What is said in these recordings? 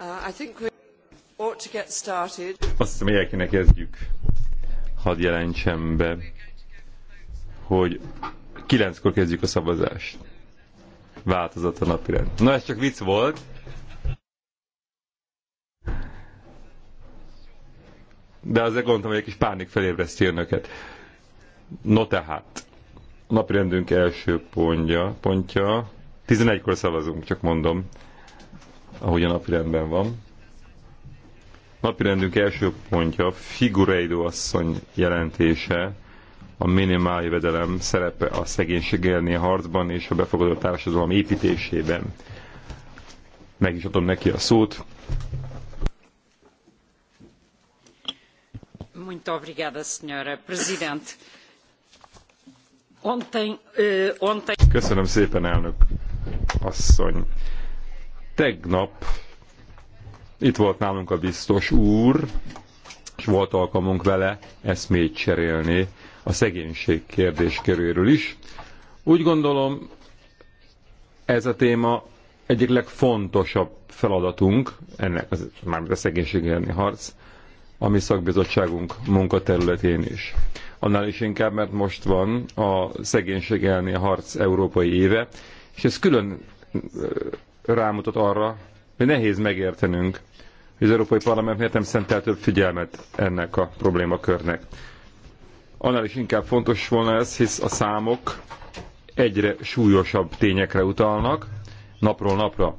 Uh, I Azt hiszem, hogy kezdjük. Hadd jelentsem be, hogy kilenckor kezdjük a szavazást. Változott a napirend. Na, ez csak vicc volt. De azért gondoltam, hogy egy kis pánik felébreszti önöket. No tehát, napirendünk első pontja, pontja 11-kor szavazunk, csak mondom ahogy a napirendben van. Napirendünk első pontja Figureido asszony jelentése, a minimál jövedelem szerepe a szegénység a harcban és a befogadó társadalom építésében. Meg is adom neki a szót. Muito obrigada, senhora presidente. Ontem, uh, ontem... Köszönöm szépen, elnök asszony. Tegnap itt volt nálunk a biztos úr, és volt alkalmunk vele eszmét cserélni a szegénység kérdésköréről is. Úgy gondolom, ez a téma egyik legfontosabb feladatunk, ennek az, mármint a szegénység elleni harc, a mi szakbizottságunk munkaterületén is. Annál is inkább, mert most van a szegénység elleni harc európai éve, és ez külön rámutat arra, hogy nehéz megértenünk, hogy az Európai Parlament miért nem szentel több figyelmet ennek a problémakörnek. Annál is inkább fontos volna ez, hisz a számok egyre súlyosabb tényekre utalnak, napról napra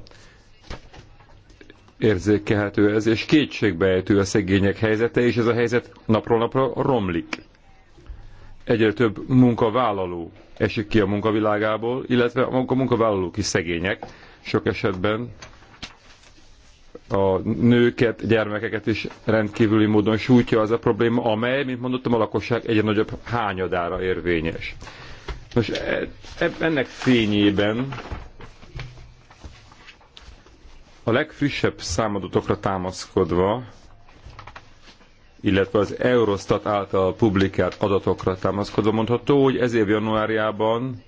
érzékelhető ez, és kétségbejtő a szegények helyzete, és ez a helyzet napról napra romlik. Egyre több munkavállaló esik ki a munkavilágából, illetve a munkavállalók is szegények, sok esetben a nőket, gyermekeket is rendkívüli módon sújtja az a probléma, amely, mint mondottam, a lakosság egyre nagyobb hányadára érvényes. Nos, e, e, ennek fényében a legfrissebb számadatokra támaszkodva, illetve az Eurostat által publikált adatokra támaszkodva mondható, hogy ez év januárjában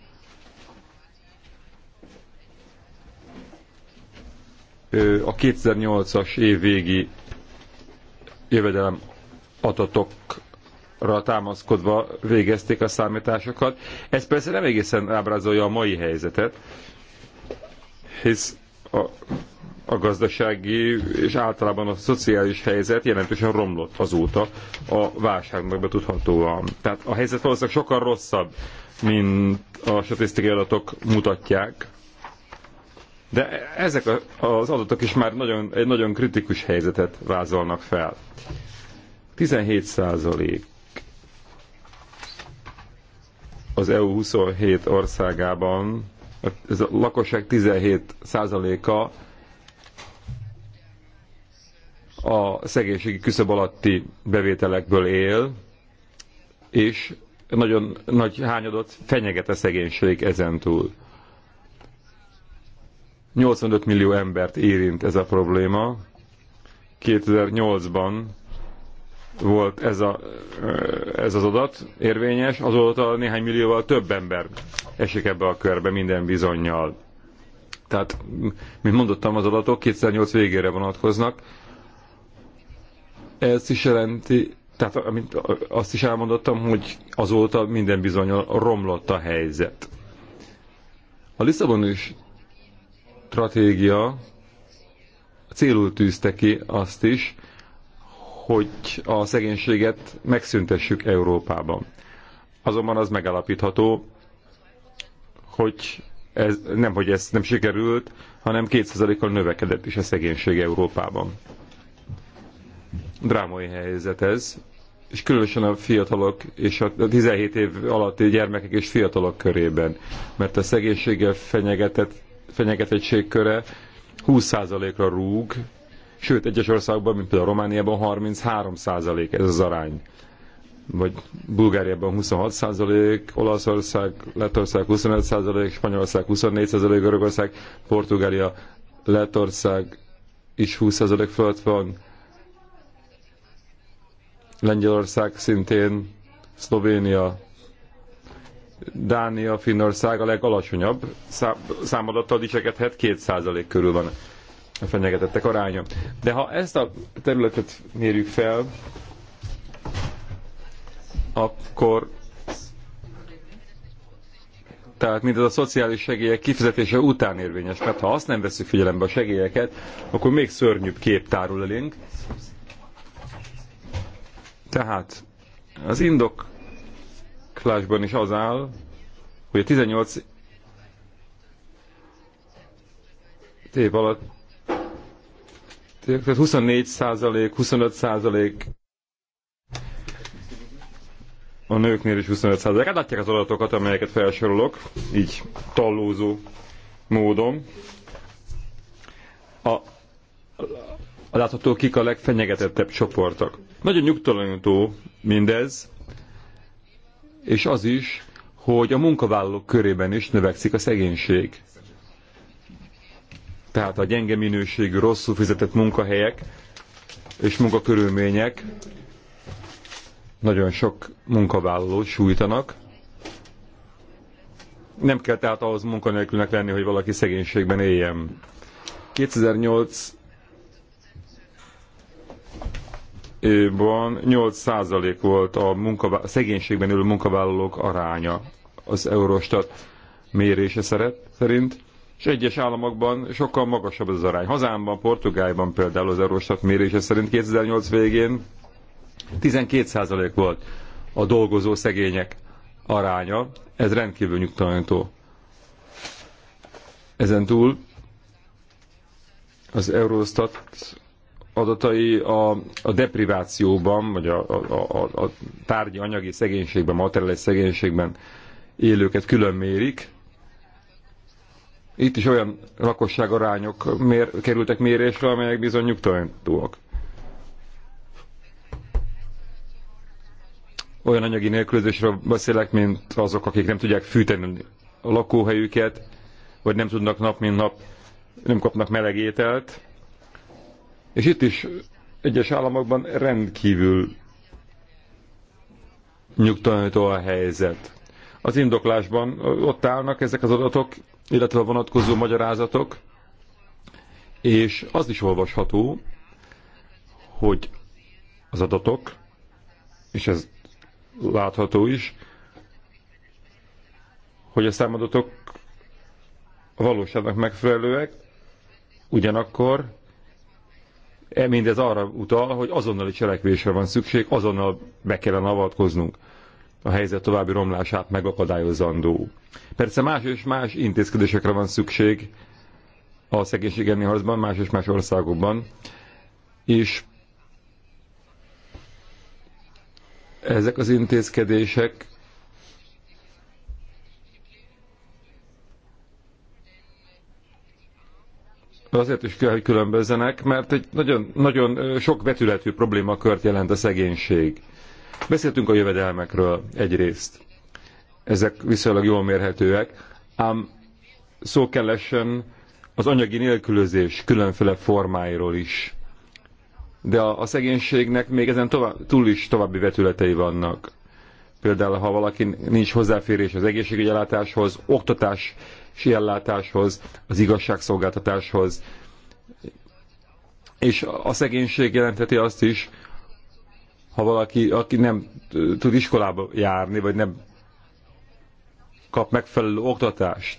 a 2008-as év végi jövedelem adatokra támaszkodva végezték a számításokat. Ez persze nem egészen ábrázolja a mai helyzetet, hisz a, a gazdasági és általában a szociális helyzet jelentősen romlott azóta a válságnak betudhatóan. Tehát a helyzet valószínűleg sokkal rosszabb, mint a statisztikai adatok mutatják de ezek az adatok is már nagyon, egy nagyon kritikus helyzetet vázolnak fel. 17 százalék az EU 27 országában, ez a lakosság 17 százaléka a szegénységi küszöb alatti bevételekből él, és nagyon nagy hányadot fenyeget a szegénység ezentúl. 85 millió embert érint ez a probléma. 2008-ban volt ez, a, ez az adat érvényes, azóta néhány millióval több ember esik ebbe a körbe minden bizonyjal. Tehát, mint mondottam, az adatok 2008 végére vonatkoznak. Ez is jelenti, tehát amit azt is elmondottam, hogy azóta minden bizonyal romlott a helyzet. A Lisszaboni stratégia célul tűzte ki azt is, hogy a szegénységet megszüntessük Európában. Azonban az megalapítható, hogy ez, nem, hogy ez nem sikerült, hanem 2%-kal növekedett is a szegénység Európában. Drámai helyzet ez, és különösen a fiatalok és a 17 év alatti gyermekek és fiatalok körében, mert a szegénységgel fenyegetett köre 20%-ra rúg, sőt egyes országokban, mint például Romániában 33% ez az arány. Vagy Bulgáriában 26%, Olaszország, Lettország 25%, Spanyolország 24%, Görögország, Portugália, Lettország is 20% fölött van. Lengyelország szintén, Szlovénia Dánia, Finnország a legalacsonyabb számadattal dicsekedhet, 2% körül van a fenyegetettek aránya. De ha ezt a területet mérjük fel, akkor tehát mindez a szociális segélyek kifizetése után érvényes, mert ha azt nem veszük figyelembe a segélyeket, akkor még szörnyűbb kép tárul elénk. Tehát az indok ajánlásban is az áll, hogy a 18 év alatt tehát 24 százalék, 25 százalék a nőknél is 25 százalék. Hát látják az adatokat, amelyeket felsorolok, így tallózó módon. A, a látható kik a legfenyegetettebb csoportok. Nagyon nyugtalanító mindez, és az is, hogy a munkavállalók körében is növekszik a szegénység. Tehát a gyenge minőségű, rosszul fizetett munkahelyek és munkakörülmények nagyon sok munkavállalót sújtanak. Nem kell tehát ahhoz munkanélkülnek lenni, hogy valaki szegénységben éljen. 2008 ban 8% volt a munkavá- szegénységben ülő munkavállalók aránya az Eurostat mérése szerint, és egyes államokban sokkal magasabb az arány. Hazámban, Portugáliában például az Eurostat mérése szerint 2008 végén 12% volt a dolgozó szegények aránya, ez rendkívül nyugtalanító. Ezen túl az Eurostat adatai a, a deprivációban, vagy a, a, a, a tárgyi anyagi szegénységben, materiális szegénységben élőket külön mérik. Itt is olyan lakosságarányok mér, kerültek mérésre, amelyek bizony nyugtalanítóak. Olyan anyagi nélkülözésről beszélek, mint azok, akik nem tudják fűteni a lakóhelyüket, vagy nem tudnak nap mint nap, nem kapnak meleg ételt és itt is egyes államokban rendkívül nyugtalanító a helyzet. Az indoklásban ott állnak ezek az adatok, illetve a vonatkozó magyarázatok, és az is olvasható, hogy az adatok, és ez látható is, hogy a számadatok a valóságnak megfelelőek, ugyanakkor E mindez arra utal, hogy azonnali cselekvésre van szükség, azonnal be kellene avatkoznunk a helyzet további romlását megakadályozandó. Persze más és más intézkedésekre van szükség a szegénység elleni harcban, más és más országokban, és ezek az intézkedések azért is kell, hogy különbözzenek, mert egy nagyon, nagyon sok vetületű problémakört jelent a szegénység. Beszéltünk a jövedelmekről egyrészt. Ezek viszonylag jól mérhetőek, ám szó az anyagi nélkülözés különféle formáiról is. De a, a szegénységnek még ezen tovább, túl is további vetületei vannak. Például, ha valaki nincs hozzáférés az ellátáshoz, oktatás ellátáshoz, az igazságszolgáltatáshoz. És a szegénység jelentheti azt is, ha valaki, aki nem tud iskolába járni, vagy nem kap megfelelő oktatást,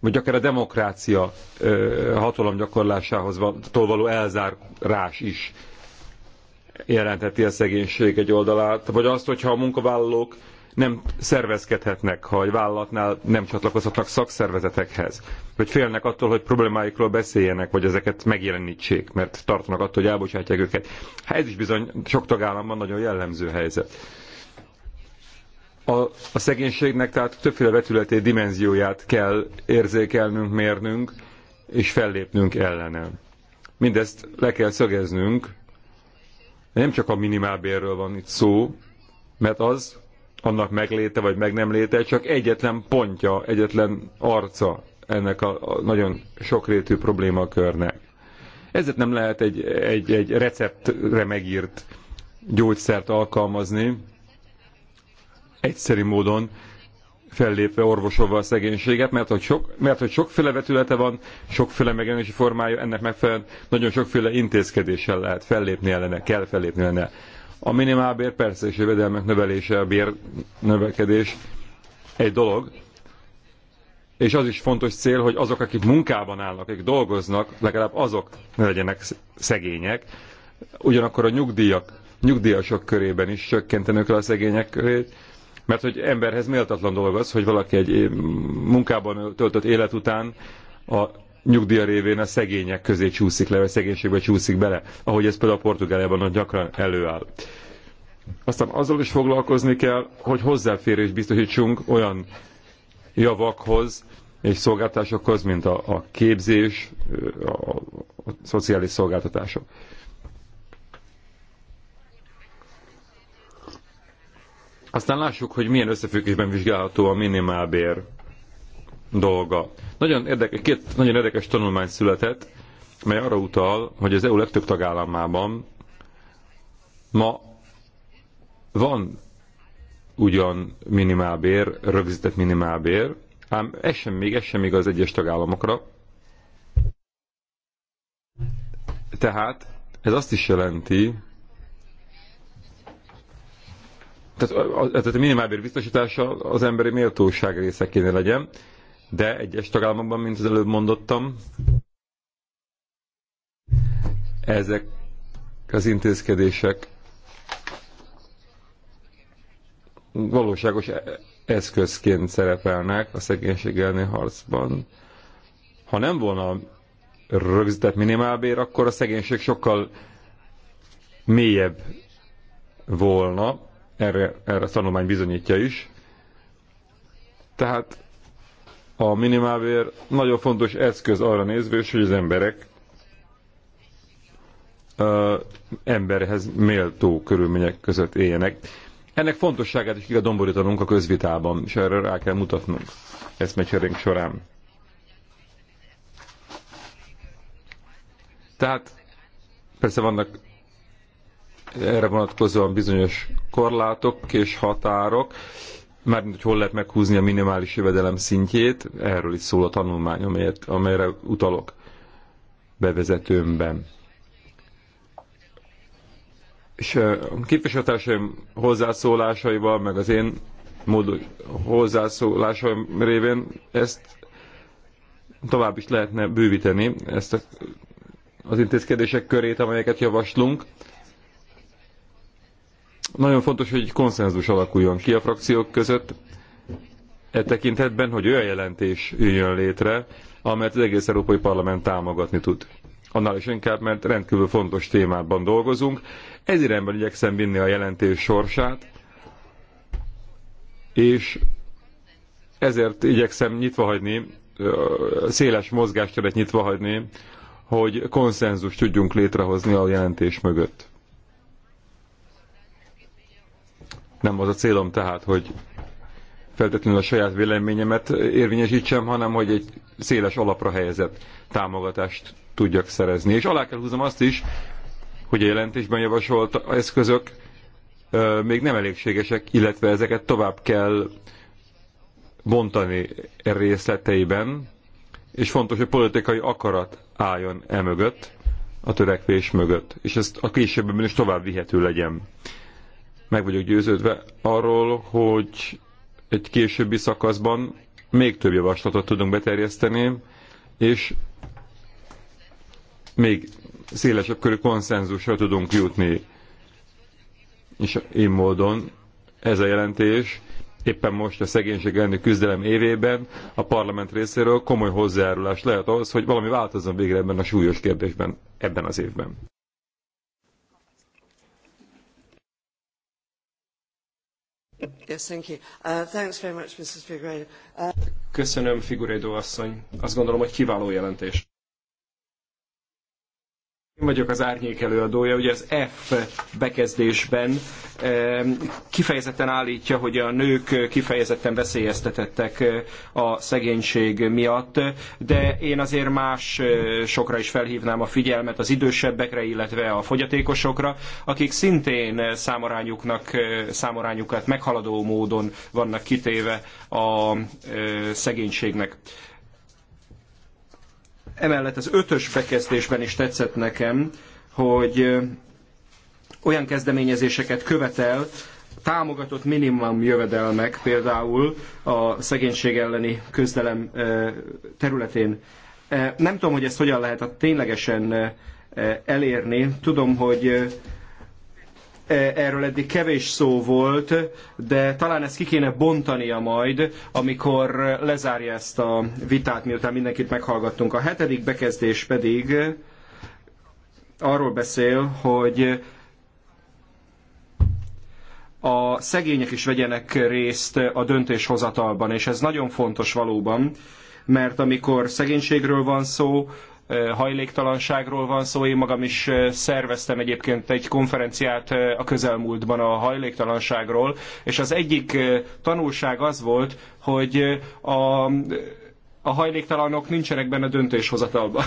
vagy akár a demokrácia hatalom gyakorlásához való elzárás is jelentheti a szegénység egy oldalát, vagy azt, hogyha a munkavállalók nem szervezkedhetnek, ha egy vállalatnál nem csatlakozhatnak szakszervezetekhez, vagy félnek attól, hogy problémáikról beszéljenek, vagy ezeket megjelenítsék, mert tartanak attól, hogy elbocsátják őket. Hát ez is bizony sok tagállamban nagyon jellemző helyzet. A, a szegénységnek tehát többféle vetületét, dimenzióját kell érzékelnünk, mérnünk, és fellépnünk ellene. Mindezt le kell szögeznünk, nem csak a minimálbérről van itt szó, mert az annak megléte vagy meg nem léte, csak egyetlen pontja, egyetlen arca ennek a, a nagyon sokrétű problémakörnek. Ezért nem lehet egy, egy, egy receptre megírt gyógyszert alkalmazni, egyszerű módon fellépve orvosolva a szegénységet, mert hogy, sok, mert hogy sokféle vetülete van, sokféle megjelenési formája, ennek megfelelően nagyon sokféle intézkedéssel lehet fellépni ellene, kell fellépni ellene. A minimálbér persze és jövedelmek növelése, a bér növekedés egy dolog, és az is fontos cél, hogy azok, akik munkában állnak, akik dolgoznak, legalább azok ne legyenek szegények. Ugyanakkor a nyugdíjak, nyugdíjasok körében is csökkentenek kell a szegények körét, mert hogy emberhez méltatlan dolog az, hogy valaki egy mm, munkában töltött élet után a nyugdíja révén a szegények közé csúszik le, vagy szegénységbe csúszik bele, ahogy ez például a Portugáliában gyakran előáll. Aztán azzal is foglalkozni kell, hogy hozzáférés biztosítsunk olyan javakhoz és szolgáltásokhoz, mint a, a képzés, a, a, a szociális szolgáltatások. Aztán lássuk, hogy milyen összefüggésben vizsgálható a minimálbér dolga. Nagyon érdekes, két nagyon érdekes tanulmány született, mely arra utal, hogy az EU legtöbb tagállamában ma van ugyan minimálbér, rögzített minimálbér, ám ez sem még, ez sem még az egyes tagállamokra. Tehát ez azt is jelenti, tehát a, a, a minimálbér biztosítása az emberi méltóság része kéne legyen, de egyes tagállamokban, mint az előbb mondottam, ezek az intézkedések valóságos eszközként szerepelnek a szegénység elleni harcban. Ha nem volna rögzített minimálbér, akkor a szegénység sokkal mélyebb volna, erre, erre a tanulmány bizonyítja is. Tehát a minimálbér nagyon fontos eszköz arra nézve, hogy az emberek ö, emberhez méltó körülmények között éljenek. Ennek fontosságát is kell domborítanunk a közvitában, és erre rá kell mutatnunk eszmecserénk során. Tehát persze vannak erre vonatkozóan bizonyos korlátok és határok, mármint hogy hol lehet meghúzni a minimális jövedelem szintjét, erről is szól a tanulmány, amelyet, amelyre utalok bevezetőmben. És a képviselőtársaim hozzászólásaival, meg az én módos hozzászólásaim révén ezt tovább is lehetne bővíteni, ezt az intézkedések körét, amelyeket javaslunk, nagyon fontos, hogy konszenzus alakuljon ki a frakciók között, e tekintetben, hogy olyan jelentés jön létre, amelyet az egész Európai Parlament támogatni tud. Annál is inkább, mert rendkívül fontos témában dolgozunk. Ez irányban igyekszem vinni a jelentés sorsát, és ezért igyekszem nyitva hagyni, széles mozgásteret nyitva hagyni, hogy konszenzus tudjunk létrehozni a jelentés mögött. Nem az a célom tehát, hogy feltétlenül a saját véleményemet érvényesítsem, hanem hogy egy széles alapra helyezett támogatást tudjak szerezni. És alá kell húznom azt is, hogy a jelentésben javasolt eszközök még nem elégségesek, illetve ezeket tovább kell bontani e részleteiben, és fontos, hogy politikai akarat álljon e mögött, a törekvés mögött, és ezt a későbben is tovább vihető legyen. Meg vagyok győződve arról, hogy egy későbbi szakaszban még több javaslatot tudunk beterjeszteni, és még szélesebb körű konszenzusra tudunk jutni. És én módon ez a jelentés éppen most a szegénység elleni küzdelem évében a parlament részéről komoly hozzájárulás lehet ahhoz, hogy valami változzon végre ebben a súlyos kérdésben ebben az évben. Yes, thank you. Uh, thanks very much, Mrs. Uh... Köszönöm, Figueiredo asszony. Azt gondolom, hogy kiváló jelentés. Én vagyok az árnyék előadója, ugye az F bekezdésben eh, kifejezetten állítja, hogy a nők kifejezetten veszélyeztetettek eh, a szegénység miatt, de én azért más eh, sokra is felhívnám a figyelmet az idősebbekre, illetve a fogyatékosokra, akik szintén számarányuknak, számarányukat meghaladó módon vannak kitéve a szegénységnek. Emellett az ötös bekezdésben is tetszett nekem, hogy olyan kezdeményezéseket követel, támogatott minimum jövedelmek például a szegénység elleni küzdelem területén. Nem tudom, hogy ezt hogyan lehet ténylegesen elérni. Tudom, hogy E, erről eddig kevés szó volt, de talán ezt ki kéne bontania majd, amikor lezárja ezt a vitát, miután mindenkit meghallgattunk. A hetedik bekezdés pedig arról beszél, hogy a szegények is vegyenek részt a döntéshozatalban, és ez nagyon fontos valóban, mert amikor szegénységről van szó, hajléktalanságról van szó. Én magam is szerveztem egyébként egy konferenciát a közelmúltban a hajléktalanságról, és az egyik tanulság az volt, hogy a, a hajléktalanok nincsenek benne döntéshozatalban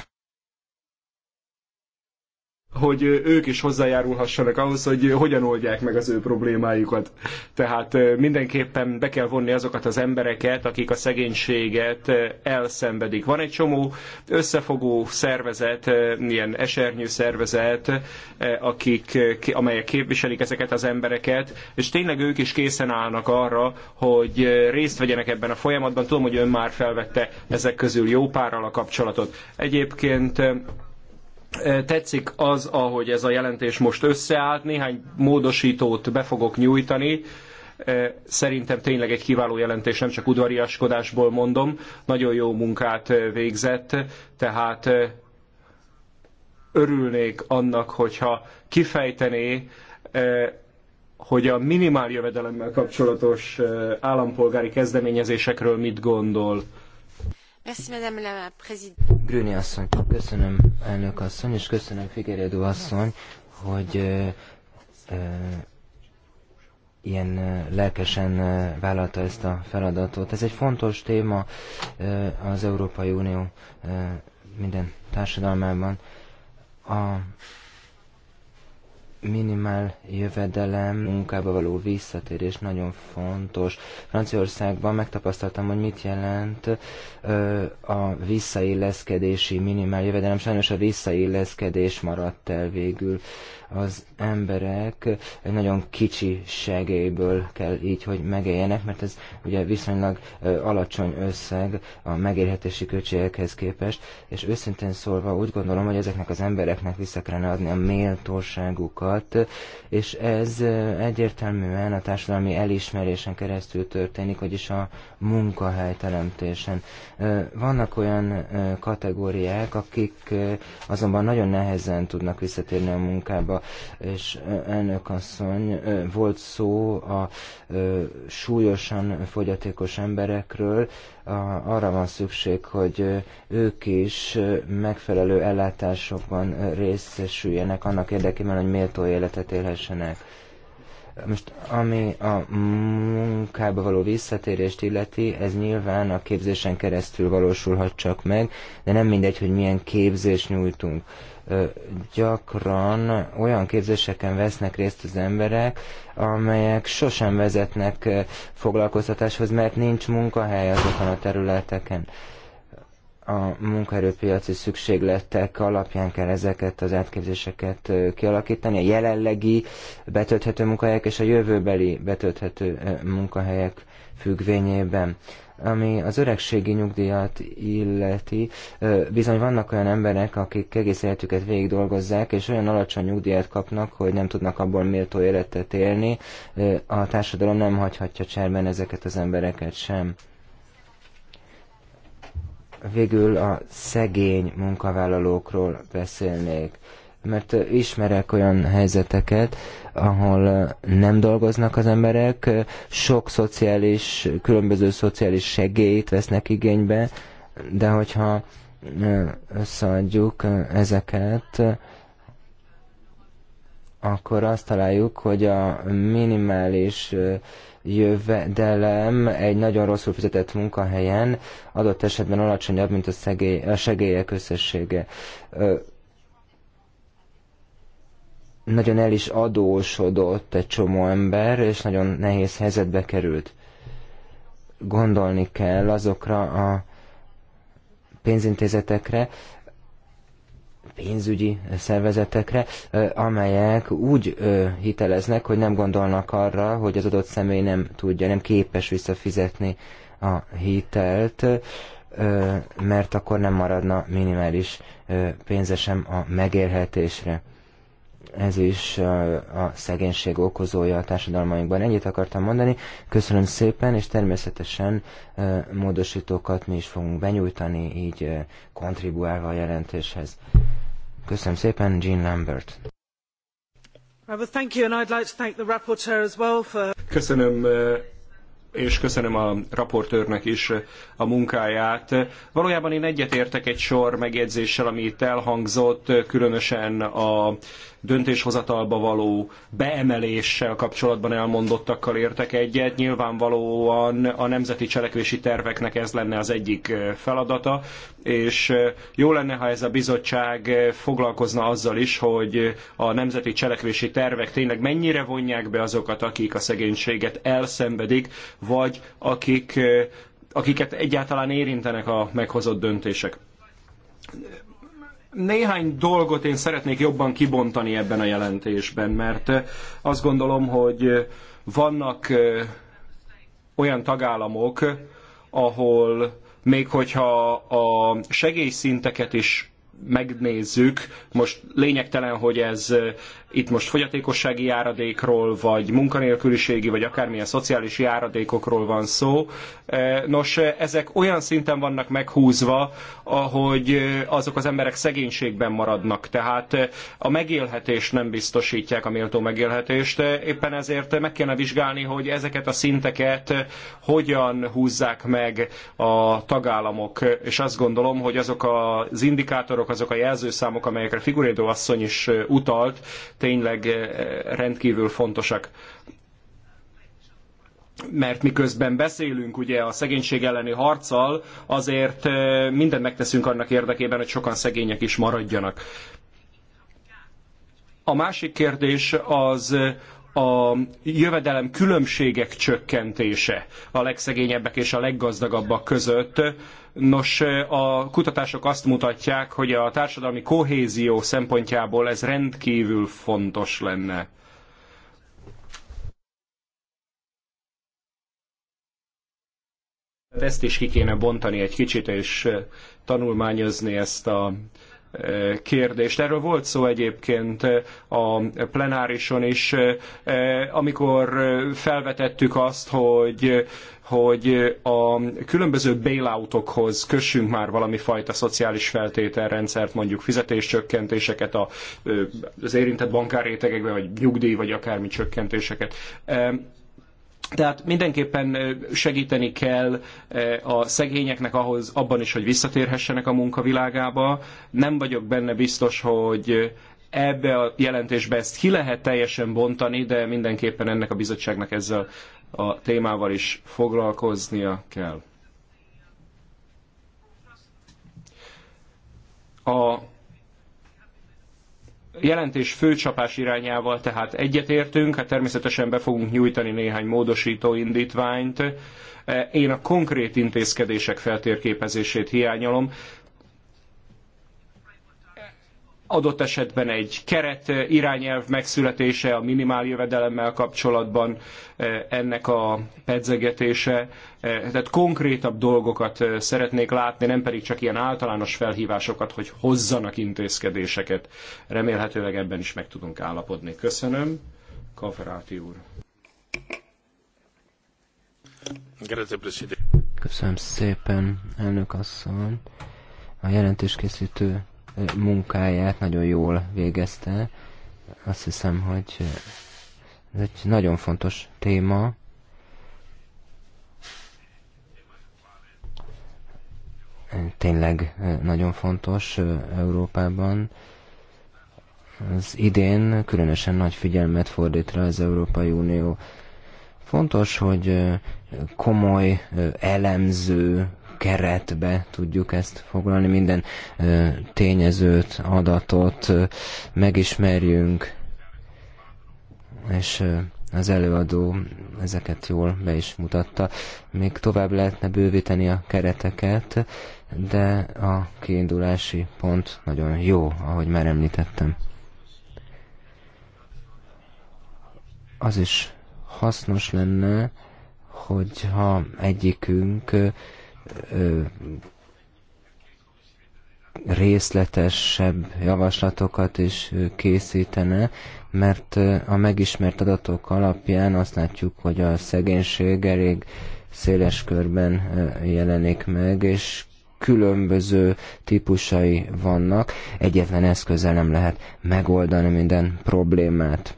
hogy ők is hozzájárulhassanak ahhoz, hogy hogyan oldják meg az ő problémájukat. Tehát mindenképpen be kell vonni azokat az embereket, akik a szegénységet elszenvedik. Van egy csomó összefogó szervezet, ilyen esernyő szervezet, akik, amelyek képviselik ezeket az embereket, és tényleg ők is készen állnak arra, hogy részt vegyenek ebben a folyamatban. Tudom, hogy ön már felvette ezek közül jó párral a kapcsolatot. Egyébként Tetszik az, ahogy ez a jelentés most összeállt, néhány módosítót be fogok nyújtani. Szerintem tényleg egy kiváló jelentés, nem csak udvariaskodásból mondom, nagyon jó munkát végzett, tehát örülnék annak, hogyha kifejtené, hogy a minimál jövedelemmel kapcsolatos állampolgári kezdeményezésekről mit gondol. Grüni asszony, köszönöm elnök asszony, és köszönöm Figeredő asszony, hogy e, e, ilyen lelkesen vállalta ezt a feladatot. Ez egy fontos téma az Európai Unió minden társadalmában. A minimál jövedelem, munkába való visszatérés nagyon fontos. Franciaországban megtapasztaltam, hogy mit jelent ö, a visszailleszkedési minimál jövedelem. Sajnos a visszailleszkedés maradt el végül az emberek egy nagyon kicsi segélyből kell így, hogy megéljenek, mert ez ugye viszonylag alacsony összeg a megélhetési költségekhez képest, és őszintén szólva úgy gondolom, hogy ezeknek az embereknek vissza kellene adni a méltóságukat, és ez egyértelműen a társadalmi elismerésen keresztül történik, vagyis a munkahelyteremtésen. Vannak olyan kategóriák, akik azonban nagyon nehezen tudnak visszatérni a munkába, és elnök asszony, volt szó a súlyosan fogyatékos emberekről, arra van szükség, hogy ők is megfelelő ellátásokban részesüljenek annak érdekében, hogy méltó életet élhessenek. Most ami a munkába való visszatérést illeti, ez nyilván a képzésen keresztül valósulhat csak meg, de nem mindegy, hogy milyen képzést nyújtunk. Uh, gyakran olyan képzéseken vesznek részt az emberek, amelyek sosem vezetnek foglalkoztatáshoz, mert nincs munkahely azokon a területeken. A munkaerőpiaci szükségletek alapján kell ezeket az átképzéseket kialakítani, a jelenlegi betölthető munkahelyek és a jövőbeli betölthető munkahelyek függvényében. Ami az öregségi nyugdíjat illeti, bizony vannak olyan emberek, akik egész életüket végig dolgozzák, és olyan alacsony nyugdíjat kapnak, hogy nem tudnak abból méltó életet élni. A társadalom nem hagyhatja cserben ezeket az embereket sem végül a szegény munkavállalókról beszélnék mert ismerek olyan helyzeteket, ahol eh, nem dolgoznak az emberek, eh, sok szociális, különböző szociális segélyt vesznek igénybe, de hogyha eh, összeadjuk ezeket, akkor azt találjuk, hogy a minimális jövedelem egy nagyon rosszul fizetett munkahelyen adott esetben alacsonyabb, mint a, szegély, a segélyek összessége nagyon el is adósodott egy csomó ember, és nagyon nehéz helyzetbe került. Gondolni kell azokra a pénzintézetekre, pénzügyi szervezetekre, amelyek úgy hiteleznek, hogy nem gondolnak arra, hogy az adott személy nem tudja, nem képes visszafizetni a hitelt, mert akkor nem maradna minimális pénze sem a megérhetésre ez is a szegénység okozója a társadalmainkban. Ennyit akartam mondani. Köszönöm szépen, és természetesen módosítókat mi is fogunk benyújtani, így kontribuálva a jelentéshez. Köszönöm szépen, Jean Lambert. Köszönöm és köszönöm a raportőrnek is a munkáját. Valójában én egyetértek egy sor megjegyzéssel, ami itt elhangzott, különösen a döntéshozatalba való beemeléssel kapcsolatban elmondottakkal értek egyet. Nyilvánvalóan a nemzeti cselekvési terveknek ez lenne az egyik feladata, és jó lenne, ha ez a bizottság foglalkozna azzal is, hogy a nemzeti cselekvési tervek tényleg mennyire vonják be azokat, akik a szegénységet elszenvedik, vagy akik akiket egyáltalán érintenek a meghozott döntések. Néhány dolgot én szeretnék jobban kibontani ebben a jelentésben, mert eh, azt gondolom, hogy eh, vannak eh, olyan tagállamok, ahol még hogyha a segélyszinteket is megnézzük, most lényegtelen, hogy ez itt most fogyatékossági járadékról, vagy munkanélküliségi, vagy akármilyen szociális járadékokról van szó. E, nos, ezek olyan szinten vannak meghúzva, ahogy e, azok az emberek szegénységben maradnak. Tehát e, a megélhetést nem biztosítják, a méltó megélhetést. Éppen ezért meg kellene vizsgálni, hogy ezeket a szinteket hogyan húzzák meg a tagállamok. És azt gondolom, hogy azok az indikátorok, azok a jelzőszámok, amelyekre Figurédó asszony is utalt, tényleg eh, rendkívül fontosak mert miközben beszélünk ugye a szegénység elleni harccal, azért eh, mindent megteszünk annak érdekében, hogy sokan szegények is maradjanak. A másik kérdés az a jövedelem különbségek csökkentése a legszegényebbek és a leggazdagabbak között. Nos, a kutatások azt mutatják, hogy a társadalmi kohézió szempontjából ez rendkívül fontos lenne. Ezt is ki kéne bontani egy kicsit, és tanulmányozni ezt a kérdést. Erről volt szó egyébként a plenárison is, amikor felvetettük azt, hogy hogy a különböző bailoutokhoz kössünk már valami fajta szociális feltételrendszert, mondjuk fizetéscsökkentéseket az érintett bankárrétegekben, vagy nyugdíj, vagy akármi csökkentéseket. Tehát mindenképpen segíteni kell a szegényeknek ahhoz abban is, hogy visszatérhessenek a munkavilágába. Nem vagyok benne biztos, hogy ebbe a jelentésbe ezt ki lehet teljesen bontani, de mindenképpen ennek a bizottságnak ezzel a témával is foglalkoznia kell. A jelentés főcsapás irányával tehát egyetértünk, hát természetesen be fogunk nyújtani néhány módosító indítványt. Én a konkrét intézkedések feltérképezését hiányolom adott esetben egy keret eh, irányelv megszületése a minimál jövedelemmel kapcsolatban, eh, ennek a pedzegetése. Eh, tehát konkrétabb dolgokat szeretnék látni, nem pedig csak ilyen általános felhívásokat, hogy hozzanak intézkedéseket. Remélhetőleg ebben is meg tudunk állapodni. Köszönöm. Kaferáti úr. Köszönöm szépen, elnök asszony. A jelentéskészítő munkáját nagyon jól végezte. Azt hiszem, hogy ez egy nagyon fontos téma. Tényleg nagyon fontos Európában. Az idén különösen nagy figyelmet fordít rá az Európai Unió. Fontos, hogy komoly elemző keretbe tudjuk ezt foglalni, minden tényezőt, adatot megismerjünk, és az előadó ezeket jól be is mutatta. Még tovább lehetne bővíteni a kereteket, de a kiindulási pont nagyon jó, ahogy már említettem. Az is hasznos lenne, hogyha egyikünk részletesebb javaslatokat is készítene, mert a megismert adatok alapján azt látjuk, hogy a szegénység elég széles körben jelenik meg, és különböző típusai vannak, egyetlen eszközzel nem lehet megoldani minden problémát.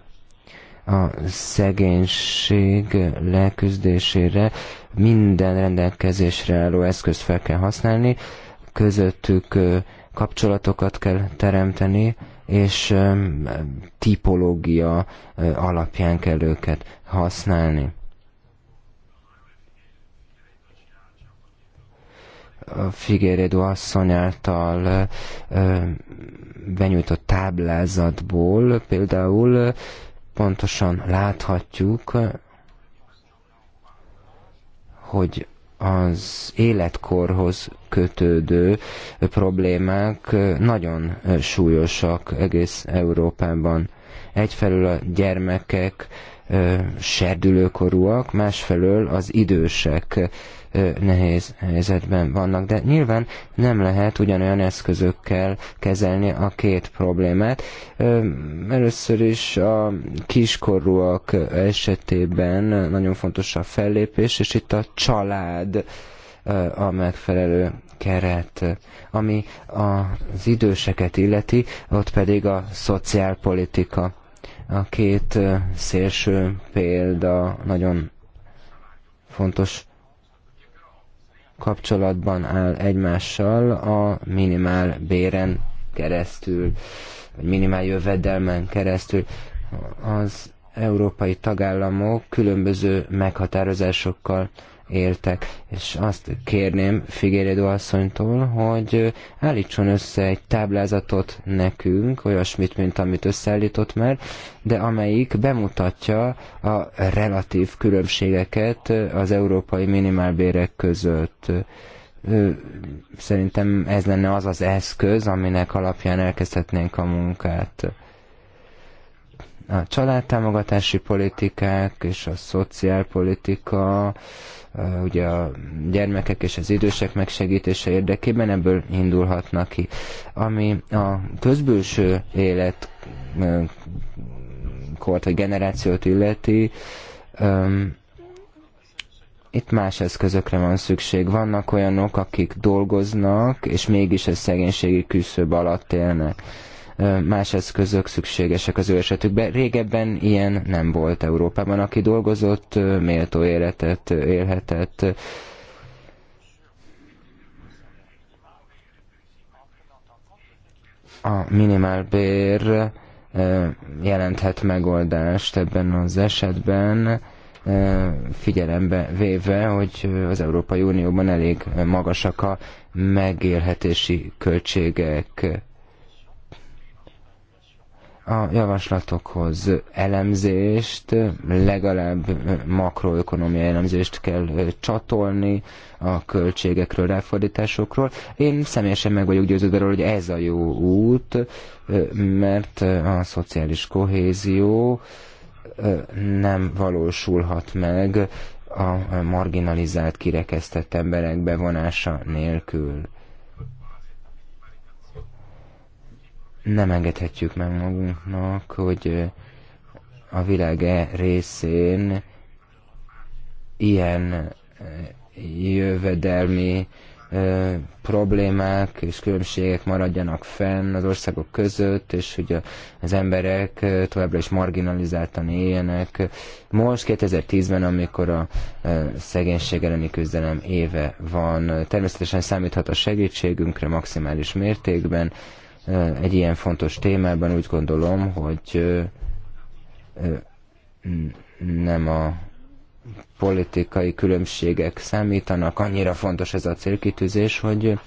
A szegénység leküzdésére minden rendelkezésre álló eszközt fel kell használni, közöttük kapcsolatokat kell teremteni, és tipológia alapján kell őket használni. A Figueredo asszony által benyújtott táblázatból például pontosan láthatjuk, hogy az életkorhoz kötődő problémák nagyon súlyosak egész Európában. Egyfelől a gyermekek serdülőkorúak, másfelől az idősek nehéz helyzetben vannak. De nyilván nem lehet ugyanolyan eszközökkel kezelni a két problémát. Először is a kiskorúak esetében nagyon fontos a fellépés, és itt a család a megfelelő keret, ami az időseket illeti, ott pedig a szociálpolitika. A két szélső példa nagyon fontos kapcsolatban áll egymással a minimál béren keresztül, vagy minimál jövedelmen keresztül. Az európai tagállamok különböző meghatározásokkal éltek. És azt kérném Figérédó asszonytól, hogy állítson össze egy táblázatot nekünk, olyasmit, mint amit összeállított már, de amelyik bemutatja a relatív különbségeket az európai minimálbérek között szerintem ez lenne az az eszköz, aminek alapján elkezdhetnénk a munkát. A családtámogatási politikák és a szociálpolitika, Eh, ugye a gyermekek és az idősek megsegítése érdekében ebből indulhatnak ki. Ami a közbülső élet eh, kort vagy generációt illeti, itt más eszközökre van szükség. Vannak olyanok, akik dolgoznak, és mégis a szegénységi küszöb alatt élnek más eszközök szükségesek az ő esetükben. Régebben ilyen nem volt Európában. Aki dolgozott, méltó életet élhetett, a minimálbér jelenthet megoldást ebben az esetben, figyelembe véve, hogy az Európai Unióban elég magasak a megélhetési költségek a javaslatokhoz elemzést, legalább makroökonomiai elemzést kell csatolni a költségekről, ráfordításokról. Én személyesen meg vagyok győződve hogy ez a jó út, mert a szociális kohézió nem valósulhat meg a marginalizált, kirekesztett emberek bevonása nélkül nem engedhetjük meg magunknak, hogy a világ e részén ilyen jövedelmi problémák és különbségek maradjanak fenn az országok között, és hogy az emberek továbbra is marginalizáltan éljenek. Most 2010-ben, amikor a szegénység elleni küzdelem éve van, természetesen számíthat a segítségünkre maximális mértékben, egy ilyen fontos témában úgy gondolom, hogy nem a politikai különbségek számítanak, annyira fontos ez a célkitűzés, hogy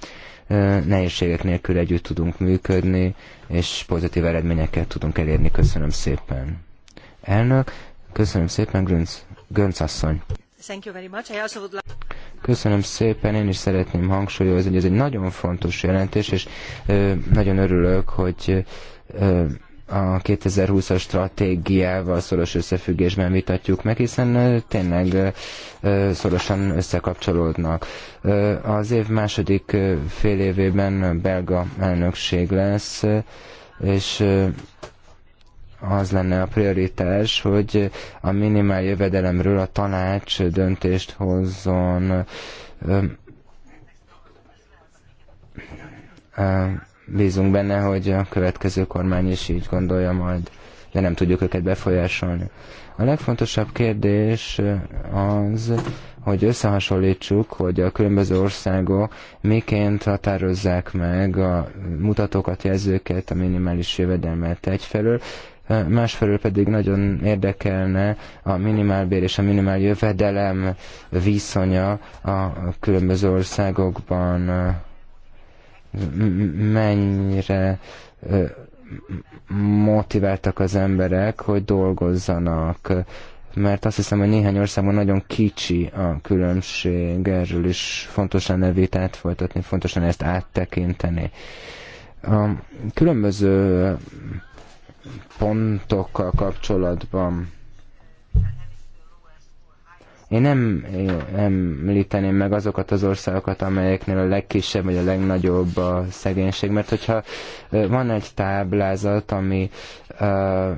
nehézségek nélkül együtt tudunk működni, és pozitív eredményeket tudunk elérni. Köszönöm szépen. Elnök, köszönöm szépen, Gönc, Gönc asszony. Köszönöm szépen, én is szeretném hangsúlyozni, hogy ez egy nagyon fontos jelentés, és ö, nagyon örülök, hogy ö, a 2020-as stratégiával szoros összefüggésben vitatjuk meg, hiszen tényleg szorosan összekapcsolódnak. Az év második fél évében belga elnökség lesz, és az lenne a prioritás, hogy a minimál jövedelemről a tanács döntést hozzon bízunk benne, hogy a következő kormány is így gondolja majd, de nem tudjuk őket befolyásolni. A legfontosabb kérdés az, hogy összehasonlítsuk, hogy a különböző országok miként határozzák meg a mutatókat, jelzőket, a minimális jövedelmet egyfelől, másfelől pedig nagyon érdekelne a minimálbér és a minimál jövedelem viszonya a különböző országokban mennyire motiváltak az emberek, hogy dolgozzanak, mert azt hiszem, hogy néhány országban nagyon kicsi a különbség, erről is fontos lenne vitát folytatni, fontos lenne ezt áttekinteni. A különböző pontokkal kapcsolatban én nem említeném meg azokat az országokat, amelyeknél a legkisebb vagy a legnagyobb a szegénység, mert hogyha van egy táblázat, ami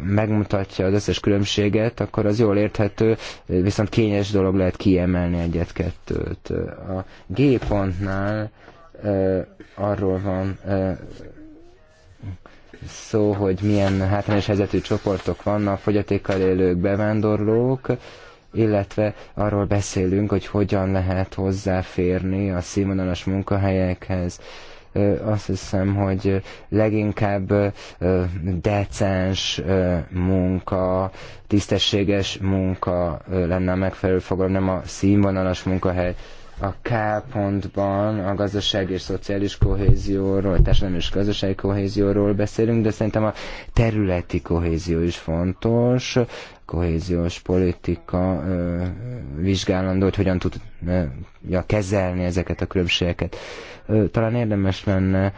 megmutatja az összes különbséget, akkor az jól érthető, viszont kényes dolog lehet kiemelni egyet-kettőt. A G pontnál arról van szó, hogy milyen hátrányos helyzetű csoportok vannak, fogyatékkal élők, bevándorlók, illetve arról beszélünk, hogy hogyan lehet hozzáférni a színvonalas munkahelyekhez. Azt hiszem, hogy leginkább decens munka, tisztességes munka lenne a megfelelő fogalom, nem a színvonalas munkahely a K pontban a gazdaság és szociális kohézióról, társadalmi és gazdasági kohézióról beszélünk, de szerintem a területi kohézió is fontos kohéziós politika vizsgálandó, hogy hogyan tudja kezelni ezeket a különbségeket. Talán érdemes lenne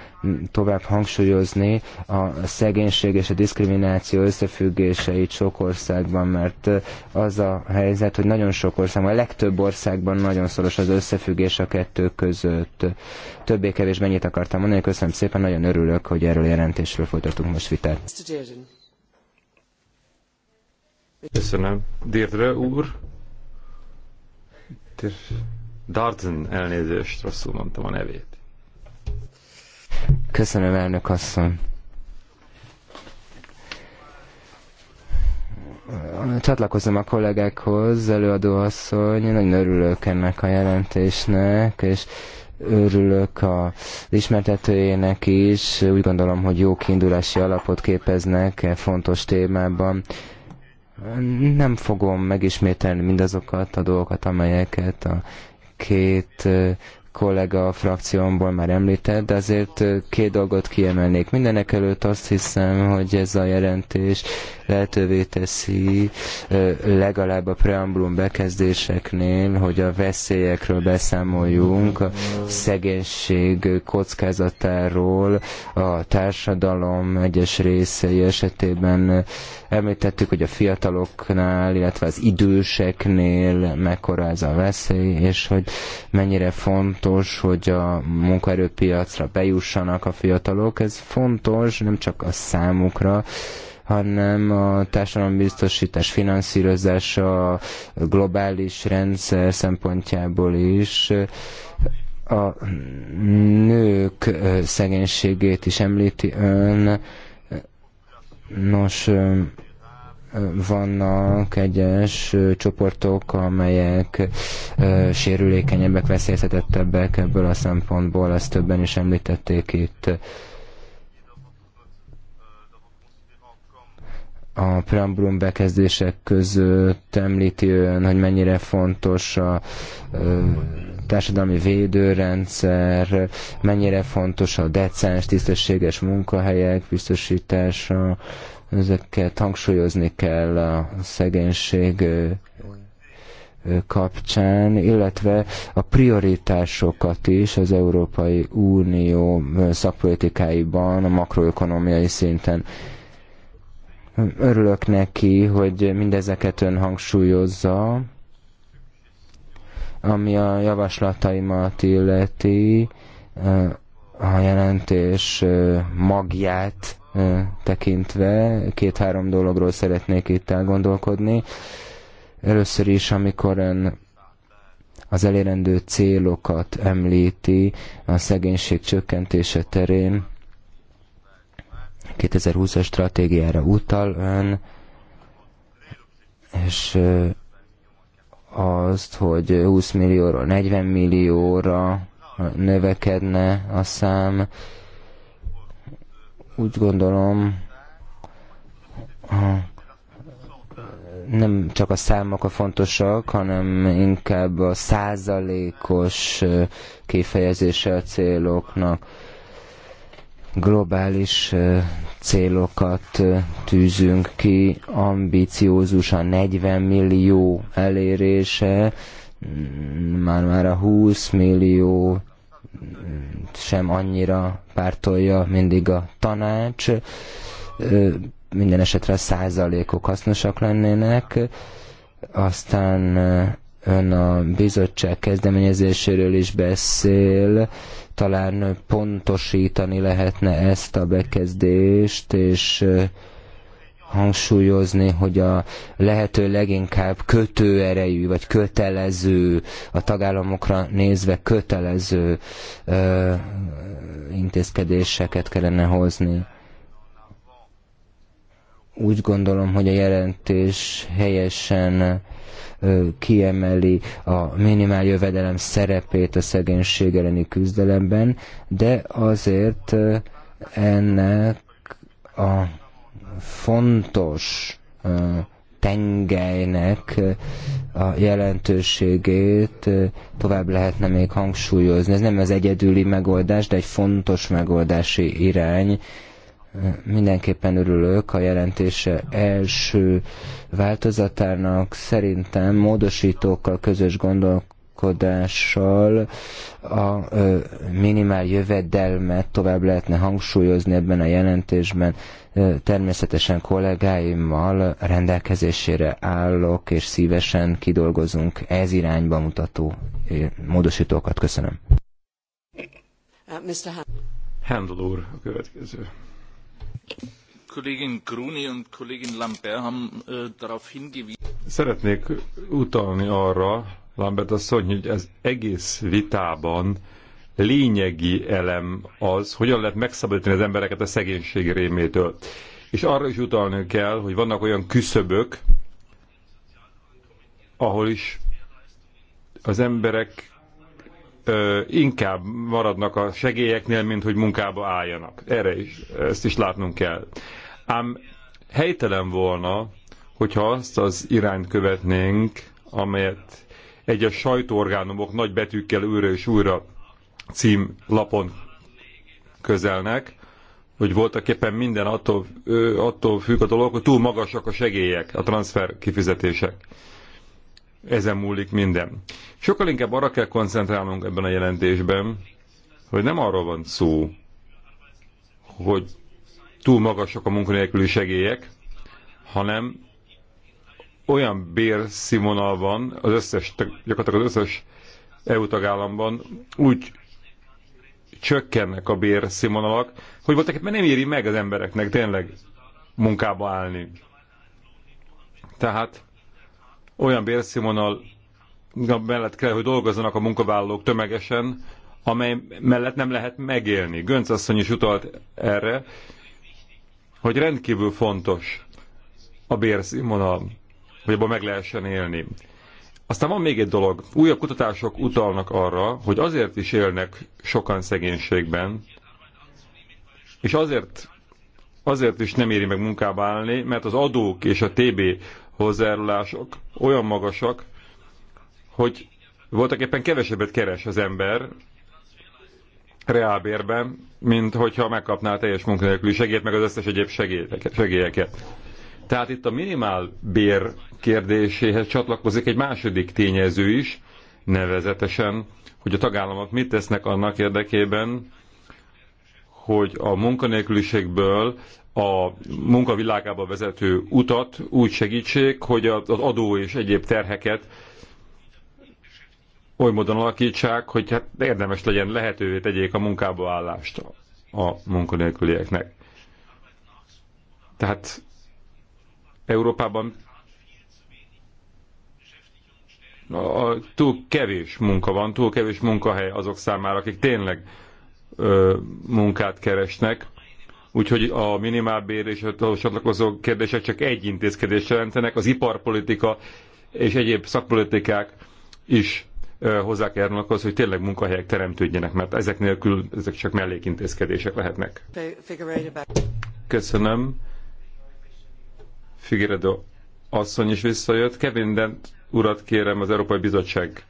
tovább hangsúlyozni a szegénység és a diszkrimináció összefüggéseit sok országban, mert az a helyzet, hogy nagyon sok országban, a legtöbb országban nagyon szoros az összefüggés a kettő között. Többé-kevés mennyit akartam mondani, köszönöm szépen, nagyon örülök, hogy erről jelentésről folytatunk most vitát. Köszönöm. Dirdre úr. Dir... Darden elnézést, rosszul mondtam a nevét. Köszönöm, elnök asszony. Csatlakozom a kollégákhoz, előadó asszony, nagyon örülök ennek a jelentésnek, és örülök a ismertetőjének is. Úgy gondolom, hogy jó kiindulási alapot képeznek e fontos témában. Nem fogom megismételni mindazokat a dolgokat, amelyeket a két kollega a frakciómból már említett, de azért két dolgot kiemelnék. Mindenek előtt azt hiszem, hogy ez a jelentés lehetővé teszi legalább a preambulum bekezdéseknél, hogy a veszélyekről beszámoljunk, a szegénység kockázatáról, a társadalom egyes részei esetében említettük, hogy a fiataloknál, illetve az időseknél mekkora ez a veszély, és hogy mennyire fontos, hogy a munkaerőpiacra bejussanak a fiatalok. Ez fontos nem csak a számukra, hanem a társadalombiztosítás finanszírozása a globális rendszer szempontjából is a nők szegénységét is említi ön. Nos, vannak egyes csoportok, amelyek sérülékenyebbek, veszélyeztetettebbek ebből a szempontból, ezt többen is említették itt a preambulum bekezdések között említi ön, hogy mennyire fontos a társadalmi védőrendszer, mennyire fontos a decens, tisztességes munkahelyek biztosítása, ezeket hangsúlyozni kell a szegénység kapcsán, illetve a prioritásokat is az Európai Unió szakpolitikáiban, a makroökonomiai szinten Örülök neki, hogy mindezeket ön hangsúlyozza, ami a javaslataimat illeti, eh, a jelentés eh, magját eh, tekintve két-három dologról szeretnék itt elgondolkodni. Először is, amikor ön az elérendő célokat említi a szegénység csökkentése terén, 2020-as stratégiára utal ön, és azt, hogy 20 millióról 40 millióra növekedne a szám. Úgy gondolom, nem csak a számok a fontosak, hanem inkább a százalékos kifejezése a céloknak globális célokat tűzünk ki, ambiciózus a 40 millió elérése, mm, már már a 20 millió mm, sem annyira pártolja mindig a tanács, minden esetre a százalékok hasznosak lennének, aztán ön a bizottság kezdeményezéséről is beszél, talán pontosítani lehetne ezt a bekezdést, és hangsúlyozni, hogy a lehető leginkább kötőerejű, vagy kötelező, a tagállamokra nézve kötelező ö, intézkedéseket kellene hozni úgy gondolom, hogy a jelentés helyesen kiemeli a minimál jövedelem szerepét a szegénység elleni küzdelemben, de azért ennek a fontos tengelynek a jelentőségét tovább lehetne még hangsúlyozni. Ez nem az egyedüli megoldás, de egy fontos megoldási irány, Mindenképpen örülök a jelentése első változatának. Szerintem módosítókkal, közös gondolkodással a minimál jövedelmet tovább lehetne hangsúlyozni ebben a jelentésben. Természetesen kollégáimmal rendelkezésére állok, és szívesen kidolgozunk ez irányba mutató módosítókat. Köszönöm. Uh, Handel úr a következő. Kollégin Gruni und Lambert haben äh, darauf hingewiesen. Szeretnék utalni arra, Lambert asszony, hogy ez egész vitában lényegi elem az, hogyan lehet megszabadítani az embereket a szegénység rémétől. És arra is utalni kell, hogy vannak olyan küszöbök, ahol is az emberek ö, inkább maradnak a segélyeknél, mint hogy munkába álljanak. Erre is, ezt is látnunk kell. Ám helytelen volna, hogyha azt az irányt követnénk, amelyet egyes sajtóorgánumok nagy betűkkel újra és újra lapon közelnek, hogy voltak éppen minden attól, attól függ a dolog, hogy túl magasak a segélyek, a transfer kifizetések ezen múlik minden. Sokkal inkább arra kell koncentrálnunk ebben a jelentésben, hogy nem arról van szó, hogy túl magasak a munkanélküli segélyek, hanem olyan bérszínvonal van az összes, gyakorlatilag az összes EU tagállamban úgy csökkennek a bérszínvonalak, hogy voltak mert nem éri meg az embereknek tényleg munkába állni. Tehát olyan bérszínvonal mellett kell, hogy dolgozzanak a munkavállalók tömegesen, amely mellett nem lehet megélni. Gönc asszony is utalt erre, hogy rendkívül fontos a bérszínvonal, hogy abban meg lehessen élni. Aztán van még egy dolog. Újabb kutatások utalnak arra, hogy azért is élnek sokan szegénységben, és azért, azért is nem éri meg munkába állni, mert az adók és a TB hozzájárulások olyan magasak, hogy voltak éppen kevesebbet keres az ember reálbérben, mint hogyha megkapná a teljes munkanélküli segélyt, meg az összes egyéb segélyeket. Tehát itt a minimál bér kérdéséhez csatlakozik egy második tényező is, nevezetesen, hogy a tagállamok mit tesznek annak érdekében, hogy a munkanélküliségből a munkavilágába vezető utat úgy segítsék, hogy az adó és egyéb terheket oly módon alakítsák, hogy hát érdemes legyen lehetővé tegyék a munkába állást a munkanélkülieknek. Tehát Európában a, túl kevés munka van, túl kevés munkahely azok számára, akik tényleg ö, munkát keresnek, Úgyhogy a minimálbér és a csatlakozó kérdések csak egy intézkedést jelentenek, az iparpolitika és egyéb szakpolitikák is hozzá kell hogy tényleg munkahelyek teremtődjenek, mert ezek nélkül ezek csak mellékintézkedések lehetnek. Köszönöm. Figueredo asszony is visszajött. Kevin Dent urat kérem az Európai Bizottság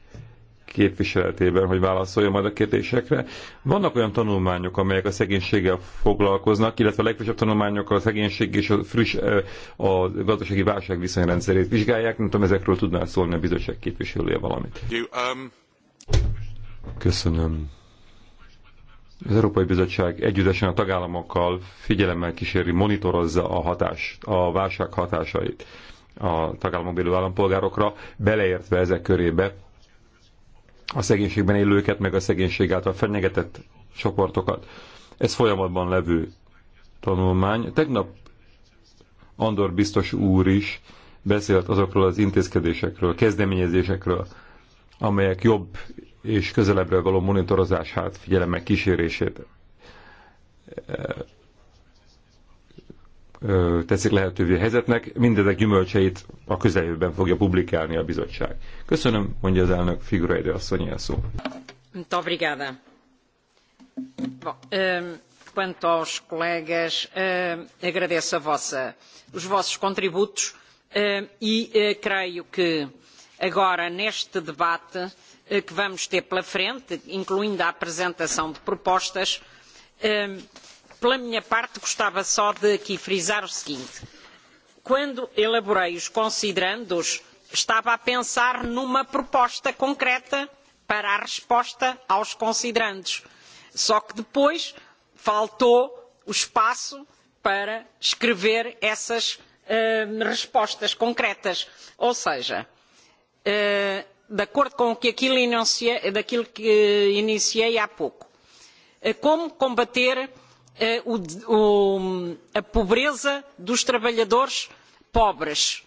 képviseletében, hogy válaszolja majd a kérdésekre. Vannak olyan tanulmányok, amelyek a szegénységgel foglalkoznak, illetve a legfrissebb tanulmányok a szegénység és a friss eh, a gazdasági válság viszonyrendszerét vizsgálják. Nem tudom, ezekről tudnál szólni a bizottság képviselője valamit. Um, Köszönöm. Az Európai Bizottság együttesen a tagállamokkal figyelemmel kíséri, monitorozza a hatás, a válság hatásait a tagállamok élő állampolgárokra, beleértve ezek körébe a szegénységben élőket, meg a szegénység által fenyegetett csoportokat. Ez folyamatban levő tanulmány. Tegnap Andor biztos úr is beszélt azokról az intézkedésekről, kezdeményezésekről, amelyek jobb és közelebbre való monitorozását, figyelemmel kísérését teszik lehetővé a helyzetnek, mindezek gyümölcseit a közeljövőben fogja publikálni a bizottság. Köszönöm, mondja az elnök Figuraide asszony ilyen szó. Obrigada. Ehm, quanto aos colegas, ehm, agradeço a vossa, os vossos contributos ehm, e eh, creio que agora neste debate eh, que vamos ter pela frente, incluindo a apresentação de propostas, pela minha parte gostava só de aqui frisar o seguinte quando elaborei os considerandos estava a pensar numa proposta concreta para a resposta aos considerandos só que depois faltou o espaço para escrever essas uh, respostas concretas ou seja uh, de acordo com o que aquilo enunciei, daquilo que iniciei há pouco. Como combater o, a pobreza dos trabalhadores pobres,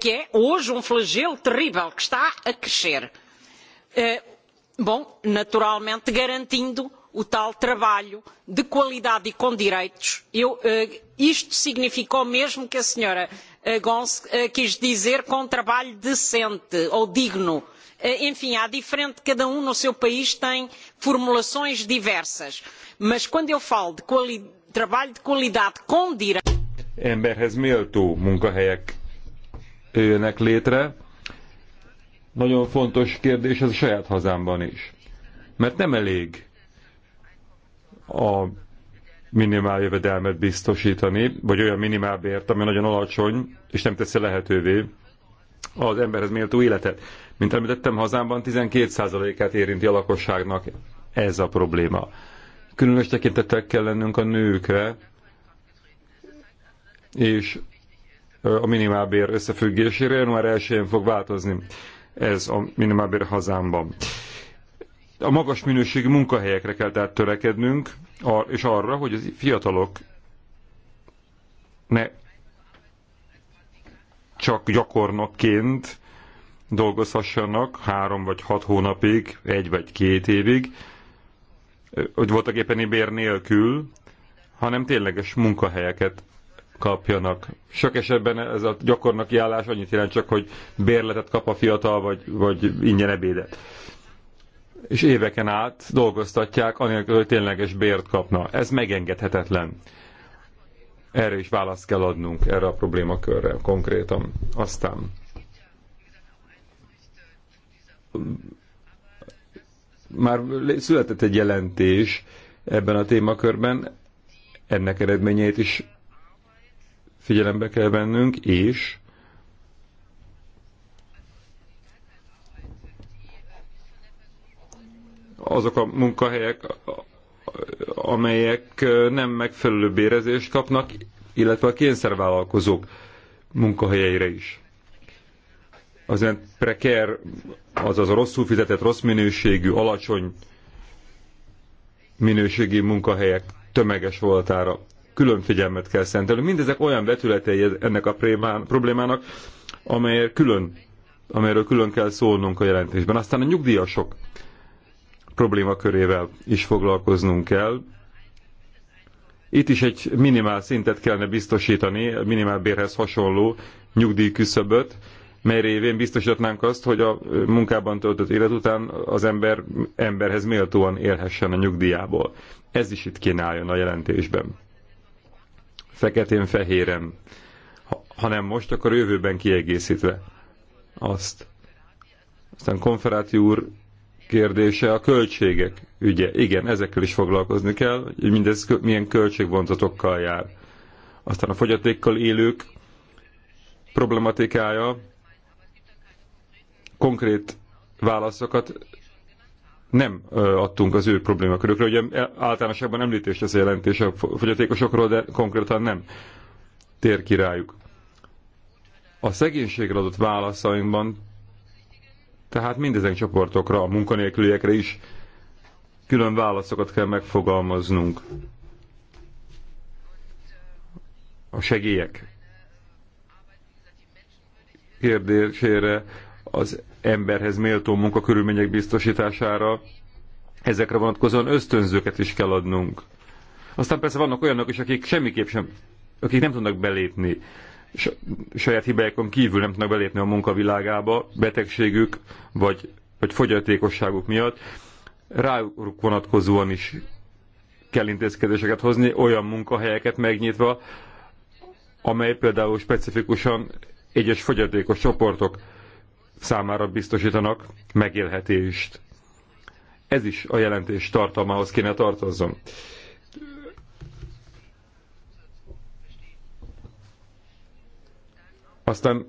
que é hoje um flagelo terrível que está a crescer. Bom, naturalmente garantindo o tal trabalho de qualidade e com direitos. Eu, isto significou mesmo que a senhora Gons quis dizer com trabalho decente ou digno Eh, enfim há diferente cada um no seu país tem formulações diversas mas quando eu falo de quali, trabalho de qualidade com direito méltó jönnek létre. Nagyon fontos kérdés ez a saját hazámban is. Mert nem elég a minimál jövedelmet biztosítani, vagy olyan minimálbért, ami nagyon alacsony, és nem teszi lehetővé, az emberhez méltó életet. Mint említettem, hazámban 12%-át érinti a lakosságnak ez a probléma. Különös tekintettel kell lennünk a nőkre, és a minimálbér összefüggésére január 1-én fog változni ez a minimálbér hazámban. A magas minőségű munkahelyekre kell tehát törekednünk, és arra, hogy a fiatalok ne csak gyakornokként dolgozhassanak három vagy hat hónapig, egy vagy két évig, hogy voltak éppen bér nélkül, hanem tényleges munkahelyeket kapjanak. Sok esetben ez a gyakornoki állás annyit jelent csak, hogy bérletet kap a fiatal, vagy, vagy ingyen ebédet. És éveken át dolgoztatják, anélkül, hogy tényleges bért kapna. Ez megengedhetetlen. Erre is választ kell adnunk, erre a problémakörre konkrétan. Aztán már született egy jelentés ebben a témakörben, ennek eredményeit is figyelembe kell vennünk, és azok a munkahelyek, amelyek nem megfelelő bérezést kapnak, illetve a kényszervállalkozók munkahelyeire is. Az ilyen preker, azaz a rosszul fizetett, rossz minőségű, alacsony minőségi munkahelyek tömeges voltára külön figyelmet kell szentelni. Mindezek olyan vetületei ennek a problémának, amelyek külön, amelyről külön kell szólnunk a jelentésben. Aztán a nyugdíjasok problémakörével is foglalkoznunk kell. Itt is egy minimál szintet kellene biztosítani, minimál bérhez hasonló nyugdíjküszöböt, mely révén biztosítatnánk azt, hogy a munkában töltött élet után az ember emberhez méltóan élhessen a nyugdíjából. Ez is itt kínáljon a jelentésben. Feketén-fehéren. Ha nem most, akkor jövőben kiegészítve azt. Aztán Konferáti úr kérdése a költségek ügye. Igen, ezekkel is foglalkozni kell, hogy mindez milyen költségvonzatokkal jár. Aztán a fogyatékkal élők problematikája konkrét válaszokat nem adtunk az ő problémakörökre. Ugye általánosságban említést az a jelentés a fogyatékosokról, de konkrétan nem tér királyuk. A szegénységre adott válaszainkban tehát mindezen csoportokra, a munkanélküliekre is külön válaszokat kell megfogalmaznunk. A segélyek kérdésére, az emberhez méltó munkakörülmények biztosítására, ezekre vonatkozóan ösztönzőket is kell adnunk. Aztán persze vannak olyanok is, akik semmiképp sem, akik nem tudnak belépni saját hibáikon kívül nem tudnak belépni a munkavilágába, betegségük vagy, vagy fogyatékosságuk miatt, rájuk vonatkozóan is kell intézkedéseket hozni, olyan munkahelyeket megnyitva, amely például specifikusan egyes fogyatékos csoportok számára biztosítanak megélhetést. Ez is a jelentés tartalmához kéne tartozzon. Aztán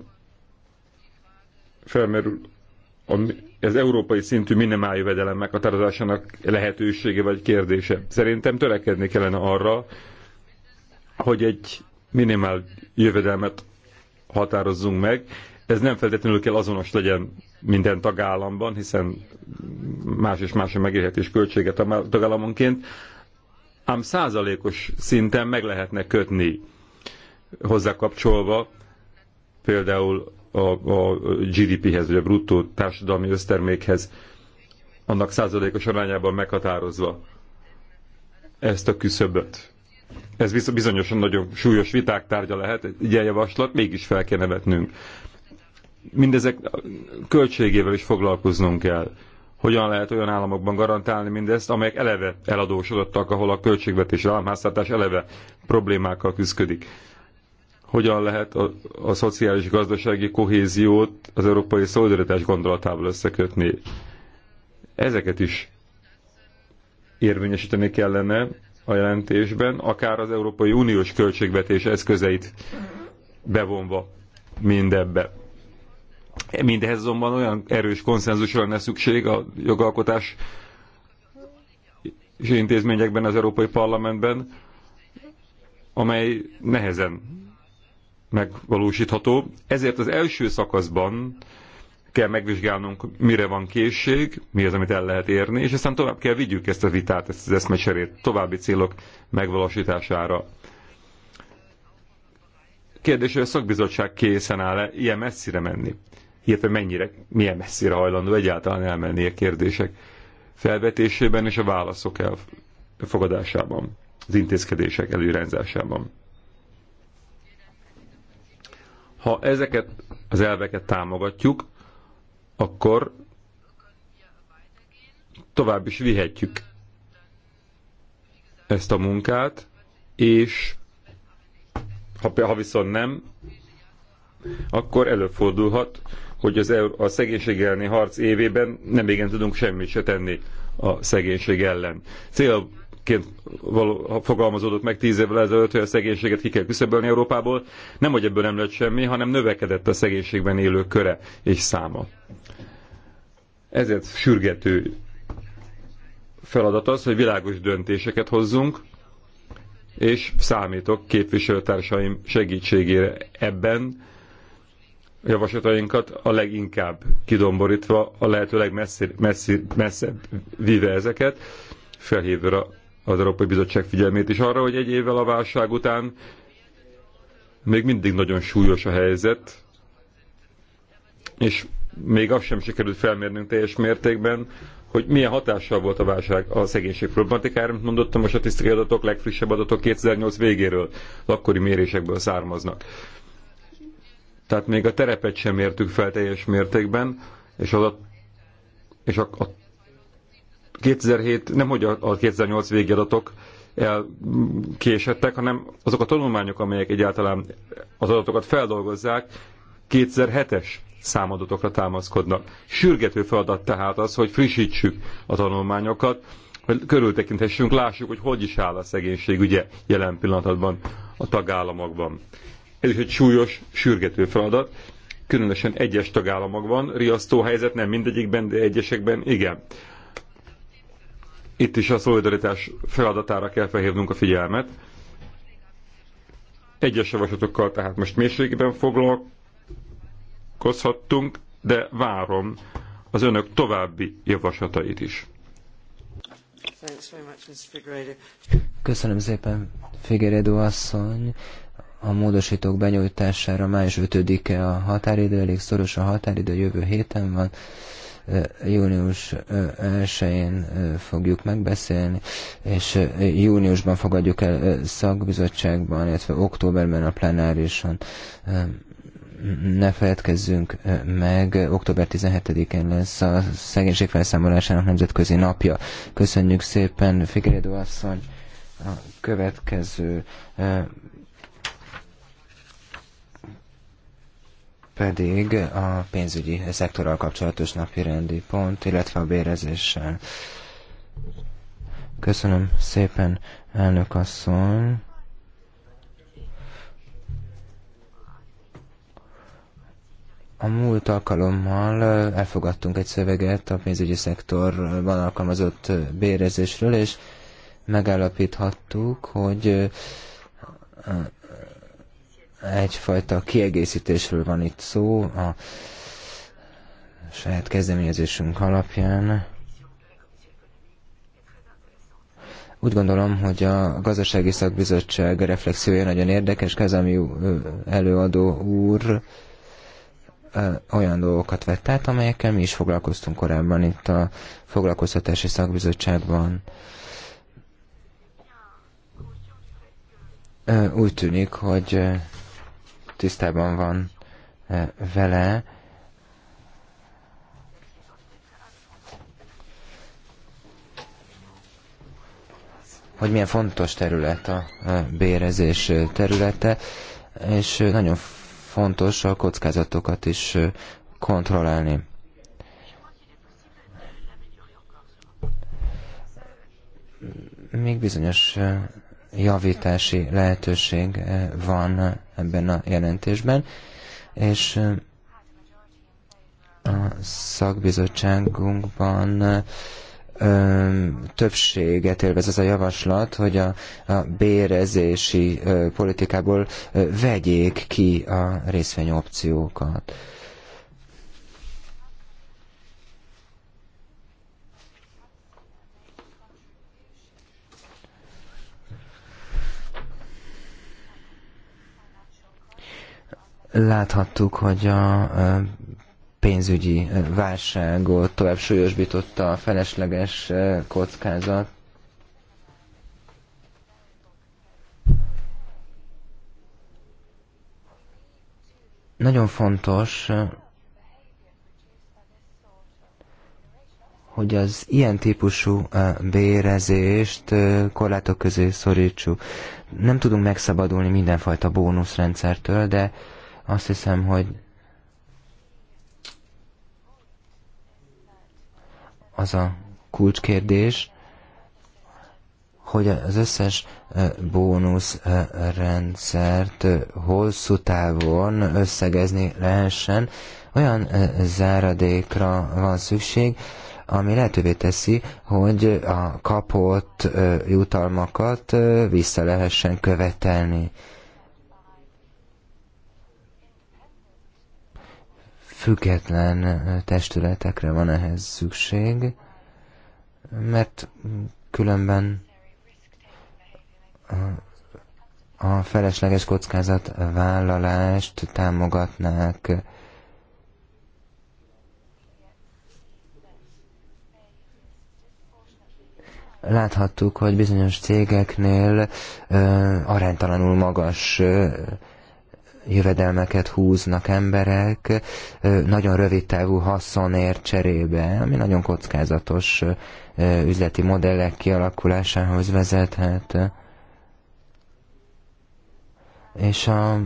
felmerül az európai szintű jövedelem meghatározásának lehetősége vagy kérdése. Szerintem törekedni kellene arra, hogy egy minimál jövedelmet határozzunk meg. Ez nem feltétlenül kell azonos legyen minden tagállamban, hiszen más és más a megélhetés a tagállamonként, ám százalékos szinten meg lehetne kötni hozzá kapcsolva például a, a GDP-hez, vagy a bruttó társadalmi össztermékhez, annak százalékos arányában meghatározva ezt a küszöböt. Ez bizonyosan nagyon súlyos viták tárgya lehet, egy javaslat, mégis fel kell nevetnünk. Mindezek költségével is foglalkoznunk kell. Hogyan lehet olyan államokban garantálni mindezt, amelyek eleve eladósodottak, ahol a költségvetés a eleve problémákkal küzdik hogyan lehet a, a szociális gazdasági kohéziót az európai szolidaritás gondolatával összekötni. Ezeket is érvényesíteni kellene a jelentésben, akár az Európai Uniós költségvetés eszközeit bevonva mindebbe. Mindehez azonban olyan erős konszenzusra lenne szükség a jogalkotás és intézményekben, az Európai Parlamentben, amely nehezen megvalósítható. Ezért az első szakaszban kell megvizsgálnunk, mire van készség, mi az, amit el lehet érni, és aztán tovább kell vigyük ezt a vitát, ezt az eszmecserét további célok megvalósítására. Kérdés, hogy a szakbizottság készen áll-e ilyen messzire menni? Illetve mennyire, milyen messzire hajlandó egyáltalán elmenni a kérdések felvetésében és a válaszok elfogadásában, az intézkedések előrendzásában. Ha ezeket az elveket támogatjuk, akkor tovább is vihetjük ezt a munkát, és ha, ha viszont nem, akkor előfordulhat, hogy az, a szegénység elleni harc évében nem igen tudunk semmit se tenni a szegénység ellen. Cél ként való, fogalmazódott meg tíz évvel ezelőtt, hogy a szegénységet ki kell küszöbölni Európából, nem hogy ebből nem lett semmi, hanem növekedett a szegénységben élők köre és száma. Ezért sürgető feladat az, hogy világos döntéseket hozzunk, és számítok képviselőtársaim segítségére ebben javaslatainkat a leginkább kidomborítva, a lehető legmesszebb vive ezeket, felhívva az Európai Bizottság figyelmét is arra, hogy egy évvel a válság után még mindig nagyon súlyos a helyzet, és még azt sem sikerült felmérnünk teljes mértékben, hogy milyen hatással volt a válság a szegénység problematikára, mint mondottam, a statisztikai adatok, legfrissebb adatok 2008 végéről, akkori mérésekből származnak. Tehát még a terepet sem értük fel teljes mértékben, és, az a, és a, a 2007, nem hogy a 2008 végi adatok elkésettek, hanem azok a tanulmányok, amelyek egyáltalán az adatokat feldolgozzák, 2007-es számadatokra támaszkodnak. Sürgető feladat tehát az, hogy frissítsük a tanulmányokat, hogy körültekinthessünk, lássuk, hogy hogy is áll a szegénység ugye jelen pillanatban a tagállamokban. Ez is egy súlyos, sürgető feladat, különösen egyes tagállamokban, riasztó helyzet nem mindegyikben, de egyesekben igen. Itt is a szolidaritás feladatára kell felhívnunk a figyelmet. Egyes javaslatokkal tehát most mélységében foglalkozhattunk, de várom az önök további javaslatait is. Köszönöm szépen, Figueredo asszony. A módosítók benyújtására május 5-e a határidő, elég szoros a határidő, jövő héten van június 1-én fogjuk megbeszélni, és júniusban fogadjuk el szakbizottságban, illetve októberben a plenárison. Ne feledkezzünk meg, október 17-én lesz a szegénység felszámolásának nemzetközi napja. Köszönjük szépen, Figyelédó asszony! a következő pedig a pénzügyi szektorral kapcsolatos napi rendi pont, illetve a bérezéssel. Köszönöm szépen, elnök asszony. A múlt alkalommal elfogadtunk egy szöveget a pénzügyi szektorban alkalmazott bérezésről, és megállapíthattuk, hogy egyfajta kiegészítésről van itt szó a saját kezdeményezésünk alapján. Úgy gondolom, hogy a gazdasági szakbizottság reflexiója nagyon érdekes. Kazami előadó úr olyan dolgokat vett át, amelyekkel mi is foglalkoztunk korábban itt a foglalkoztatási szakbizottságban. Úgy tűnik, hogy tisztában van e, vele, hogy milyen fontos terület a e, bérezés e, területe, és nagyon fontos a kockázatokat is kontrollálni. Még bizonyos javítási lehetőség eh, van ebben a jelentésben, és eh, a szakbizottságunkban eh, többséget élvez az a javaslat, hogy a, a bérezési politikából vegyék ki a részvényopciókat. opciókat Láthattuk, hogy a pénzügyi válságot tovább súlyosbította a felesleges kockázat, nagyon fontos, hogy az ilyen típusú bérezést korlátok közé szorítsuk. Nem tudunk megszabadulni mindenfajta bónuszrendszertől, de azt hiszem, hogy az a kulcskérdés, hogy az összes bónuszrendszert hosszú távon összegezni lehessen, olyan záradékra van szükség, ami lehetővé teszi, hogy a kapott jutalmakat vissza lehessen követelni. független testületekre van ehhez szükség, mert különben a felesleges kockázat vállalást támogatnák. Láthattuk, hogy bizonyos cégeknél ö, aránytalanul magas ö, jövedelmeket húznak emberek nagyon rövid távú haszonért cserébe, ami nagyon kockázatos üzleti modellek kialakulásához vezethet. És a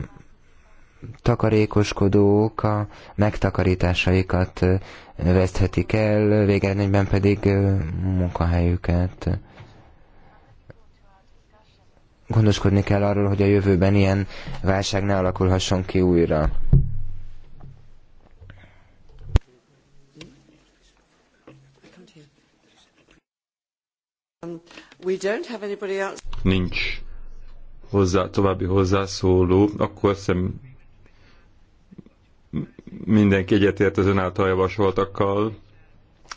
takarékoskodók a megtakarításaikat veszthetik el, végeredményben pedig munkahelyüket gondoskodni kell arról, hogy a jövőben ilyen válság ne alakulhasson ki újra. Um, Nincs hozzá, további hozzászóló, akkor szem mindenki egyetért az ön által javasoltakkal,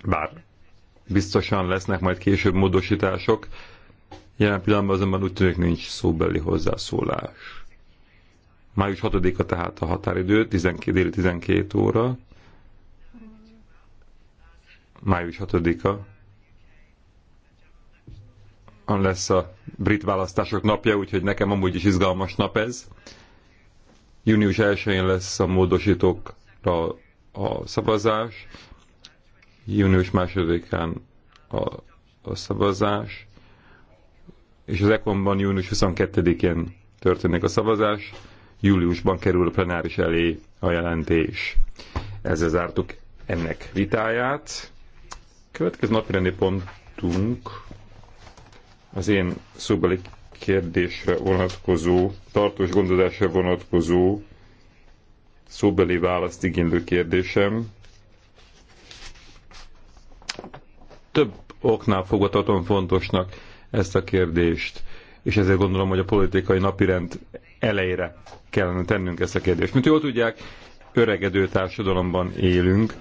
bár biztosan lesznek majd később módosítások, Jelen pillanatban azonban úgy tűnik nincs szóbeli hozzászólás. Május 6-a tehát a határidő, 12, déli 12 óra. Május 6-a lesz a brit választások napja, úgyhogy nekem amúgy is izgalmas nap ez. Június 1-én lesz a módosítókra a szavazás, június 2-án a, a szavazás, és az Ekonban június 22-én történik a szavazás, júliusban kerül a plenáris elé a jelentés. Ezzel zártuk ennek vitáját. Következő napirendi pontunk az én szóbeli kérdésre vonatkozó, tartós gondozásra vonatkozó szóbeli választ igénylő kérdésem. Több oknál fogva fontosnak ezt a kérdést, és ezért gondolom, hogy a politikai napirend elejére kellene tennünk ezt a kérdést. Mint jól tudják, öregedő társadalomban élünk,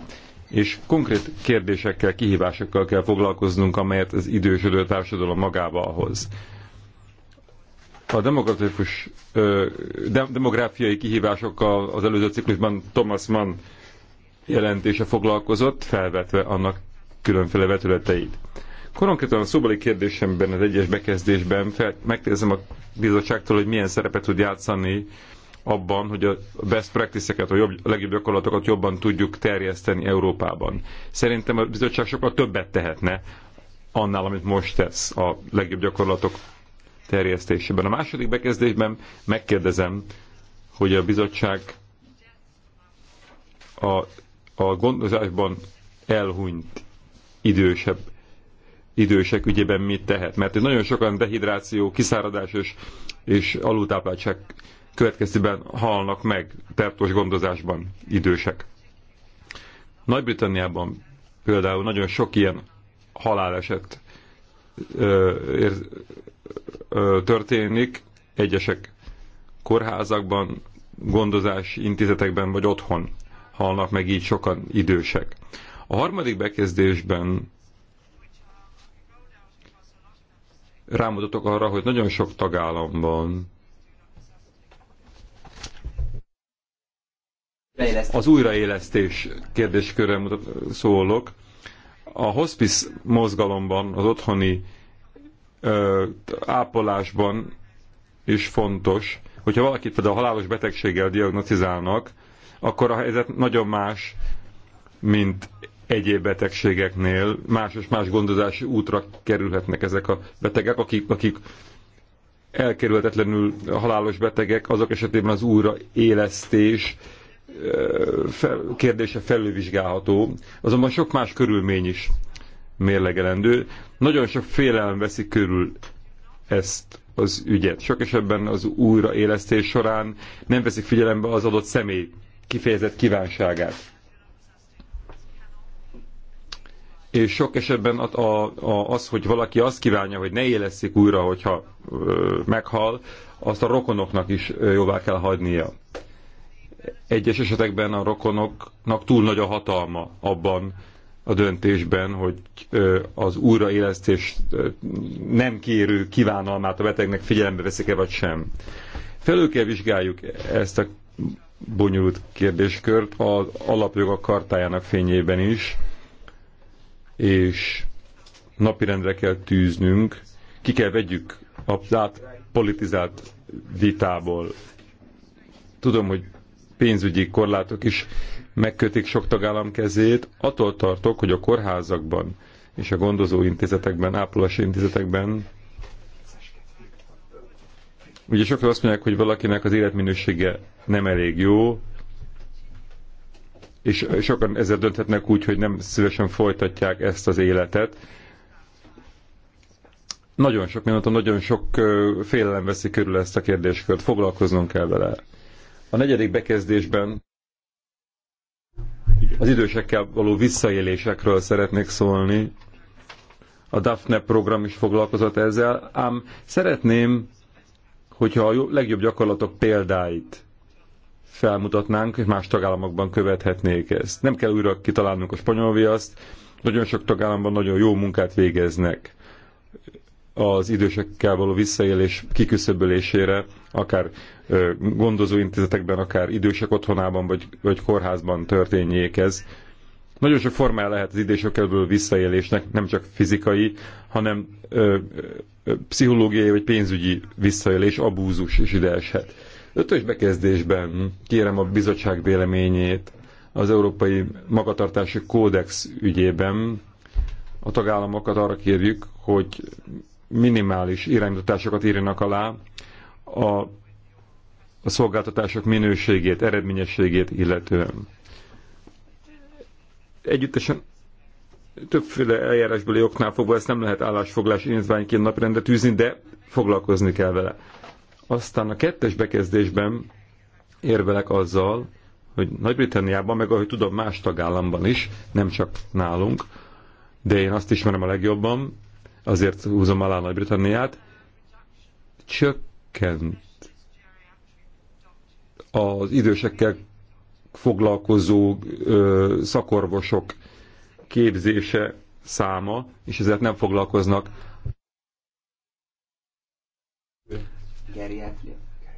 és konkrét kérdésekkel, kihívásokkal kell foglalkoznunk, amelyet az idősödő társadalom magába hoz. A demokratikus, de, demográfiai kihívásokkal az előző ciklusban Thomas Mann jelentése foglalkozott, felvetve annak különféle vetületeit. Konkrétan a szóbeli kérdésemben, az egyes bekezdésben fel, megkérdezem a bizottságtól, hogy milyen szerepet tud játszani abban, hogy a best practice-eket, a, jobb, a legjobb gyakorlatokat jobban tudjuk terjeszteni Európában. Szerintem a bizottság sokkal többet tehetne annál, amit most tesz a legjobb gyakorlatok terjesztésében. A második bekezdésben megkérdezem, hogy a bizottság a, a gondozásban elhunyt idősebb idősek ügyében mit tehet. Mert nagyon sokan dehidráció, kiszáradás és, és alultápláltság következtében halnak meg tertos gondozásban idősek. Nagy-Britanniában például nagyon sok ilyen haláleset ö, ér, ö, történik, egyesek kórházakban, gondozás intézetekben vagy otthon halnak meg így sokan idősek. A harmadik bekezdésben rámutatok arra, hogy nagyon sok tagállamban az újraélesztés kérdéskörre mutat, szólok. A hospice mozgalomban, az otthoni ö, ápolásban is fontos, hogyha valakit például halálos betegséggel diagnosztizálnak, akkor a helyzet nagyon más, mint egyéb betegségeknél más és más gondozási útra kerülhetnek ezek a betegek, akik, akik elkerülhetetlenül halálos betegek, azok esetében az újraélesztés fel, kérdése felülvizsgálható, azonban sok más körülmény is mérlegelendő. Nagyon sok félelem veszi körül ezt az ügyet. Sok esetben az újraélesztés során nem veszik figyelembe az adott személy kifejezett kívánságát és sok esetben a, a, a, az, hogy valaki azt kívánja, hogy ne éleszik újra, hogyha ö, meghal, azt a rokonoknak is jóvá kell hagynia. Egyes esetekben a rokonoknak túl nagy a hatalma abban a döntésben, hogy ö, az újraélesztés nem kérő kívánalmát a betegnek figyelembe veszik-e vagy sem. Felül kell vizsgáljuk ezt a bonyolult kérdéskört az alapjogok kartájának fényében is és napirendre kell tűznünk, ki kell vegyük a politizált vitából. Tudom, hogy pénzügyi korlátok is megkötik sok tagállam kezét. Attól tartok, hogy a kórházakban és a gondozó intézetekben, ápolási intézetekben Ugye sokan azt mondják, hogy valakinek az életminősége nem elég jó, és eh, sokan ezzel dönthetnek úgy, hogy nem szívesen folytatják ezt az életet. Nagyon sok mondtam, nagyon sok eh, félelem veszi körül ezt a kérdéskört, foglalkoznunk kell vele. A negyedik bekezdésben az idősekkel való visszaélésekről szeretnék szólni. A DAFNE program is foglalkozott ezzel, ám szeretném, hogyha a legjobb gyakorlatok példáit felmutatnánk, és más tagállamokban követhetnék ezt. Nem kell újra kitalálnunk a spanyol viaszt, nagyon sok tagállamban nagyon jó munkát végeznek az idősekkel való visszaélés kiküszöbölésére, akár gondozóintézetekben, akár idősek otthonában, vagy, vagy kórházban történjék ez. Nagyon sok formája lehet az idősekkel való visszaélésnek, nem csak fizikai, hanem ö, ö, pszichológiai vagy pénzügyi visszaélés, abúzus is ide eshet Ötös bekezdésben kérem a bizottság véleményét az Európai Magatartási Kódex ügyében. A tagállamokat arra kérjük, hogy minimális irányítatásokat írjanak alá a, a szolgáltatások minőségét, eredményességét illetően. Együttesen többféle eljárásbeli oknál fogva ezt nem lehet állásfoglás indítványként napirendre tűzni, de foglalkozni kell vele. Aztán a kettes bekezdésben érvelek azzal, hogy Nagy-Britanniában, meg ahogy tudom, más tagállamban is, nem csak nálunk, de én azt ismerem a legjobban, azért húzom alá Nagy-Britanniát, csökkent az idősekkel foglalkozó ö, szakorvosok képzése száma, és ezért nem foglalkoznak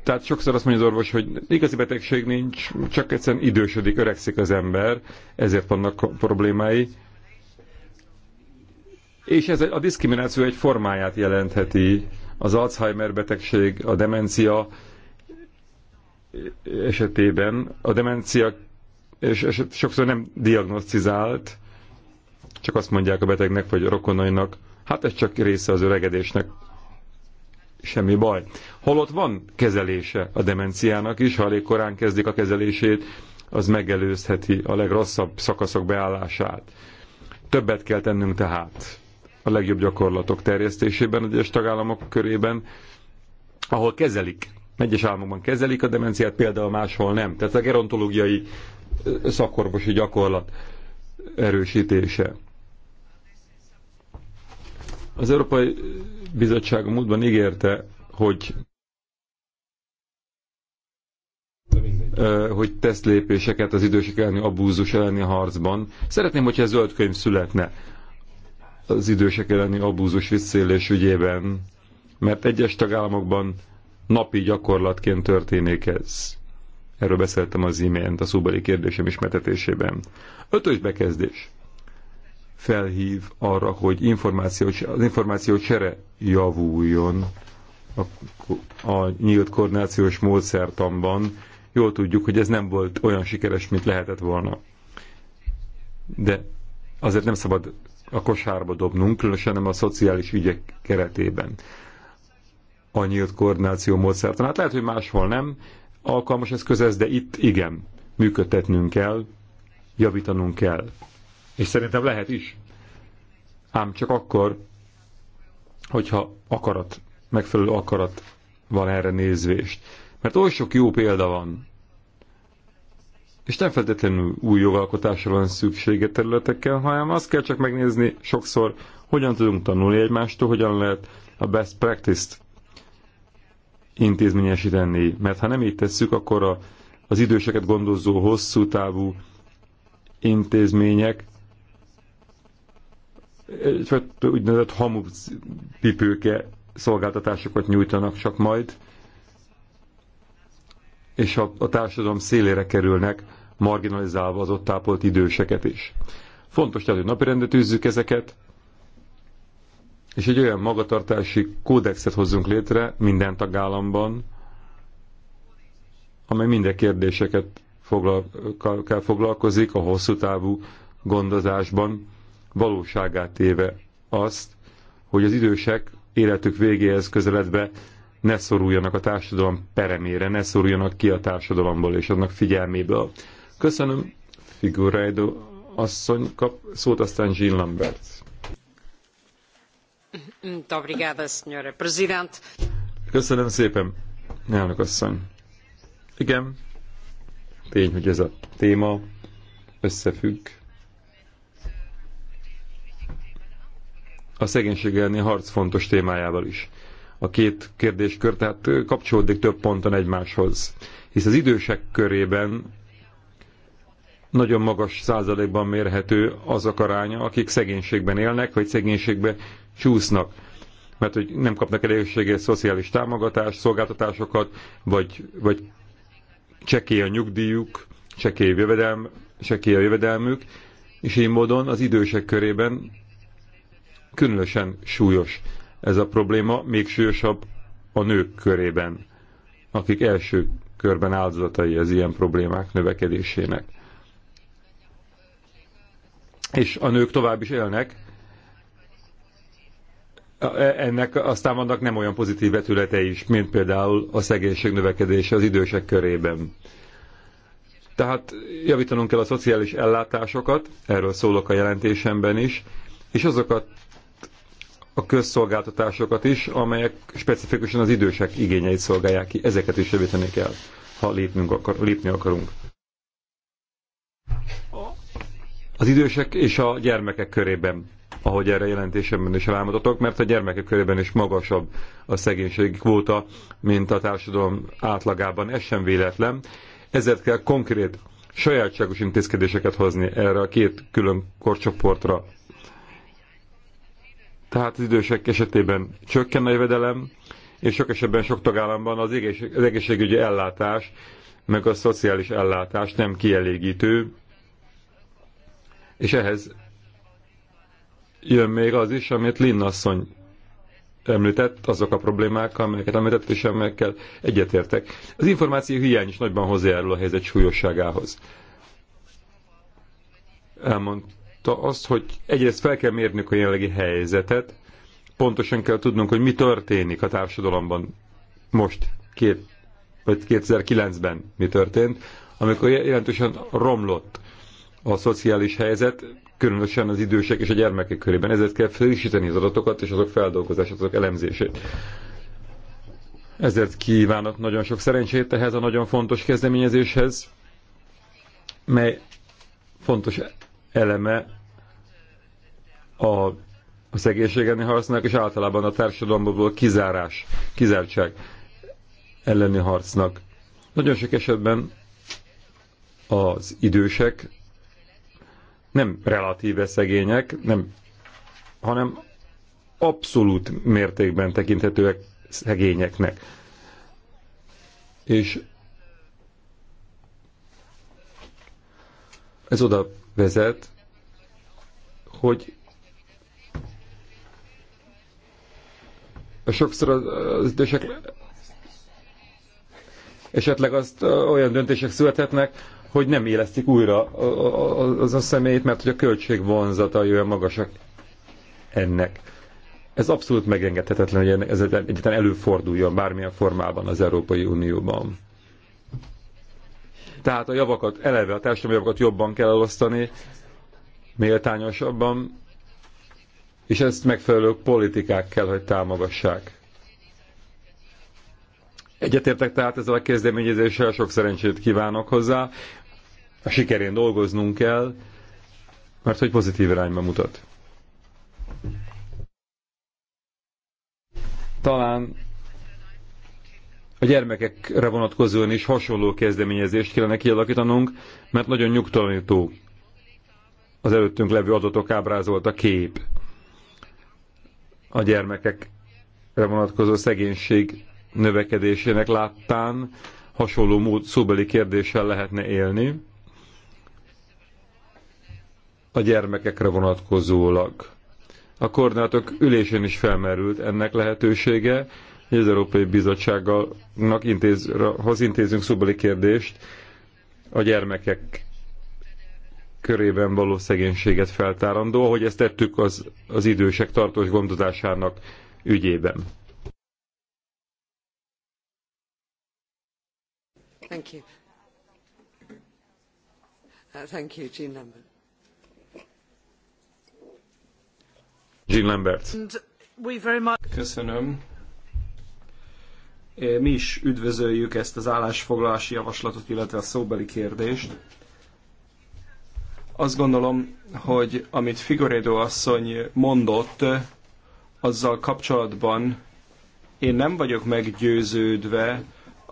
Tehát sokszor azt mondja az orvos, hogy igazi betegség nincs, csak egyszerűen idősödik, öregszik az ember, ezért vannak problémái. És ez a diszkrimináció egy formáját jelentheti. Az Alzheimer betegség, a demencia esetében, a demencia és eset, sokszor nem diagnosztizált, csak azt mondják a betegnek vagy a rokonainak, hát ez csak része az öregedésnek, semmi baj. Holott van kezelése a demenciának is, ha elég korán kezdik a kezelését, az megelőzheti a legrosszabb szakaszok beállását. Többet kell tennünk tehát a legjobb gyakorlatok terjesztésében egyes tagállamok körében, ahol kezelik, egyes államokban kezelik a demenciát, például máshol nem. Tehát a gerontológiai szakorvosi gyakorlat erősítése. Az Európai Bizottság múltban ígérte, hogy hogy tesz lépéseket az idősek elleni abúzus elleni harcban. Szeretném, hogyha ez zöld könyv születne az idősek elleni abúzus visszélés ügyében, mert egyes tagállamokban napi gyakorlatként történik ez. Erről beszéltem az imént a szóbeli kérdésem ismertetésében. Ötös bekezdés felhív arra, hogy információ, az információ csere javuljon a, a nyílt koordinációs módszertamban, jól tudjuk, hogy ez nem volt olyan sikeres, mint lehetett volna. De azért nem szabad a kosárba dobnunk, különösen nem a szociális ügyek keretében. A nyílt koordináció módszertanát lehet, hogy máshol nem alkalmas eszköz ez, de itt igen, működtetnünk kell, javítanunk kell. És szerintem lehet is. Ám csak akkor, hogyha akarat, megfelelő akarat van erre nézvést. Mert oly sok jó példa van. És nem feltétlenül új jogalkotásra van szüksége területekkel, hanem azt kell csak megnézni sokszor, hogyan tudunk tanulni egymástól, hogyan lehet a best practice-t intézményesíteni. Mert ha nem így tesszük, akkor a, az időseket gondozó hosszú távú intézmények úgynevezett hamupipőke szolgáltatásokat nyújtanak csak majd, és a, a társadalom szélére kerülnek, marginalizálva az ott tápolt időseket is. Fontos tehát, hogy napirendre tűzzük ezeket, és egy olyan magatartási kódexet hozzunk létre minden tagállamban, amely minden kérdéseket foglal, foglalkozik a hosszú távú gondozásban, valóságát éve azt, hogy az idősek életük végéhez közeledve ne szoruljanak a társadalom peremére, ne szoruljanak ki a társadalomból és annak figyelméből. Köszönöm, Figureido asszony kap szót, aztán Jean Lambert. Köszönöm szépen, elnök asszony. Igen, tény, hogy ez a téma összefügg a szegénység harc fontos témájával is a két kérdéskör, tehát kapcsolódik több ponton egymáshoz. Hisz az idősek körében nagyon magas százalékban mérhető az a karánya, akik szegénységben élnek, vagy szegénységbe csúsznak mert hogy nem kapnak elégséges szociális támogatást, szolgáltatásokat, vagy, vagy csekély a nyugdíjuk, csekély, jövedelm, csekély a jövedelmük, és így módon az idősek körében különösen súlyos ez a probléma még súlyosabb a nők körében, akik első körben áldozatai az ilyen problémák növekedésének. És a nők tovább is élnek, e, ennek aztán vannak nem olyan pozitív vetületei is, mint például a szegénység növekedése az idősek körében. Tehát javítanunk kell a szociális ellátásokat, erről szólok a jelentésemben is, és azokat a közszolgáltatásokat is, amelyek specifikusan az idősek igényeit szolgálják ki. Ezeket is javítani kell, ha lépnünk akar, lépni akarunk. Az idősek és a gyermekek körében, ahogy erre jelentésemben is rámutatok, mert a gyermekek körében is magasabb a szegénység kvóta, mint a társadalom átlagában. Ez sem véletlen. Ezért kell konkrét, sajátságos intézkedéseket hozni erre a két külön korcsoportra tehát az idősek esetében csökken a jövedelem, és sok esetben sok tagállamban az, egész, az egészségügyi ellátás, meg a szociális ellátás nem kielégítő, és ehhez jön még az is, amit Linn asszony említett, azok a problémák, amelyeket említett, és amelyekkel egyetértek. Az információ hiány is nagyban hozzájárul a helyzet súlyosságához. Elmond, látta azt, hogy egyrészt fel kell mérnünk a jelenlegi helyzetet, pontosan kell tudnunk, hogy mi történik a társadalomban most, két, vagy 2009-ben mi történt, amikor jelentősen romlott a szociális helyzet, különösen az idősek és a gyermekek körében. Ezért kell frissíteni az adatokat és azok feldolgozását, azok elemzését. Ezért kívánok nagyon sok szerencsét ehhez a nagyon fontos kezdeményezéshez, mely fontos eleme a, a szegénységeni harcnak, és általában a társadalomból kizárás, kizártság elleni harcnak. Nagyon sok esetben az idősek nem relatíve szegények, nem, hanem abszolút mértékben tekinthetőek szegényeknek. És ez oda vezet, hogy sokszor az idősek esetleg azt olyan döntések születhetnek, hogy nem élesztik újra az a személyt, mert hogy a költség vonzata olyan magasak ennek. Ez abszolút megengedhetetlen, hogy ez egyetlen előforduljon bármilyen formában az Európai Unióban. Tehát a javakat, eleve a társadalmi javakat jobban kell elosztani, méltányosabban, és ezt megfelelő politikák kell, hogy támogassák. Egyetértek tehát ezzel a kezdeményezéssel, sok szerencsét kívánok hozzá. A sikerén dolgoznunk kell, mert hogy pozitív irányba mutat. Talán a gyermekekre vonatkozóan is hasonló kezdeményezést kellene kialakítanunk, mert nagyon nyugtalanító az előttünk levő adatok ábrázolt a kép. A gyermekekre vonatkozó szegénység növekedésének láttán hasonló mód szóbeli kérdéssel lehetne élni a gyermekekre vonatkozólag. A koordinátok ülésén is felmerült ennek lehetősége, hogy az Európai Bizottságnak intéz, hoz intézünk szóbeli kérdést a gyermekek körében való szegénységet feltárandó, ahogy ezt tettük az, az idősek tartós gondozásának ügyében. Thank you. Uh, thank you, Jean Lambert. Jean Lambert. Köszönöm. Mi is üdvözöljük ezt az állásfoglalási javaslatot, illetve a szóbeli kérdést. Azt gondolom, hogy amit Figoredo asszony mondott, azzal kapcsolatban én nem vagyok meggyőződve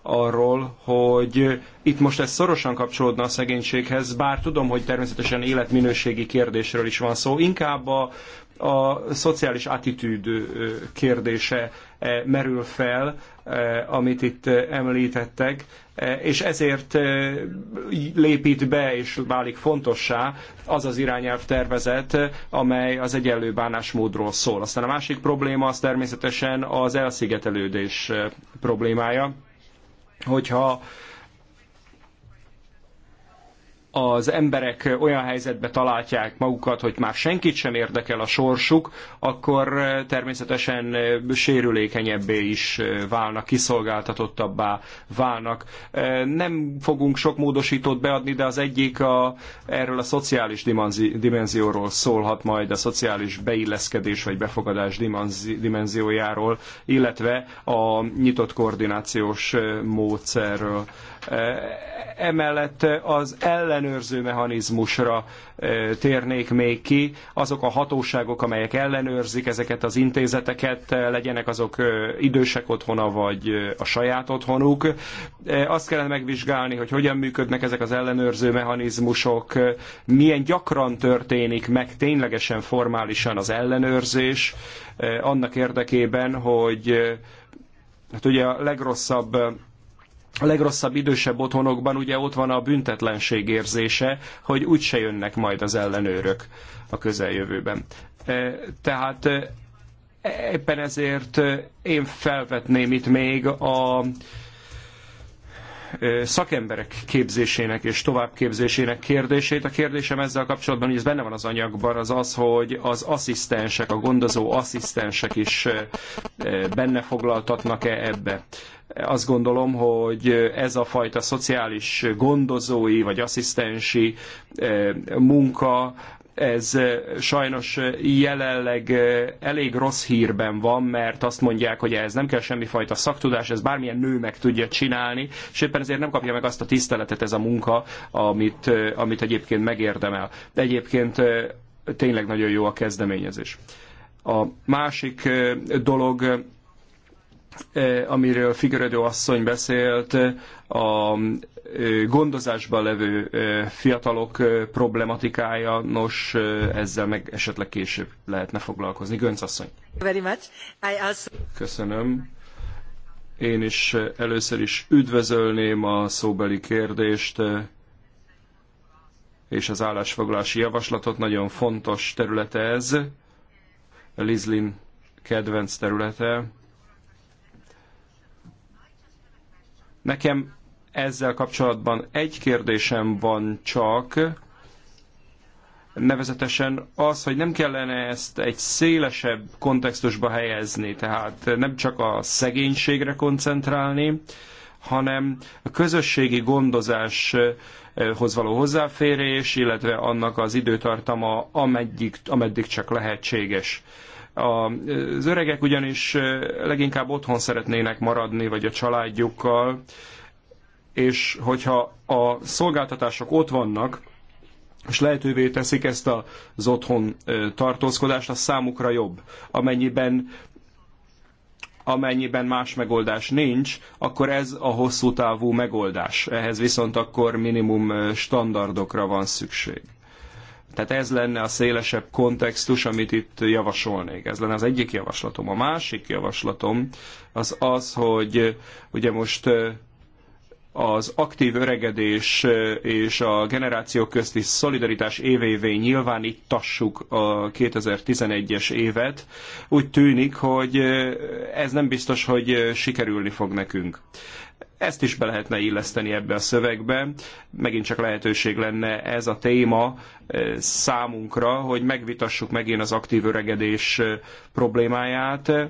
arról, hogy itt most ez szorosan kapcsolódna a szegénységhez, bár tudom, hogy természetesen életminőségi kérdésről is van szó. Inkább a a szociális attitűd kérdése e, merül fel, e, amit itt említettek, e, és ezért lépít be és válik fontossá az az irányelv tervezet, amely az egyenlő bánásmódról szól. Aztán a másik probléma az természetesen az elszigetelődés problémája, hogyha az emberek olyan helyzetbe találják magukat, hogy már senkit sem érdekel a sorsuk, akkor eh, természetesen eh, sérülékenyebbé is eh, válnak, kiszolgáltatottabbá válnak. Nem fogunk sok módosítót beadni, de az egyik a, erről a szociális dimenzióról szólhat majd, a szociális beilleszkedés vagy befogadás dimenziójáról, illetve a nyitott koordinációs módszerről Eh, emellett eh, az ellenőrző mechanizmusra eh, térnék még ki. Azok a hatóságok, amelyek ellenőrzik ezeket az intézeteket, legyenek azok idősek otthona, vagy a saját otthonuk. Azt kellene megvizsgálni, hogy hogyan működnek ezek az ellenőrző mechanizmusok, milyen gyakran történik meg ténylegesen formálisan az ellenőrzés, annak érdekében, hogy hát ugye a legrosszabb a legrosszabb idősebb otthonokban ugye ott van a büntetlenség érzése, hogy úgyse jönnek majd az ellenőrök a közeljövőben. E, tehát e, éppen ezért e, én felvetném itt még a szakemberek képzésének és továbbképzésének kérdését. A kérdésem ezzel kapcsolatban, hogy ez benne van az anyagban, az az, hogy az asszisztensek, a gondozó asszisztensek is benne foglaltatnak-e ebbe azt gondolom, hogy ez a fajta szociális gondozói vagy asszisztensi munka ez eh, sajnos eh, jelenleg eh, elég rossz hírben van, mert azt mondják, hogy ez nem kell semmifajta szaktudás, ez bármilyen nő meg tudja csinálni, és éppen ezért nem kapja meg azt a tiszteletet ez a munka, amit, amit egyébként megérdemel. Egyébként tényleg nagyon jó a kezdeményezés. A másik dolog, amiről Figueredo asszony beszélt, a gondozásban levő fiatalok problematikája, nos, ezzel meg esetleg később lehetne foglalkozni. Gönc asszony. Very much. I also... Köszönöm. Én is először is üdvözölném a szóbeli kérdést és az állásfoglalási javaslatot. Nagyon fontos területe ez. Lizlin kedvenc területe. Nekem ezzel kapcsolatban egy kérdésem van csak, nevezetesen az, hogy nem kellene ezt egy szélesebb kontextusba helyezni, tehát nem csak a szegénységre koncentrálni, hanem a közösségi gondozáshoz való hozzáférés, illetve annak az időtartama, ameddig, ameddig csak lehetséges. Az öregek ugyanis leginkább otthon szeretnének maradni, vagy a családjukkal, és hogyha a szolgáltatások ott vannak, és lehetővé teszik ezt az otthon tartózkodást, az számukra jobb. Amennyiben amennyiben más megoldás nincs, akkor ez a hosszú távú megoldás. Ehhez viszont akkor minimum standardokra van szükség. Tehát ez lenne a szélesebb kontextus, amit itt javasolnék. Ez lenne az egyik javaslatom. A másik javaslatom az az, hogy ugye most az aktív öregedés és a generációk közti szolidaritás évévé nyilvánítassuk a 2011-es évet, úgy tűnik, hogy ez nem biztos, hogy sikerülni fog nekünk. Ezt is be lehetne illeszteni ebbe a szövegbe. Megint csak lehetőség lenne ez a téma eh, számunkra, hogy megvitassuk megint az aktív öregedés eh, problémáját, eh,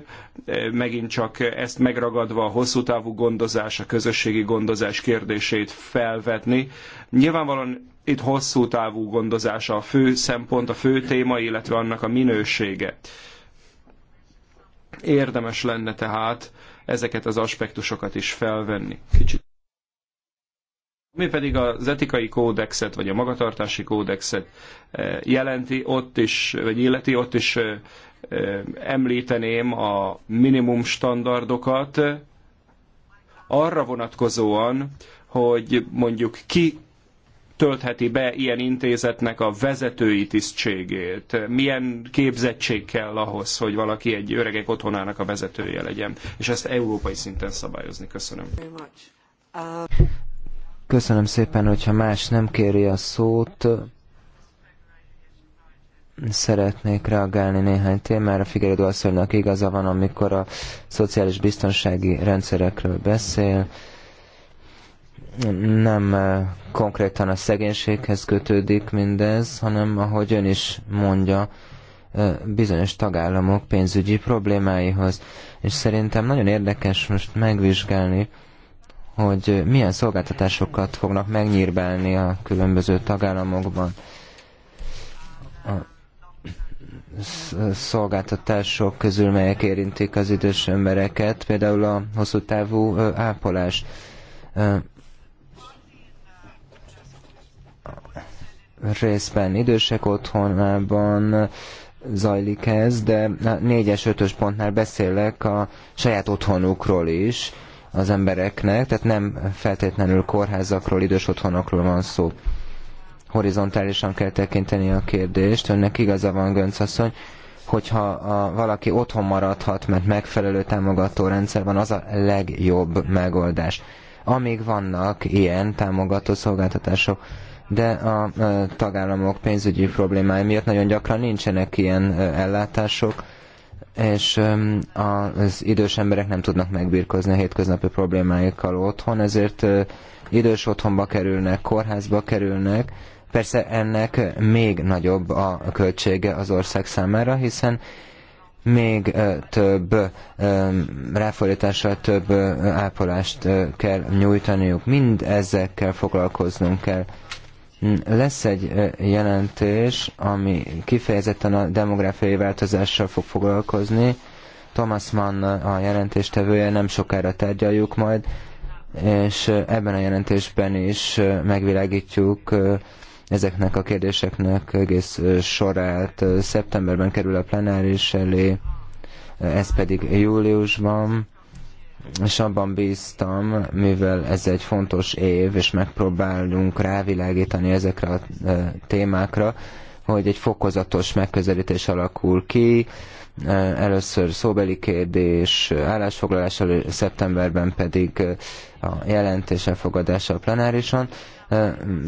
megint csak ezt megragadva a hosszú távú gondozás, a közösségi gondozás kérdését felvetni. Nyilvánvalóan itt hosszú távú gondozása a fő szempont, a fő téma, illetve annak a minősége. Érdemes lenne tehát ezeket az aspektusokat is felvenni. Kicsit. Mi pedig az etikai kódexet, vagy a magatartási kódexet eh, jelenti ott is, vagy illeti ott is eh, eh, említeném a minimum standardokat arra vonatkozóan, hogy mondjuk ki töltheti be ilyen intézetnek a vezetői tisztségét? Milyen képzettség kell ahhoz, hogy valaki egy öregek otthonának a vezetője legyen? És ezt európai szinten szabályozni. Köszönöm. Köszönöm szépen, hogyha más nem kéri a szót, szeretnék reagálni néhány témára. Figyelődő asszonynak igaza van, amikor a szociális biztonsági rendszerekről beszél nem eh, konkrétan a szegénységhez kötődik mindez, hanem ahogy ön is mondja, eh, bizonyos tagállamok pénzügyi problémáihoz. És szerintem nagyon érdekes most megvizsgálni, hogy milyen szolgáltatásokat fognak megnyírbálni a különböző tagállamokban. A szolgáltatások közül, melyek érintik az idős embereket, például a hosszú távú ápolás részben idősek otthonában zajlik ez, de négyes, ötös pontnál beszélek a saját otthonukról is az embereknek, tehát nem feltétlenül kórházakról, idős otthonokról van szó. Horizontálisan kell tekinteni a kérdést, önnek igaza van, Gönc asszony, hogyha a, valaki otthon maradhat, mert megfelelő támogató rendszer van, az a legjobb megoldás. Amíg vannak ilyen támogató szolgáltatások, de a tagállamok pénzügyi problémái miatt nagyon gyakran nincsenek ilyen ellátások, és az idős emberek nem tudnak megbírkozni a hétköznapi problémáikkal otthon, ezért idős otthonba kerülnek, kórházba kerülnek, Persze ennek még nagyobb a költsége az ország számára, hiszen még több ráfordítással több ápolást kell nyújtaniuk. Mind ezekkel foglalkoznunk kell. Lesz egy jelentés, ami kifejezetten a demográfiai változással fog foglalkozni. Thomas Mann a jelentéstevője, nem sokára tárgyaljuk majd, és ebben a jelentésben is megvilágítjuk ezeknek a kérdéseknek egész sorát. Szeptemberben kerül a plenáris elé, ez pedig júliusban és abban bíztam, mivel ez egy fontos év, és megpróbálunk rávilágítani ezekre a e, témákra, hogy egy fokozatos megközelítés alakul ki, e, először szóbeli kérdés, állásfoglalással, szeptemberben pedig e, a jelentés elfogadása a plenárison.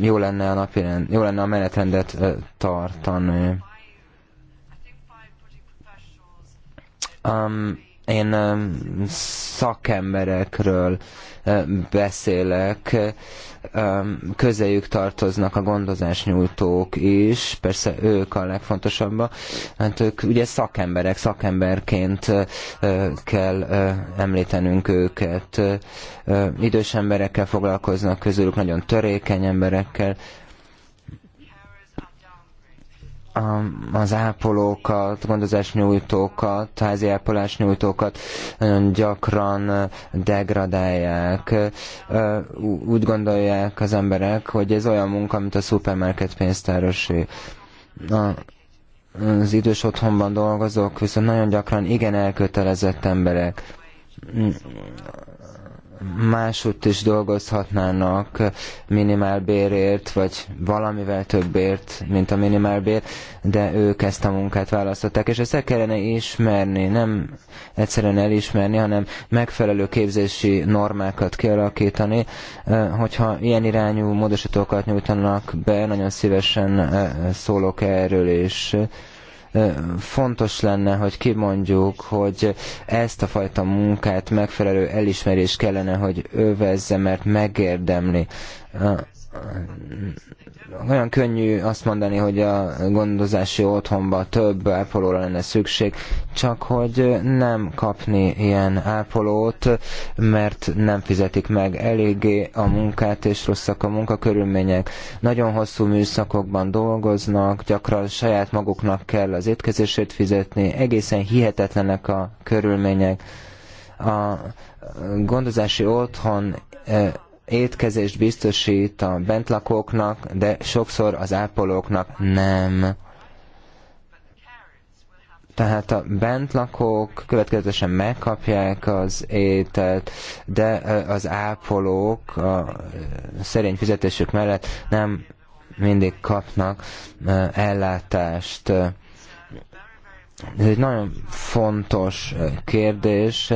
Jó lenne a, napirend, jó lenne a menetrendet tartani. Um, én szakemberekről beszélek, közéjük tartoznak a gondozásnyújtók is, persze ők a legfontosabbak, mert hát ők ugye szakemberek, szakemberként kell említenünk őket. Idős emberekkel foglalkoznak közülük, nagyon törékeny emberekkel, az ápolókat, gondozásnyújtókat, házi ápolásnyújtókat nagyon gyakran degradálják. Úgy gondolják az emberek, hogy ez olyan munka, mint a szupermarket pénztárosi. A, az idős otthonban dolgozók viszont nagyon gyakran igen elkötelezett emberek máshogy is dolgozhatnának minimálbérért, vagy valamivel többért, mint a minimálbér, de ők ezt a munkát választották, és ezt el kellene ismerni, nem egyszerűen elismerni, hanem megfelelő képzési normákat kialakítani, hogyha ilyen irányú módosítókat nyújtanak be, nagyon szívesen szólok erről, és Fontos lenne, hogy kimondjuk, hogy ezt a fajta munkát megfelelő elismerés kellene, hogy övezze, mert megérdemli nagyon könnyű azt mondani, hogy a gondozási otthonba több ápolóra lenne szükség, csak hogy nem kapni ilyen ápolót, mert nem fizetik meg eléggé a munkát, és rosszak a munkakörülmények. Nagyon hosszú műszakokban dolgoznak, gyakran saját maguknak kell az étkezését fizetni, egészen hihetetlenek a körülmények. A gondozási otthon eh, étkezést biztosít a bentlakóknak, de sokszor az ápolóknak nem. Tehát a bentlakók következetesen megkapják az ételt, de az ápolók a szerény fizetésük mellett nem mindig kapnak ellátást. Ez egy nagyon fontos kérdés,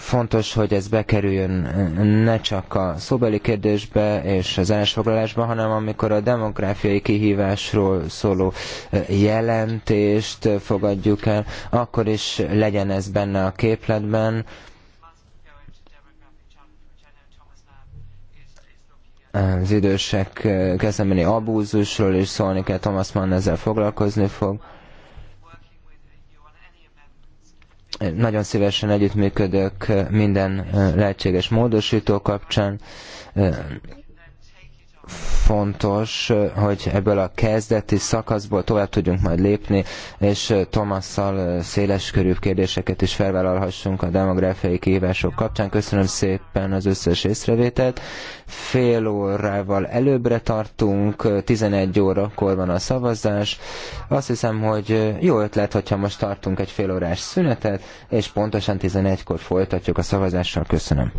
Fontos, hogy ez bekerüljön ne csak a szóbeli kérdésbe és az állásfoglalásba, hanem amikor a demográfiai kihívásról szóló jelentést fogadjuk el, akkor is legyen ez benne a képletben, az idősek kezdeményi abúzusról is szólni kell, Thomas Mann ezzel foglalkozni fog. Nagyon szívesen együttműködök minden lehetséges módosító kapcsán fontos, hogy ebből a kezdeti szakaszból tovább tudjunk majd lépni, és Tomasszal széleskörűbb kérdéseket is felvállalhassunk a demográfiai kihívások kapcsán. Köszönöm szépen az összes észrevételt. Fél órával előbbre tartunk, 11 órakor van a szavazás. Azt hiszem, hogy jó ötlet, hogyha most tartunk egy fél órás szünetet, és pontosan 11-kor folytatjuk a szavazással. Köszönöm.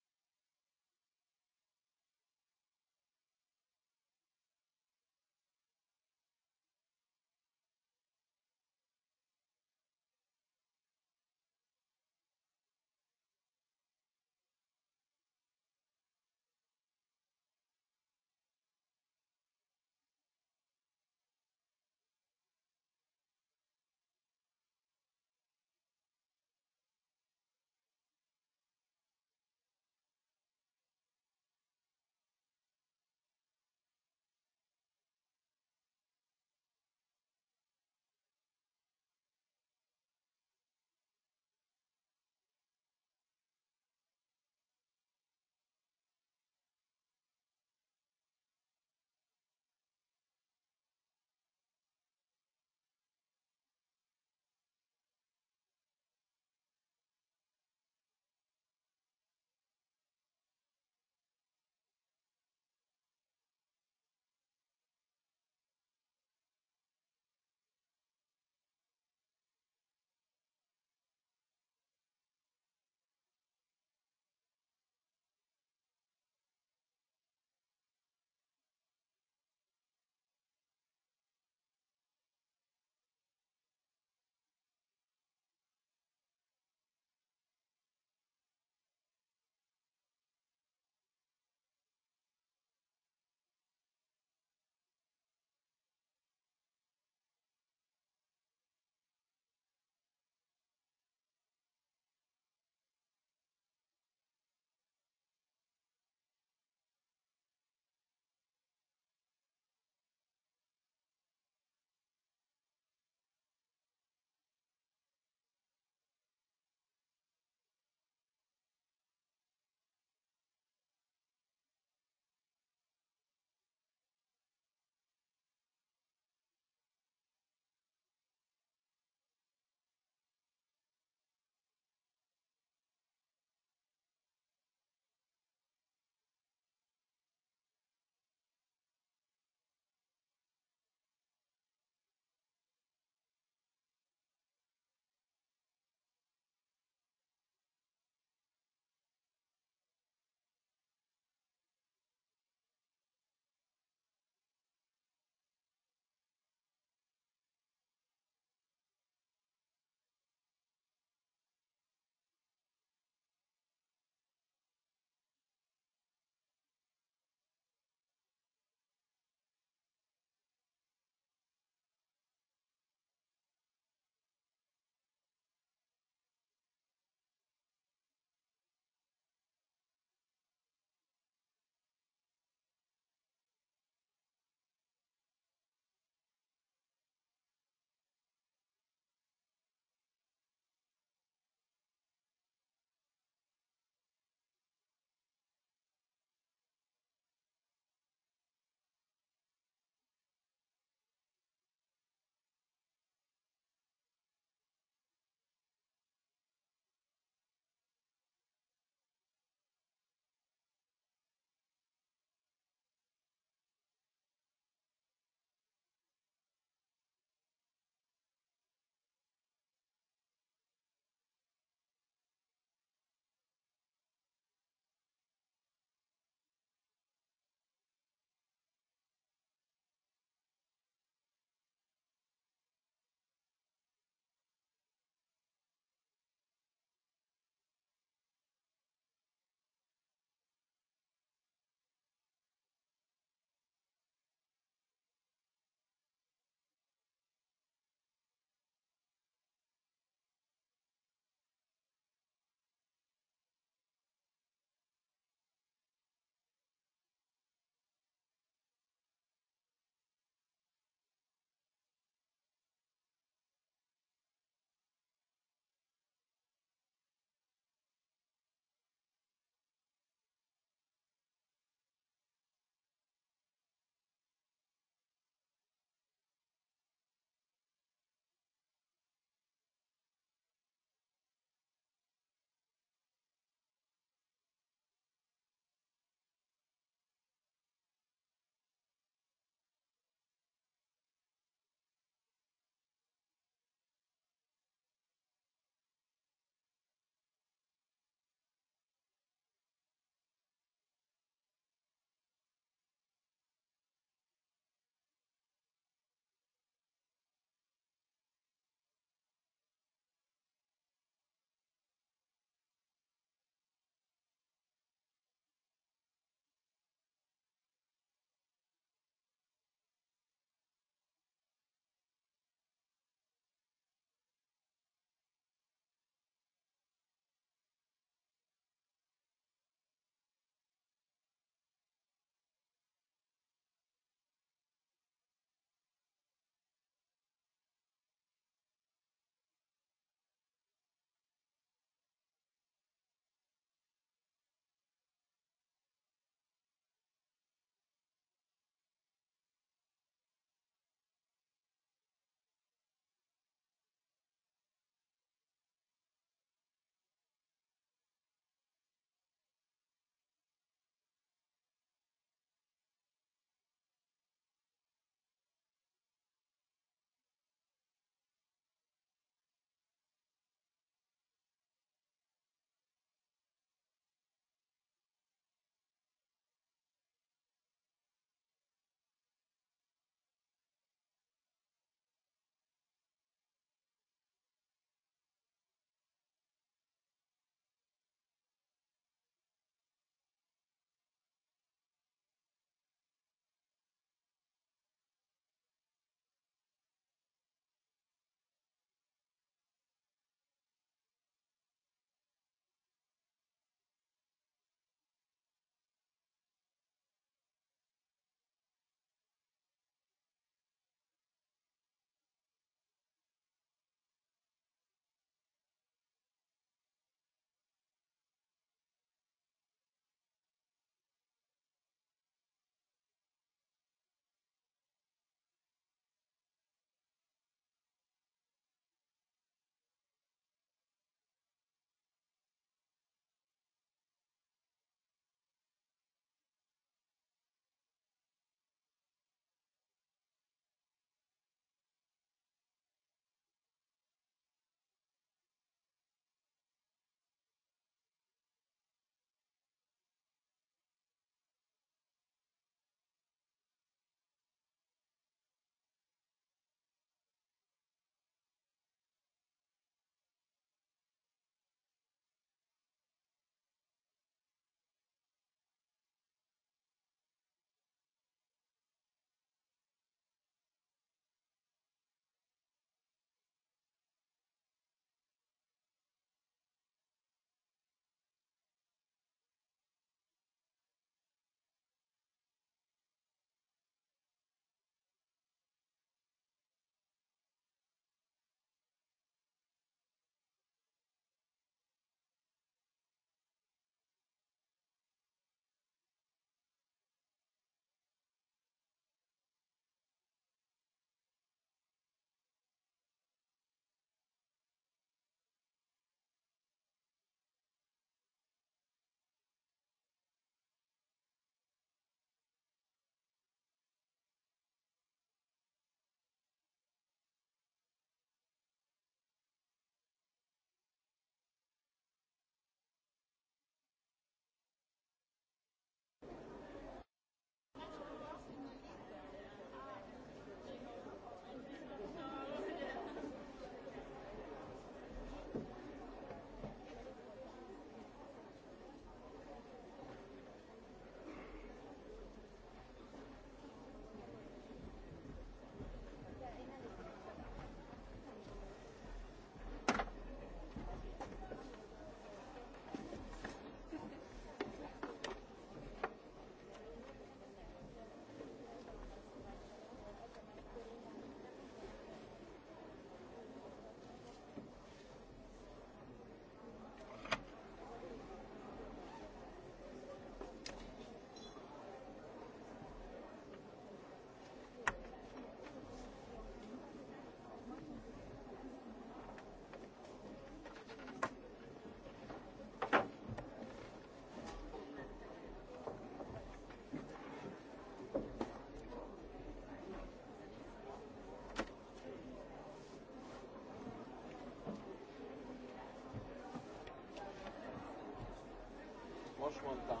azt mondtam,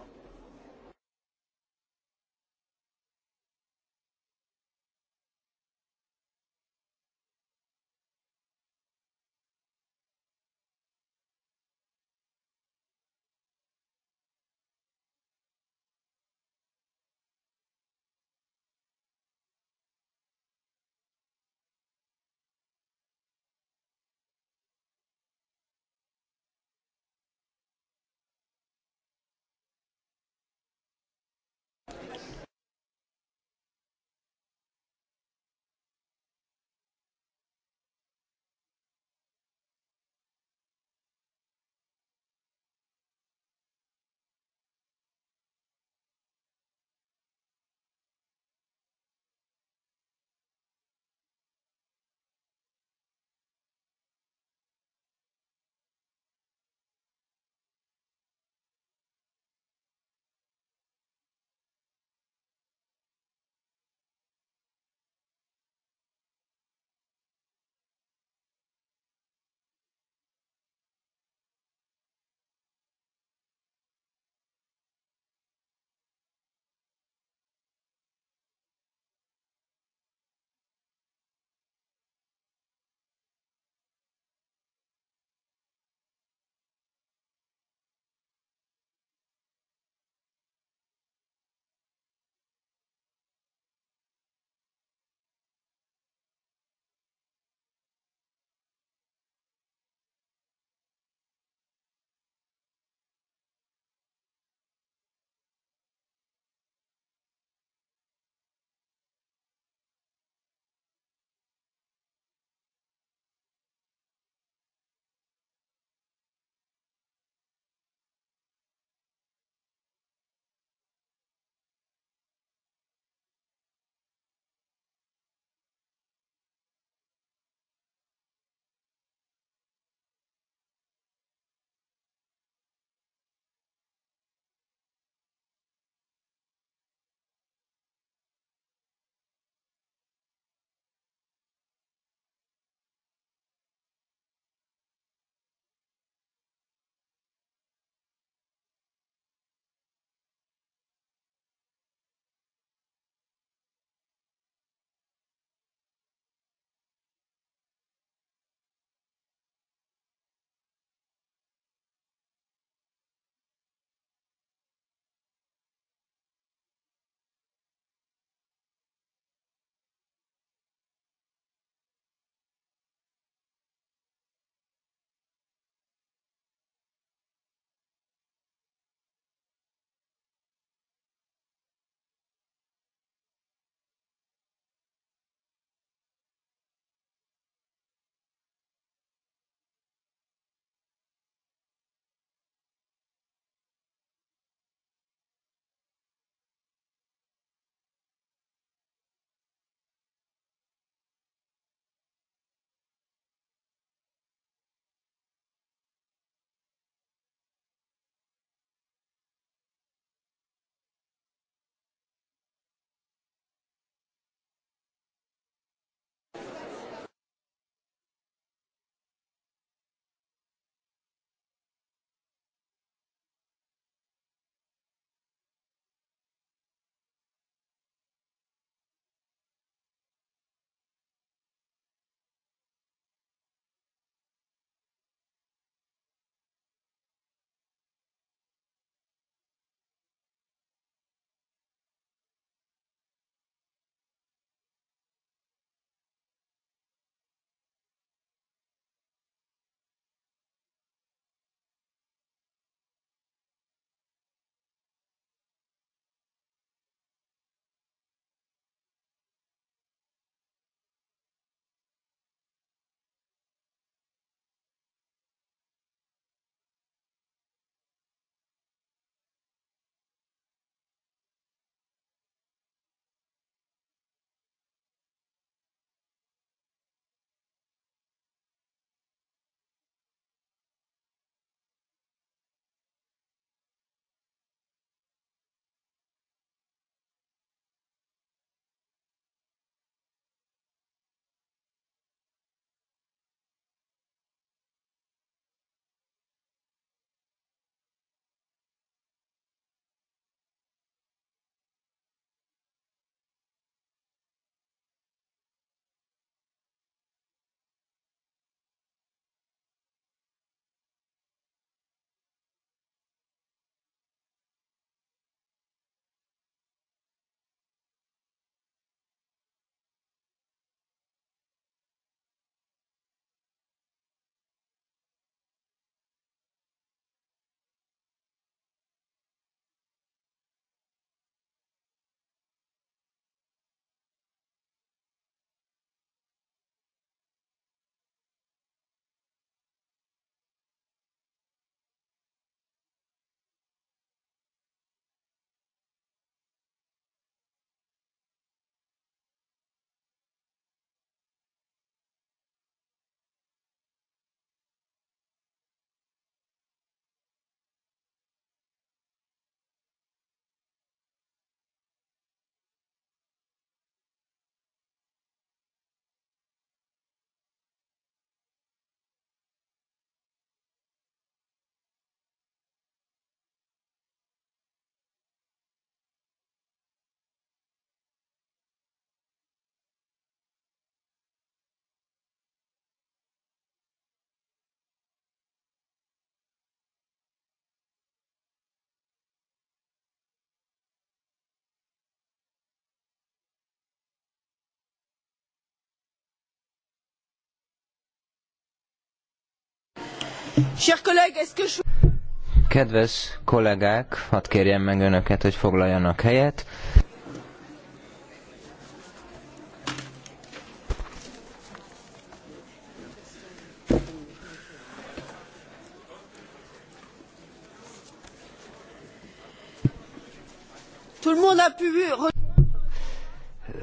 Kedves kollégák, hadd kérjem meg önöket, hogy foglaljanak helyet.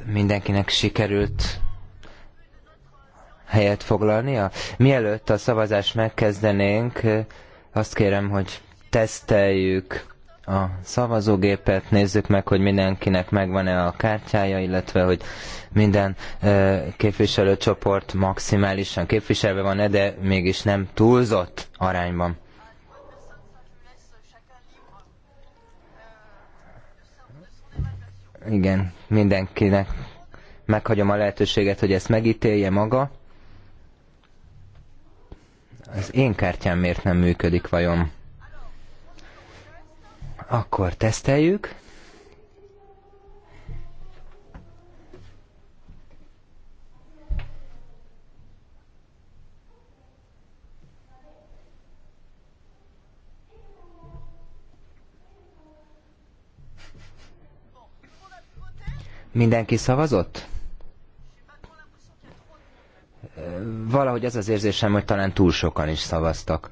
Mindenkinek sikerült helyet foglalnia? Mielőtt a szavazást megkezdenénk, azt kérem, hogy teszteljük a szavazógépet, nézzük meg, hogy mindenkinek megvan-e a kártyája, illetve hogy minden ö, képviselőcsoport maximálisan képviselve van-e, de mégis nem túlzott arányban. Igen, mindenkinek meghagyom a lehetőséget, hogy ezt megítélje maga. Az én kártyám miért nem működik vajon? Akkor teszteljük. Mindenki szavazott? valahogy az az érzésem, hogy talán túl sokan is szavaztak.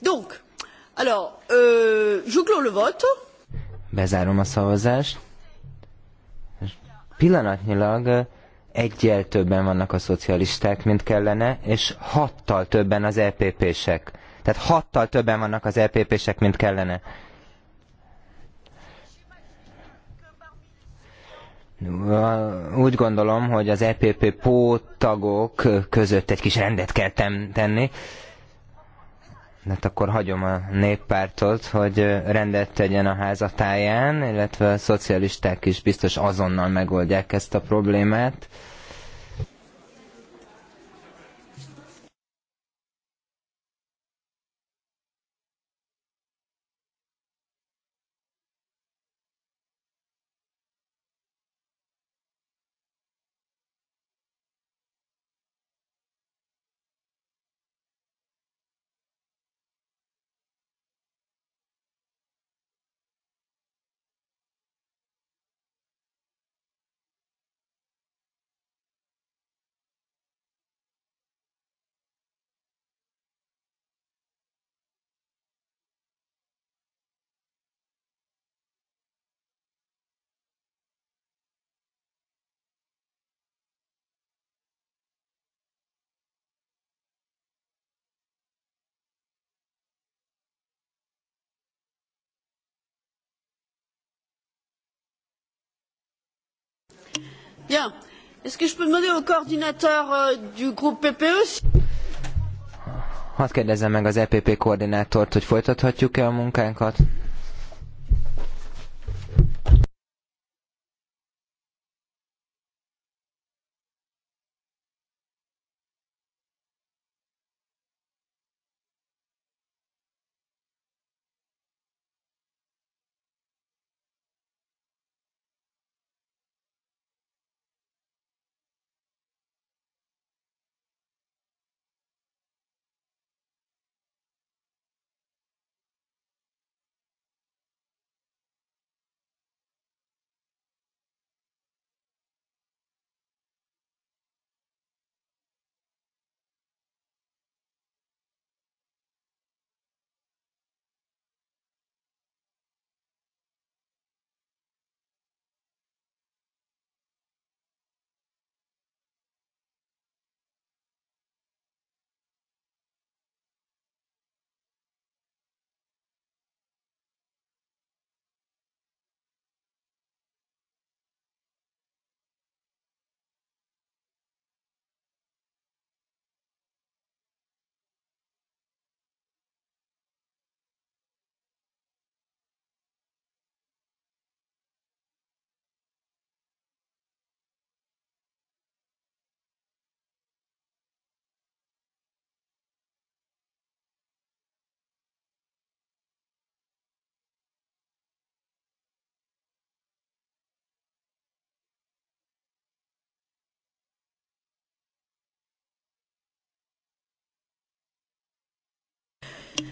Donc, Alors, euh, je clôt le vote. Bezárom a szavazást. Pillanatnyilag egyel többen vannak a szocialisták, mint kellene, és hattal többen az EPP-sek. Tehát hattal többen vannak az EPP-sek, mint kellene. Úgy gondolom, hogy az EPP pótagok között egy kis rendet kell tenni. Hát akkor hagyom a néppártot, hogy rendet tegyen a házatáján, illetve a szocialisták is biztos azonnal megoldják ezt a problémát. Est-ce que je peux demander au coordinateur euh, du groupe PPE si... Hadd kérdezzem meg az EPP koordinátort, hogy folytathatjuk-e a munkánkat?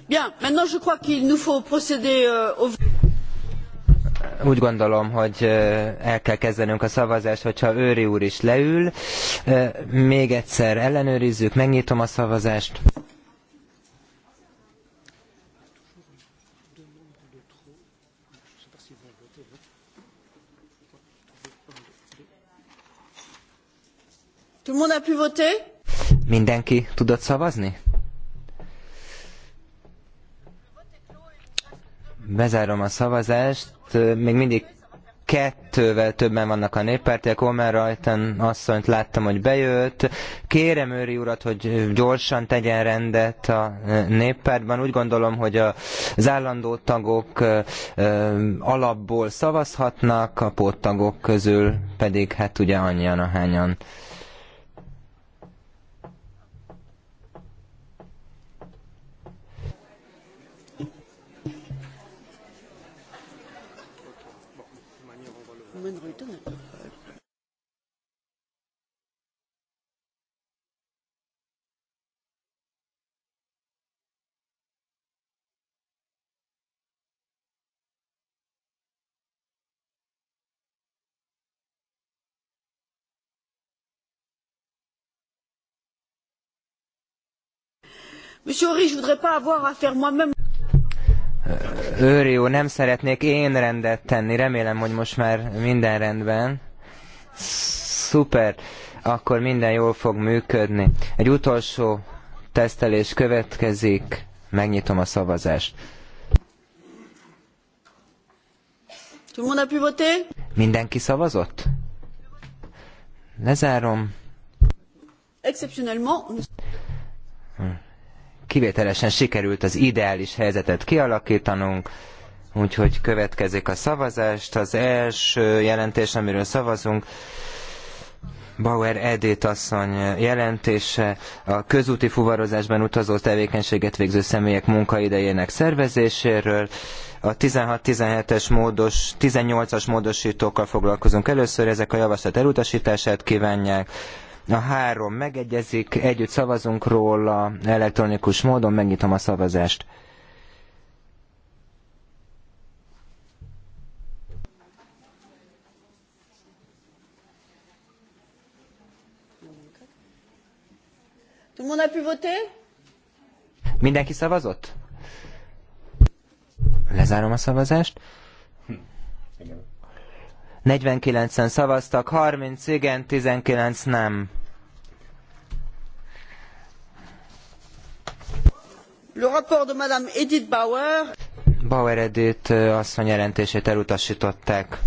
Euh, Úgy gondolom, hogy el kell kezdenünk a szavazást, hogyha Őri úr is leül. Még egyszer ellenőrizzük, megnyitom a szavazást. Tout le monde a pu voter? Mindenki tudott szavazni? Bezárom a szavazást. Még mindig kettővel többen vannak a néppártiak. Omer Rajten asszonyt láttam, hogy bejött. Kérem őri urat, hogy gyorsan tegyen rendet a e, néppártban. Úgy gondolom, hogy az állandó tagok e, e, alapból szavazhatnak, a póttagok közül pedig hát ugye annyian, hányan. Monsieur je voudrais pas avoir à faire moi-même. Őri úr, nem szeretnék én rendet tenni, remélem, hogy most már minden rendben. Szuper, akkor minden jól fog működni. Egy utolsó tesztelés következik, megnyitom a szavazást. Mindenki szavazott? Lezárom. Exceptionnellement. Hm kivételesen sikerült az ideális helyzetet kialakítanunk, úgyhogy következik a szavazást. Az első jelentés, amiről szavazunk, Bauer Edét asszony jelentése a közúti fuvarozásban utazó tevékenységet végző személyek munkaidejének szervezéséről. A 16-17-es módos, 18-as módosítókkal foglalkozunk először, ezek a javaslat elutasítását kívánják. A három megegyezik, együtt szavazunk róla elektronikus módon, megnyitom a szavazást. Mindenki szavazott? Lezárom a szavazást. 49-en szavaztak, 30 igen, 19 nem. Le rapport de Madame Edith Bauer. Bauer Edith asszony jelentését elutasították.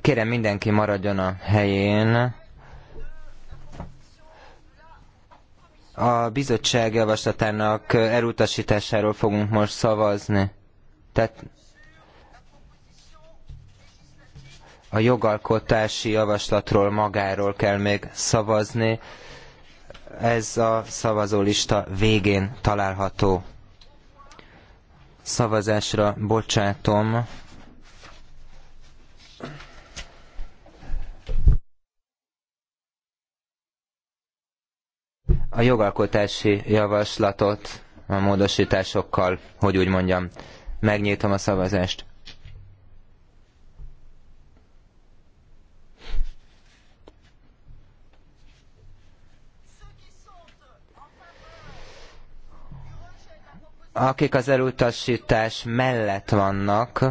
Kérem, mindenki maradjon a helyén. A bizottság javaslatának elutasításáról fogunk most szavazni. Tehát a jogalkotási javaslatról magáról kell még szavazni. Ez a szavazólista végén található. Szavazásra bocsátom a jogalkotási javaslatot a módosításokkal, hogy úgy mondjam. Megnyitom a szavazást. akik az elutasítás mellett vannak,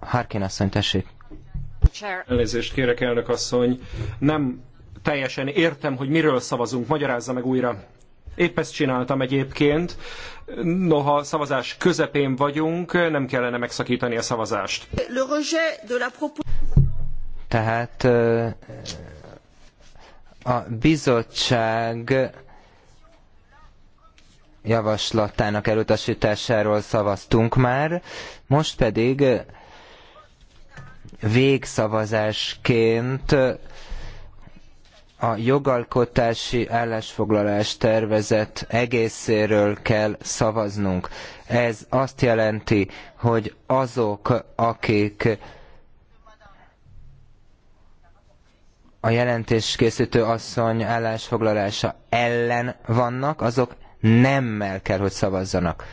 Harkin asszony, tessék. Elnézést kérek, elnök asszony. Nem teljesen értem, hogy miről szavazunk. Magyarázza meg újra. Épp ezt csináltam egyébként. Noha szavazás közepén vagyunk, nem kellene megszakítani a szavazást. Tehát a bizottság javaslatának elutasításáról szavaztunk már, most pedig végszavazásként a jogalkotási állásfoglalás tervezet egészéről kell szavaznunk. Ez azt jelenti, hogy azok, akik a jelentéskészítő asszony állásfoglalása ellen vannak, azok nemmel kell, hogy szavazzanak.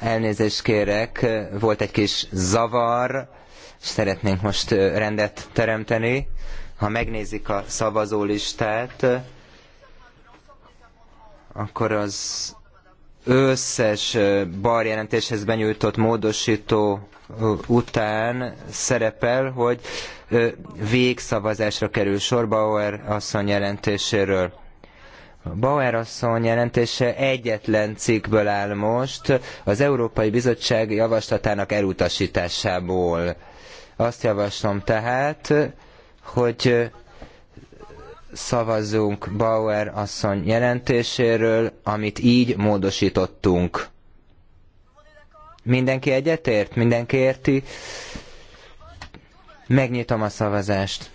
Elnézést kérek, volt egy kis zavar, és szeretnénk most rendet teremteni. Ha megnézik a szavazólistát, akkor az összes bar jelentéshez benyújtott módosító után szerepel, hogy végszavazásra kerül sor Bauer asszony jelentéséről. Bauer asszony jelentése egyetlen cikkből áll most, az Európai Bizottság javaslatának elutasításából. Azt javaslom tehát, hogy szavazzunk Bauer asszony jelentéséről, amit így módosítottunk. Mindenki egyetért? Mindenki érti? Megnyitom a szavazást.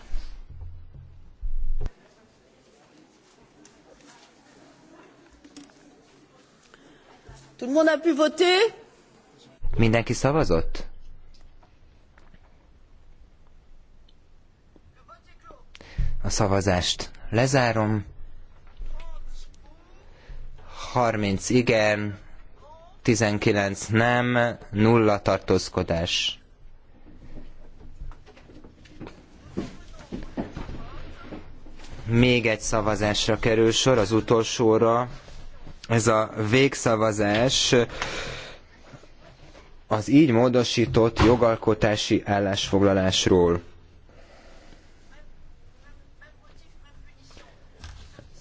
Tout le monde a pu voter? Mindenki szavazott? A szavazást lezárom. 30 igen, 19 nem, nulla tartózkodás. Még egy szavazásra kerül sor, az utolsóra. Ez a végszavazás az így módosított jogalkotási állásfoglalásról.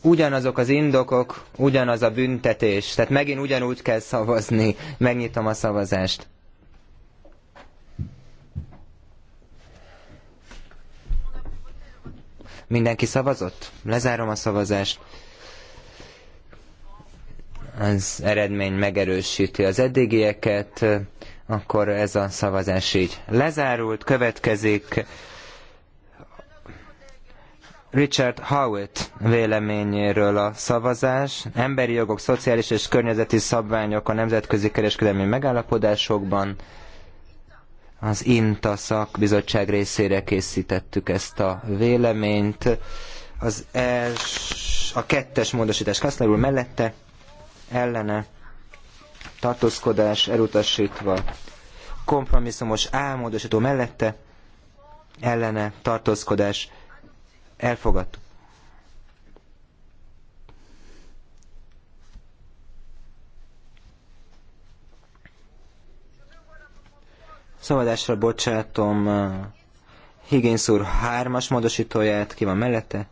Ugyanazok az indokok, ugyanaz a büntetés. Tehát megint ugyanúgy kell szavazni. Megnyitom a szavazást. Mindenki szavazott? Lezárom a szavazást az eredmény megerősíti az eddigieket, akkor ez a szavazás így lezárult. Következik Richard Howitt véleményéről a szavazás. Emberi jogok, szociális és környezeti szabványok a nemzetközi kereskedelmi megállapodásokban. Az INTA szakbizottság részére készítettük ezt a véleményt. Az els, a kettes módosítás Kaszler úr mellette ellene tartózkodás elutasítva, kompromisszumos álmodosító mellette ellene tartózkodás elfogadtuk. Szabadásra bocsátom uh, Higgins úr hármas módosítóját, ki van mellette,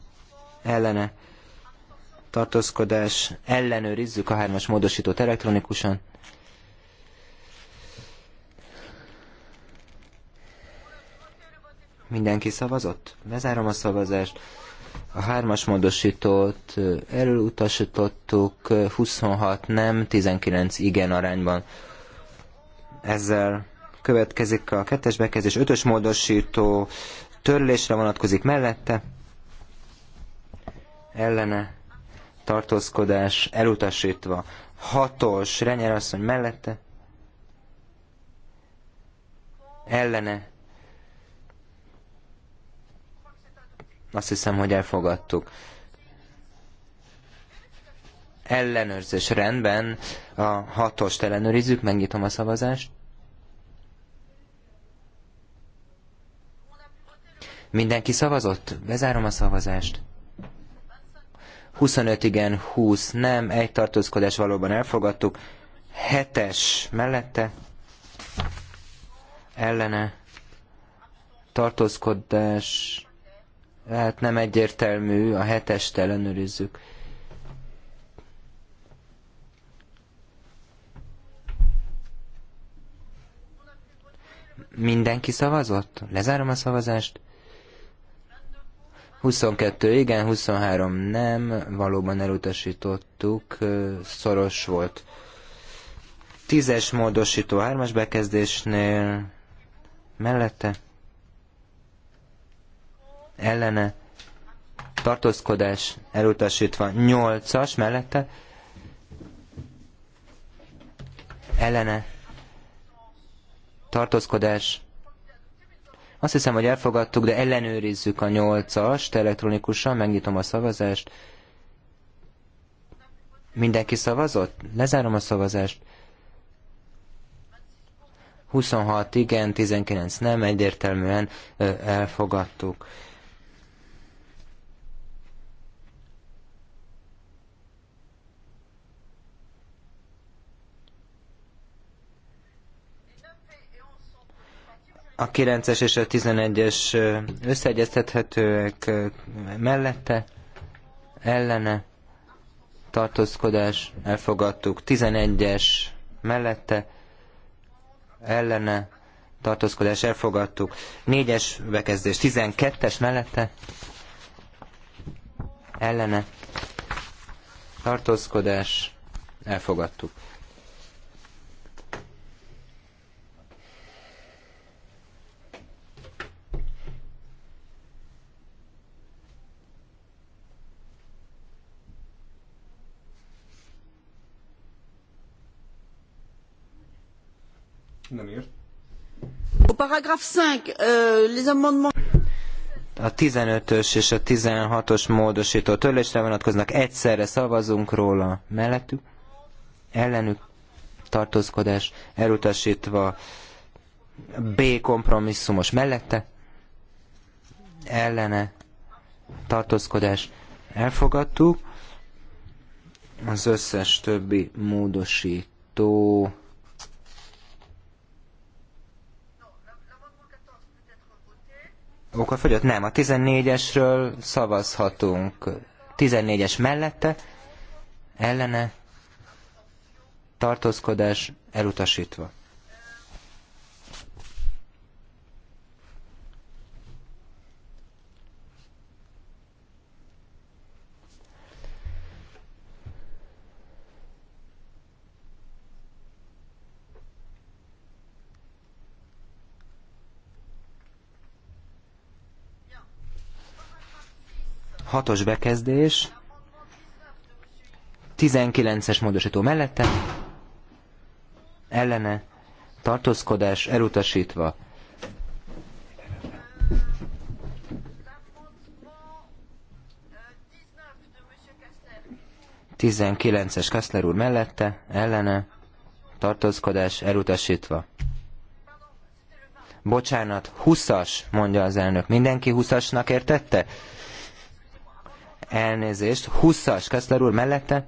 ellene, tartózkodás, ellenőrizzük a hármas módosítót elektronikusan. Mindenki szavazott? Bezárom a szavazást. A hármas módosítót elutasítottuk 26 nem, 19 igen arányban. Ezzel következik a kettes bekezdés, ötös módosító törlésre vonatkozik mellette, ellene tartózkodás elutasítva. Hatos, Renyer asszony mellette, ellene. Azt hiszem, hogy elfogadtuk. Ellenőrzés rendben, a hatost ellenőrizzük, megnyitom a szavazást. Mindenki szavazott? Bezárom a szavazást. 25 igen, 20 nem, egy tartózkodás valóban elfogadtuk, 7-es mellette, ellene, tartózkodás, hát nem egyértelmű, a 7-est ellenőrizzük. Mindenki szavazott? Lezárom a szavazást. 22 igen, 23 nem, valóban elutasítottuk, szoros volt. Tízes módosító hármas bekezdésnél mellette ellene tartózkodás elutasítva 8-as mellette ellene tartózkodás azt hiszem, hogy elfogadtuk, de ellenőrizzük a nyolcast elektronikusan, megnyitom a szavazást. Mindenki szavazott? Lezárom a szavazást. 26 igen, 19 nem, egyértelműen elfogadtuk. A 9-es és a 11-es összeegyeztethetőek mellette, ellene, tartózkodás, elfogadtuk. 11-es mellette, ellene, tartózkodás, elfogadtuk. 4-es bekezdés, 12-es mellette, ellene, tartózkodás, elfogadtuk. A paragraf 5, les amendements... A 15-ös és a 16-os módosító törlésre vonatkoznak, egyszerre szavazunk róla mellettük, ellenük tartózkodás elutasítva, B kompromisszumos mellette, ellene tartózkodás elfogadtuk, az összes többi módosító Akkor fogyott? Nem, a 14-esről szavazhatunk. 14-es mellette, ellene, tartózkodás elutasítva. Hatos bekezdés. 19-es módosító mellette. Ellene. Tartózkodás elutasítva. Tizenkilences Kaszler úr mellette, ellene, tartózkodás elutasítva. Bocsánat, 20-as, mondja az elnök. Mindenki 20-asnak értette? elnézést, 20-as Kessler úr mellette,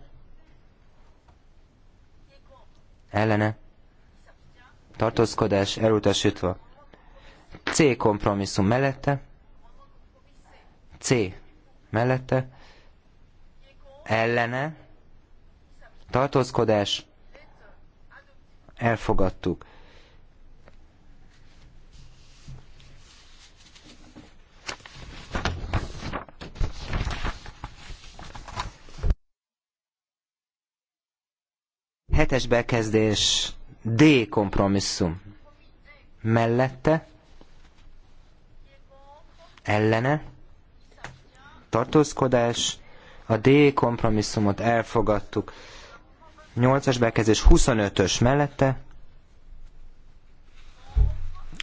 ellene, tartózkodás elutasítva, C kompromisszum mellette, C mellette, ellene, tartózkodás, elfogadtuk. hetes bekezdés D kompromisszum. Mellette, ellene, tartózkodás, a D kompromisszumot elfogadtuk. 8-as bekezdés 25-ös mellette,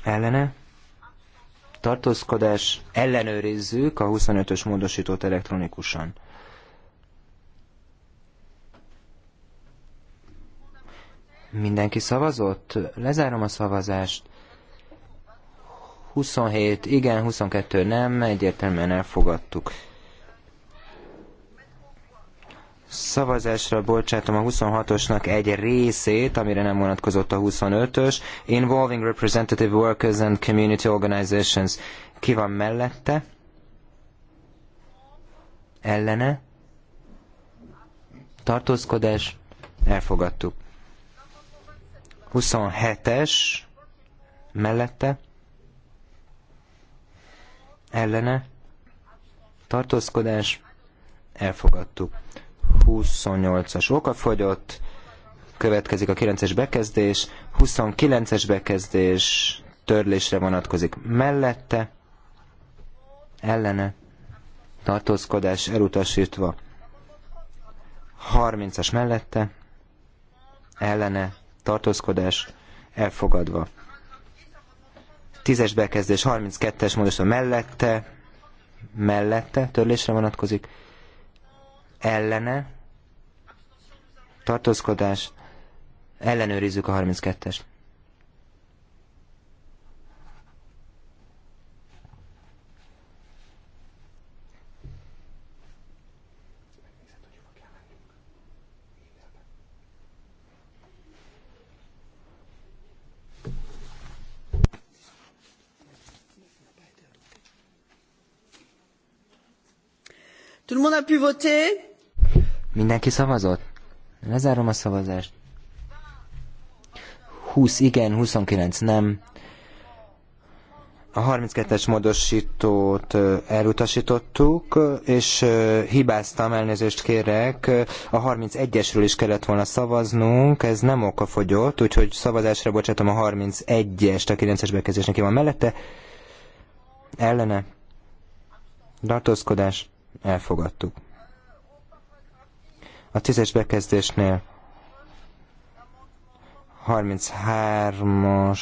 ellene, tartózkodás, ellenőrizzük a 25-ös módosítót elektronikusan. Mindenki szavazott? Lezárom a szavazást. 27 igen, 22 nem, egyértelműen elfogadtuk. Szavazásra bocsátom a 26-osnak egy részét, amire nem vonatkozott a 25-ös. Involving Representative Workers and Community Organizations. Ki van mellette? Ellene? Tartózkodás? Elfogadtuk. 27-es mellette ellene tartózkodás elfogadtuk. 28-as fogyott, következik a 9-es bekezdés, 29-es bekezdés törlésre vonatkozik mellette, ellene tartózkodás elutasítva. 30-as mellette, ellene tartózkodás elfogadva. Tízes bekezdés, 32-es a mellette, mellette, törlésre vonatkozik, ellene, tartózkodás, ellenőrizzük a 32-est. monde a pu voter? Mindenki szavazott? Lezárom a szavazást. 20 igen, 29 nem. A 32-es módosítót elutasítottuk, és hibáztam, elnézést kérek, a 31-esről is kellett volna szavaznunk, ez nem okafogyott, úgyhogy szavazásra bocsátom a 31-est, a 9-es bekezdés neki van mellette. Ellene. Tartózkodás elfogadtuk. A tízes bekezdésnél 33-as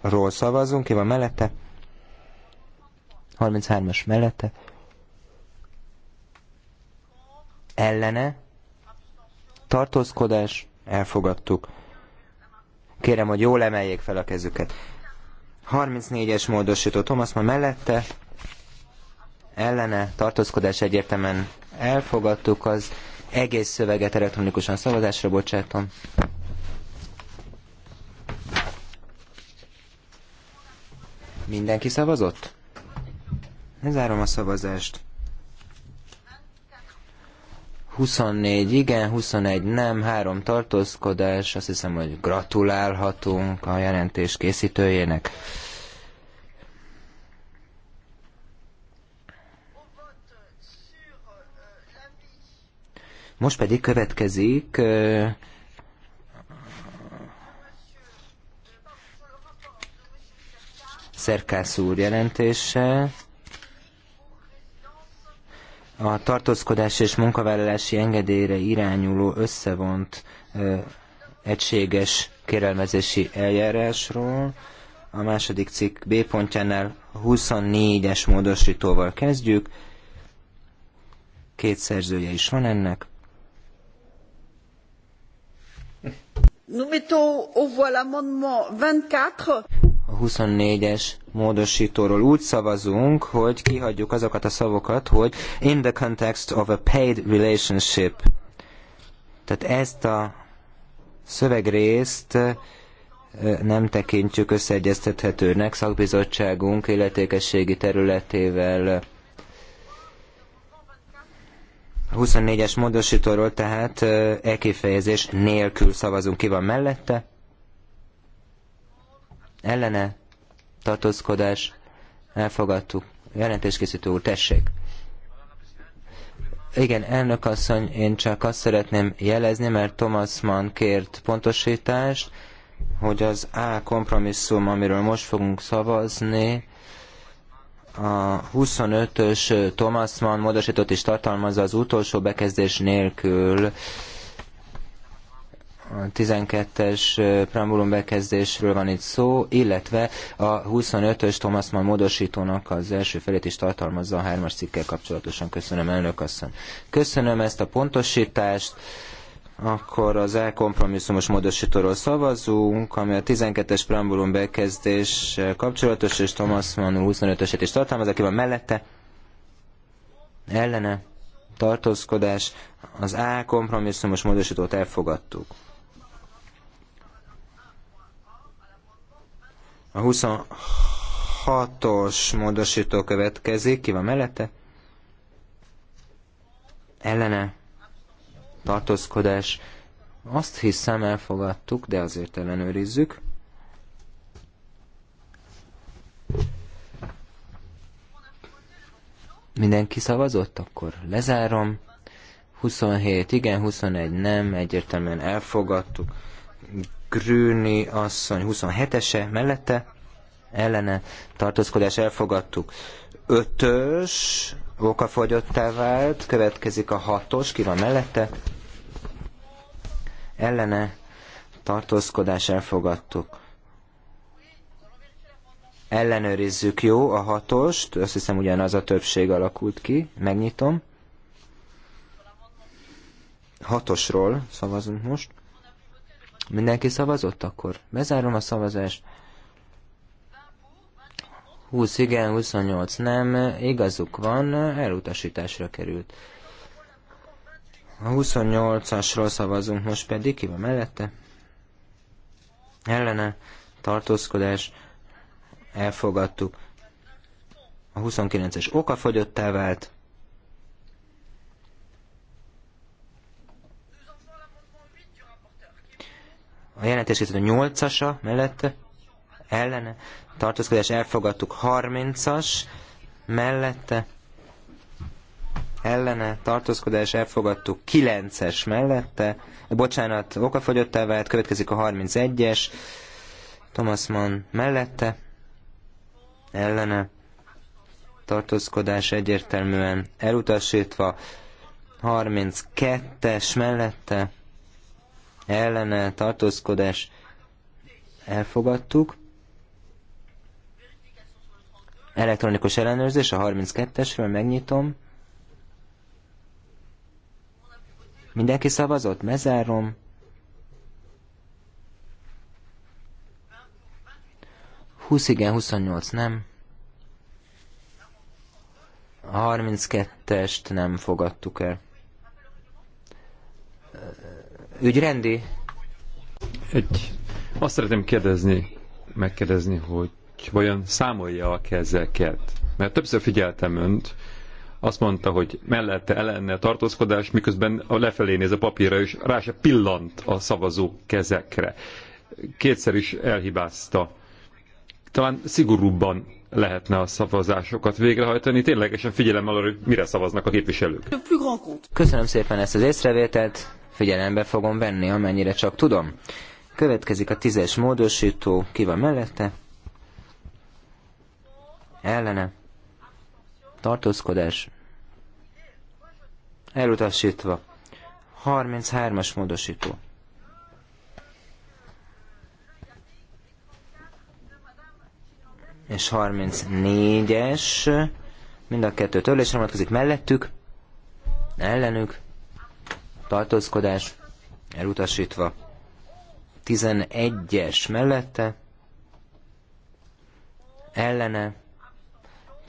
ról szavazunk, ki van mellette? 33-as mellette. Ellene. Tartózkodás. Elfogadtuk. Kérem, hogy jól emeljék fel a kezüket. 34-es módosító Thomas ma mellette ellene tartózkodás egyértelműen elfogadtuk, az egész szöveget elektronikusan szavazásra bocsátom. Mindenki szavazott? Lezárom a szavazást. 24 igen, 21 nem, 3 tartózkodás. Azt hiszem, hogy gratulálhatunk a jelentés készítőjének. Most pedig következik Szerkász úr jelentése a tartózkodás és munkavállalási engedélyre irányuló összevont ö, egységes kérelmezési eljárásról. A második cikk B pontjánál 24-es módosítóval kezdjük. Két szerzője is van ennek. 24. A 24-es módosítóról úgy szavazunk, hogy kihagyjuk azokat a szavakat, hogy in the context of a paid relationship. Tehát ezt a szövegrészt nem tekintjük összeegyeztethetőnek szakbizottságunk illetékességi területével a 24-es módosítóról tehát e kifejezés nélkül szavazunk. Ki van mellette? Ellene? Tartózkodás? Elfogadtuk. Jelentéskészítő úr, tessék! Igen, elnök asszony, én csak azt szeretném jelezni, mert Thomas Mann kért pontosítást, hogy az A kompromisszum, amiről most fogunk szavazni, a 25-ös Thomas Mann módosított is tartalmazza az utolsó bekezdés nélkül a 12-es preambulum bekezdésről van itt szó, illetve a 25-ös Thomas Mann módosítónak az első felét is tartalmazza a hármas as cikkel kapcsolatosan. Köszönöm, elnök asszony. Köszönöm ezt a pontosítást. Akkor az elkompromisszumos módosítóról szavazunk, ami a 12-es preambulum bekezdés kapcsolatos, és Thomas Mann 25-eset is tartalmaz, aki van mellette. Ellene tartózkodás, az A kompromisszumos módosítót elfogadtuk. A 26-os módosító következik, ki van mellette? Ellene tartózkodás. Azt hiszem elfogadtuk, de azért ellenőrizzük. Mindenki szavazott? Akkor lezárom. 27 igen, 21 nem, egyértelműen elfogadtuk. Grüni asszony 27-ese mellette, ellene tartózkodás elfogadtuk. ös okafogyottá vált, következik a hatos, ki van mellette, ellene tartózkodás elfogadtuk. Ellenőrizzük, jó, a hatost, azt hiszem ugyanaz a többség alakult ki, megnyitom. Hatosról szavazunk most. Mindenki szavazott akkor? Bezárom a szavazást. 20 igen, 28 nem, igazuk van, elutasításra került. A 28-asról szavazunk most pedig, ki van mellette? Ellene, tartózkodás, elfogadtuk. A 29-es okafogyottá vált. A jelentés a 8-asa mellette, ellene, tartózkodás elfogadtuk 30-as, mellette ellene tartózkodás elfogadtuk 9-es mellette, bocsánat, okafogyottá vált, következik a 31-es, Thomas Mann mellette, ellene tartózkodás egyértelműen elutasítva, 32-es mellette, ellene tartózkodás elfogadtuk, Elektronikus ellenőrzés a 32-esről, megnyitom. Mindenki szavazott? Mezárom. 20 igen, 28 nem. A 32-est nem fogadtuk el. Ügyrendi? Egy, azt szeretném kérdezni, megkérdezni, hogy vajon számolja kezeket, Mert többször figyeltem önt, azt mondta, hogy mellette ellenne tartózkodás, miközben a lefelé néz a papírra, és rá se pillant a szavazó kezekre. Kétszer is elhibázta. Talán szigorúbban lehetne a szavazásokat végrehajtani, ténylegesen figyelem arra, hogy mire szavaznak a képviselők. Köszönöm szépen ezt az észrevételt, figyelembe fogom venni, amennyire csak tudom. Következik a tízes módosító, ki van mellette? ellene, tartózkodás, elutasítva, 33-as módosító. És 34-es, mind a kettő törlésre vonatkozik mellettük, ellenük, tartózkodás, elutasítva. 11-es mellette, ellene,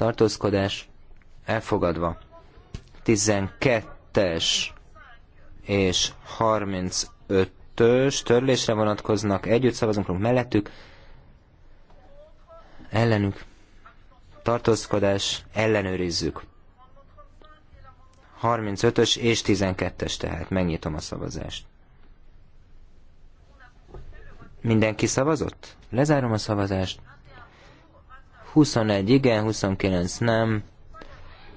tartózkodás elfogadva. 12-es és 35-ös törlésre vonatkoznak, együtt szavazunk mellettük, ellenük tartózkodás ellenőrizzük. 35-ös és 12-es tehát. Megnyitom a szavazást. Mindenki szavazott? Lezárom a szavazást. 21 igen, 29 nem.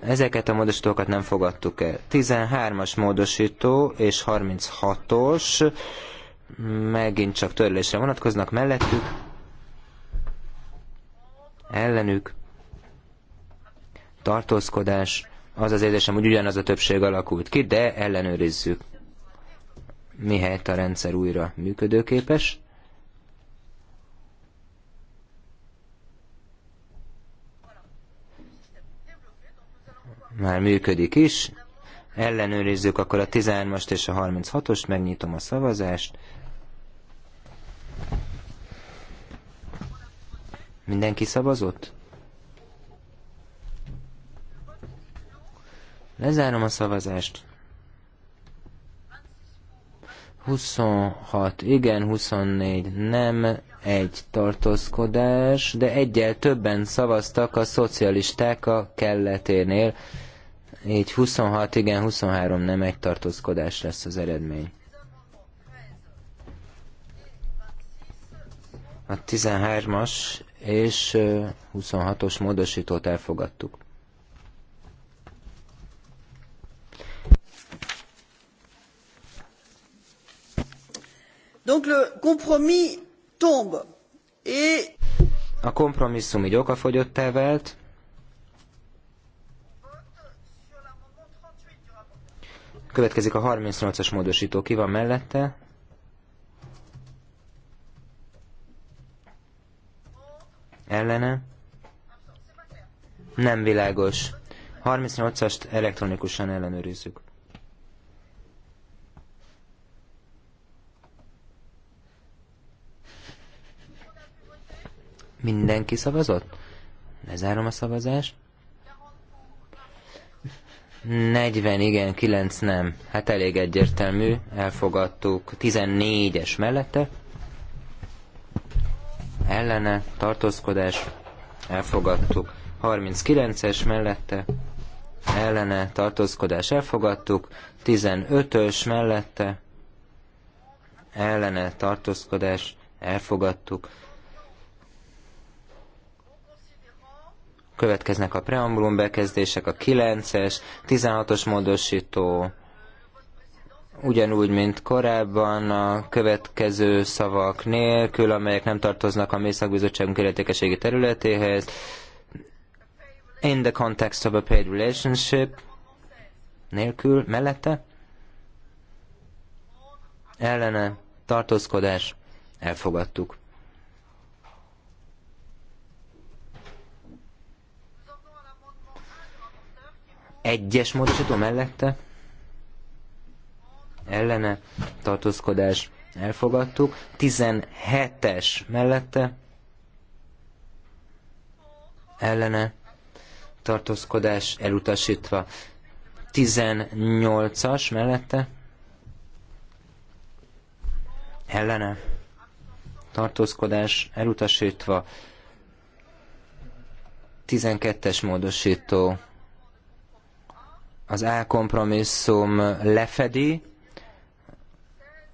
Ezeket a módosítókat nem fogadtuk el. 13-as módosító és 36-os megint csak törlésre vonatkoznak mellettük, ellenük, tartózkodás, az az érzésem, hogy ugyanaz a többség alakult ki, de ellenőrizzük. Mihelyt a rendszer újra működőképes. már működik is. Ellenőrizzük akkor a 13-ast és a 36-ost, megnyitom a szavazást. Mindenki szavazott? Lezárom a szavazást. 26, igen, 24, nem, egy tartózkodás, de egyel többen szavaztak a szocialisták a kelleténél. Így 26 igen, 23 nem egy tartózkodás lesz az eredmény. A 13-as és 26-os módosítót elfogadtuk. Donc le compromis tombe et a kompromisszum így okafogyottá vált, Következik a 38-as módosító. Ki van mellette? Ellene? Nem világos. 38-ast elektronikusan ellenőrizzük. Mindenki szavazott? Lezárom a szavazást. 40 igen, 9 nem. Hát elég egyértelmű, elfogadtuk. 14-es mellette. Ellene, tartózkodás, elfogadtuk. 39-es mellette, ellene, tartózkodás, elfogadtuk. 15-ös mellette, ellene, tartózkodás, elfogadtuk. Következnek a preambulum bekezdések, a 9-es, 16-os módosító, ugyanúgy, mint korábban a következő szavak nélkül, amelyek nem tartoznak a Mészakbizottságunk illetékeségi területéhez. In the context of a paid relationship nélkül, mellette ellene tartózkodás elfogadtuk. Egyes módosító mellette ellene tartózkodás elfogadtuk. 17-es mellette ellene tartózkodás elutasítva. 18-as mellette ellene tartózkodás elutasítva. 12-es módosító az A kompromisszum lefedi,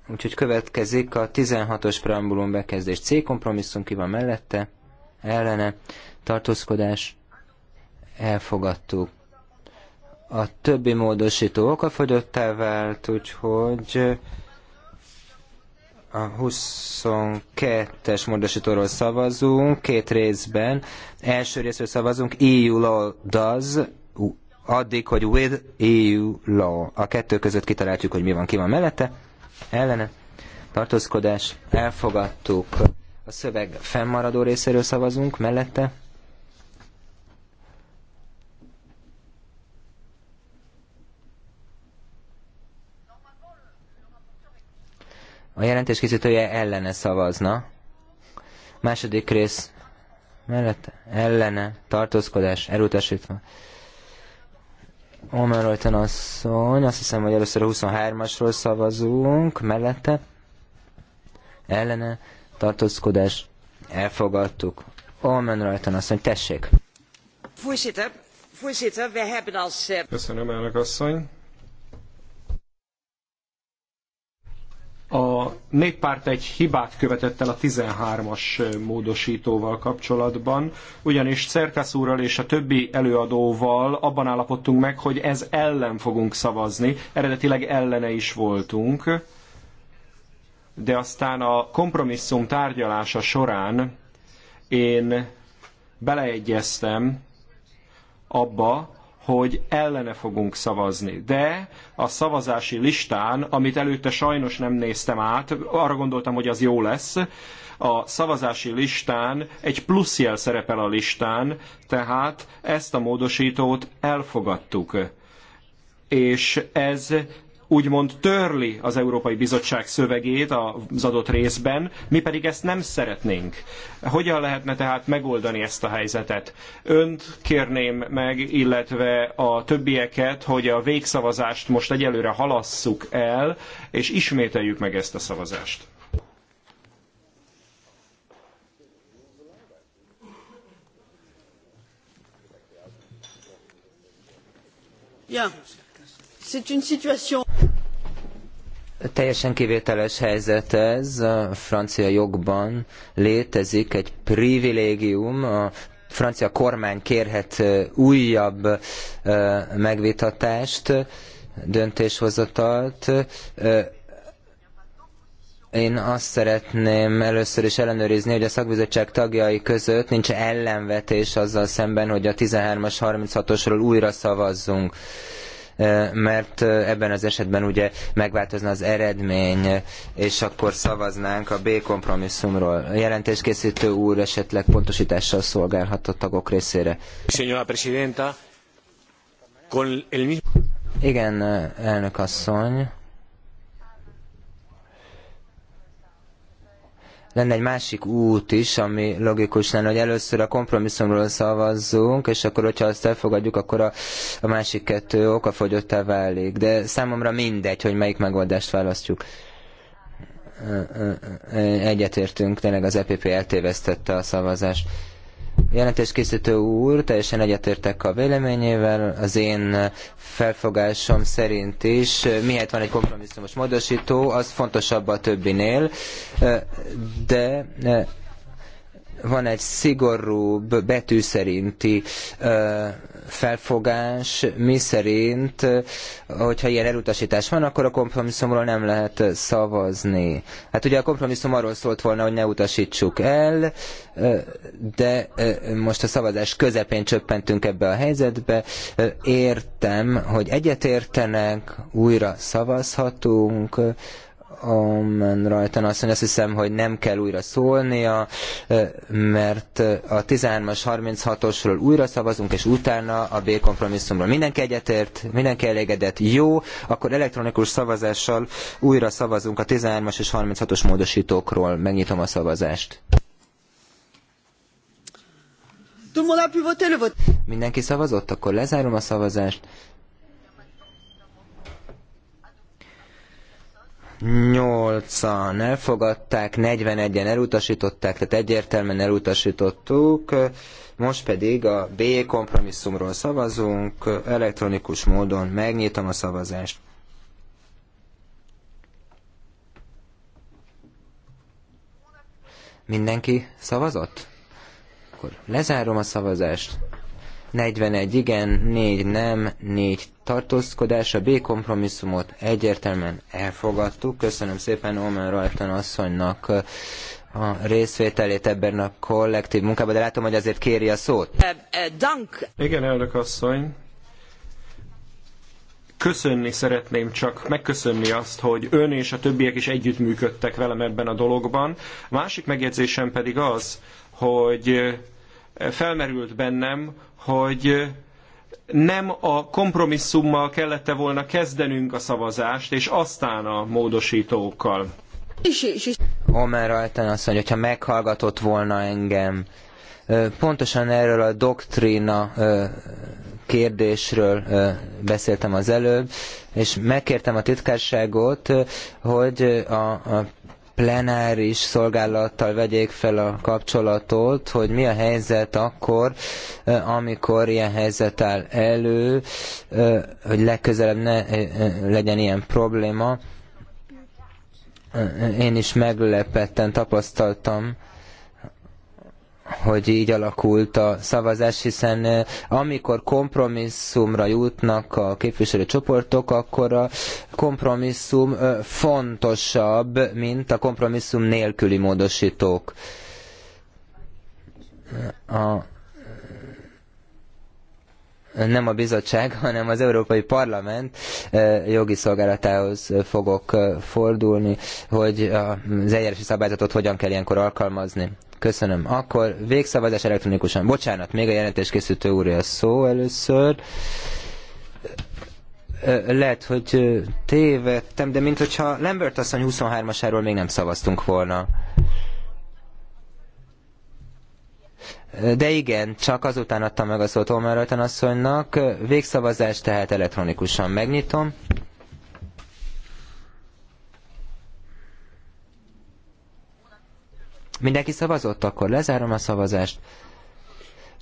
úgyhogy következik a 16-os preambulum bekezdés C kompromisszum, ki van mellette, ellene, tartózkodás, elfogadtuk. A többi módosító fogyottá vált, úgyhogy a 22-es módosítóról szavazunk, két részben. Első részről szavazunk, EU law does, addig, hogy with EU law. A kettő között kitaláljuk, hogy mi van, ki van mellette, ellene, tartózkodás, elfogadtuk. A szöveg fennmaradó részéről szavazunk, mellette, A jelentés készítője ellene szavazna. Második rész mellette. ellene tartózkodás elutasítva. Omerolten asszony, azt hiszem, hogy először a 23-asról szavazunk, mellette ellene tartózkodás elfogadtuk. Omen rajtan asszony, tessék! Voorzitter, voorzitter, we hebben als... Eh, Köszönöm, elnök asszony. A néppárt egy hibát követett el a 13-as módosítóval kapcsolatban, ugyanis Szerkasz úrral és a többi előadóval abban állapodtunk meg, hogy ez ellen fogunk szavazni, eredetileg ellene is voltunk, de aztán a kompromisszum tárgyalása során én beleegyeztem abba, hogy ellene fogunk szavazni. De a szavazási listán, amit előtte sajnos nem néztem át, arra gondoltam, hogy az jó lesz, a szavazási listán egy pluszjel szerepel a listán, tehát ezt a módosítót elfogadtuk. És ez úgymond törli az Európai Bizottság szövegét az adott részben, mi pedig ezt nem szeretnénk. Hogyan lehetne tehát megoldani ezt a helyzetet? Önt kérném meg, illetve a többieket, hogy a végszavazást most egyelőre halasszuk el, és ismételjük meg ezt a szavazást. Ja, Teljesen kivételes helyzet ez. A francia jogban létezik egy privilégium, a francia kormány kérhet újabb megvitatást, döntéshozatalt. Én azt szeretném először is ellenőrizni, hogy a szakbizottság tagjai között nincs ellenvetés azzal szemben, hogy a 13-as, 36-osról újra szavazzunk mert ebben az esetben ugye megváltozna az eredmény, és akkor szavaznánk a B kompromisszumról. A jelentéskészítő úr esetleg pontosítással szolgálhat a tagok részére. Señora Presidenta, con el mismo... Igen, elnök asszony. lenne egy másik út is, ami logikus lenne, hogy először a kompromisszumról szavazzunk, és akkor, hogyha azt elfogadjuk, akkor a, a másik kettő okafogyottá válik. De számomra mindegy, hogy melyik megoldást választjuk. Egyetértünk, tényleg az EPP eltévesztette a szavazást. Jelentéskészítő úr, teljesen egyetértek a véleményével, az én felfogásom szerint is, Miért van egy kompromisszumos módosító, az fontosabb a többinél, de van egy szigorúbb betű szerinti ö, felfogás, mi szerint, hogyha ilyen elutasítás van, akkor a kompromisszumról nem lehet szavazni. Hát ugye a kompromisszum arról szólt volna, hogy ne utasítsuk el, de most a szavazás közepén csöppentünk ebbe a helyzetbe. Értem, hogy egyetértenek, újra szavazhatunk, Amen rajtan azt azt hiszem, hogy nem kell újra szólnia, mert a 13-as, 36-osról újra szavazunk, és utána a B kompromisszumról mindenki egyetért, mindenki elégedett, jó, akkor elektronikus szavazással újra szavazunk a 13-as és 36-os módosítókról. Megnyitom a szavazást. Mindenki szavazott? Akkor lezárom a szavazást. 8-an elfogadták, 41-en elutasították, tehát egyértelműen elutasítottuk. Most pedig a B kompromisszumról szavazunk, elektronikus módon megnyitom a szavazást. Mindenki szavazott? Akkor lezárom a szavazást. 41 igen, 4 nem, 4 tartózkodás. A B kompromisszumot egyértelműen elfogadtuk. Köszönöm szépen Omen Rajton asszonynak a részvételét ebben a kollektív munkában, de látom, hogy azért kéri a szót. Eh, eh, dank. Igen, elnök asszony. Köszönni szeretném csak, megköszönni azt, hogy ön és a többiek is együttműködtek velem ebben a dologban. A másik megjegyzésem pedig az, hogy eh, felmerült bennem, hogy nem a kompromisszummal kellette volna kezdenünk a szavazást, és aztán a módosítókkal. Omer Alten azt mondja, hogyha meghallgatott volna engem, pontosan erről a doktrína kérdésről beszéltem az előbb, és megkértem a titkárságot, hogy a plenáris szolgálattal vegyék fel a kapcsolatot, hogy mi a helyzet akkor, amikor ilyen helyzet áll elő, hogy legközelebb ne legyen ilyen probléma. Én is meglepetten tapasztaltam, hogy így alakult a szavazás, hiszen amikor kompromisszumra jutnak a képviselőcsoportok, akkor a kompromisszum fontosabb, mint a kompromisszum nélküli módosítók. A nem a bizottság, hanem az Európai Parlament jogi szolgálatához fogok fordulni, hogy az eljárási szabályzatot hogyan kell ilyenkor alkalmazni. Köszönöm. Akkor végszavazás elektronikusan. Bocsánat, még a készítő úr a szó először lehet, hogy tévedtem, de mintha Lambert asszony 23-asáról még nem szavaztunk volna. De igen, csak azután adtam meg a szót Omer asszonynak. Végszavazás tehát elektronikusan megnyitom. Mindenki szavazott? Akkor lezárom a szavazást.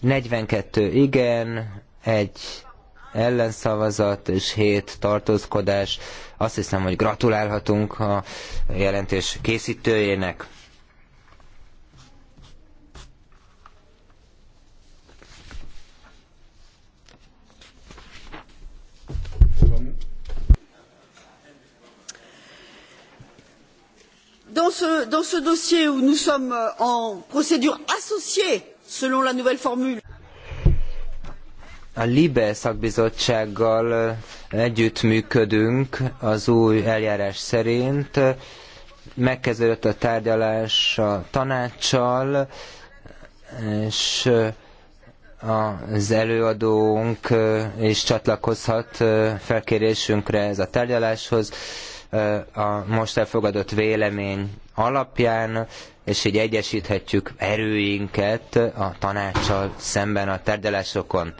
42 igen, egy ellenszavazat és 7 tartózkodás. Azt hiszem, hogy gratulálhatunk a jelentés készítőjének. dans ce, dans ce dossier où nous sommes euh, en procédure associée selon la nouvelle formule a LIBE szakbizottsággal euh, együttműködünk az új eljárás szerint. Megkezdődött a tárgyalás a tanácssal, és euh, az előadónk is csatlakozhat felkérésünkre ez a tárgyaláshoz a most elfogadott vélemény alapján, és így egyesíthetjük erőinket a tanácssal szemben a tárgyalásokon.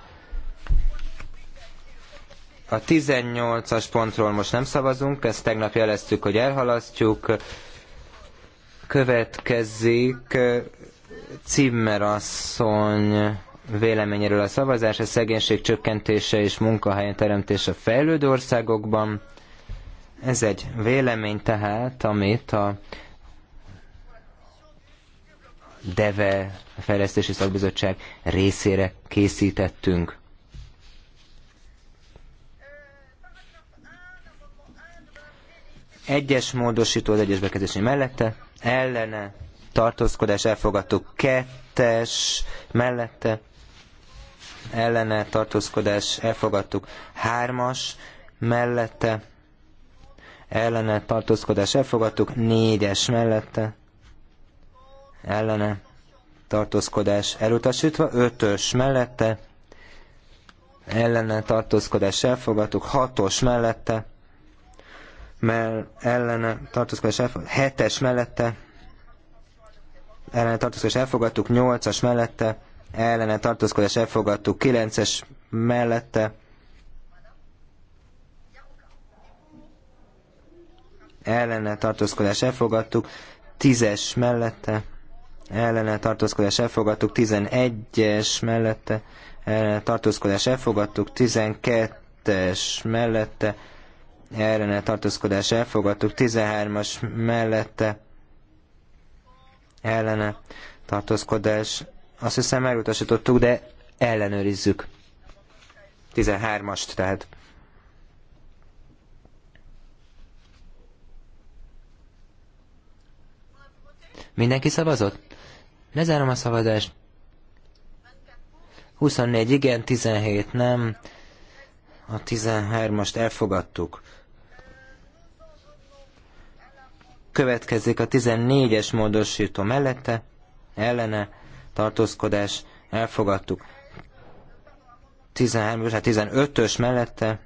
A 18-as pontról most nem szavazunk, ezt tegnap jeleztük, hogy elhalasztjuk. Következik Cimmerasszony véleményéről a szavazás, a szegénység csökkentése és munkahelyen teremtése a fejlődő országokban. Ez egy vélemény tehát, amit a DEVE Fejlesztési Szakbizottság részére készítettünk. Egyes módosító az egyes bekezdésé mellette, ellene, tartózkodás elfogadtuk, kettes mellette, ellene, tartózkodás elfogadtuk, hármas mellette, ellene tartózkodás elfogadtuk, négyes mellette ellene tartózkodás elutasítva, ötös mellette ellene tartózkodás elfogadtuk, hatos mellette mell ellene tartózkodás elfogadtuk, hetes mellette ellene tartózkodás elfogadtuk, nyolcas mellette ellene tartózkodás elfogadtuk, kilences mellette ellene tartózkodás elfogadtuk, 10-es mellette ellene tartózkodás elfogadtuk, 11-es mellette ellene tartózkodás elfogadtuk, 12-es mellette ellene tartózkodás elfogadtuk, 13-as mellette ellene tartózkodás. Azt hiszem elutasítottuk, de ellenőrizzük. 13-ast tehát. Mindenki szavazott? Lezárom a szavazást. 24 igen, 17 nem. A 13-ast elfogadtuk. Következik a 14-es módosító mellette, ellene, tartózkodás, elfogadtuk. 13, 15-ös hát mellette,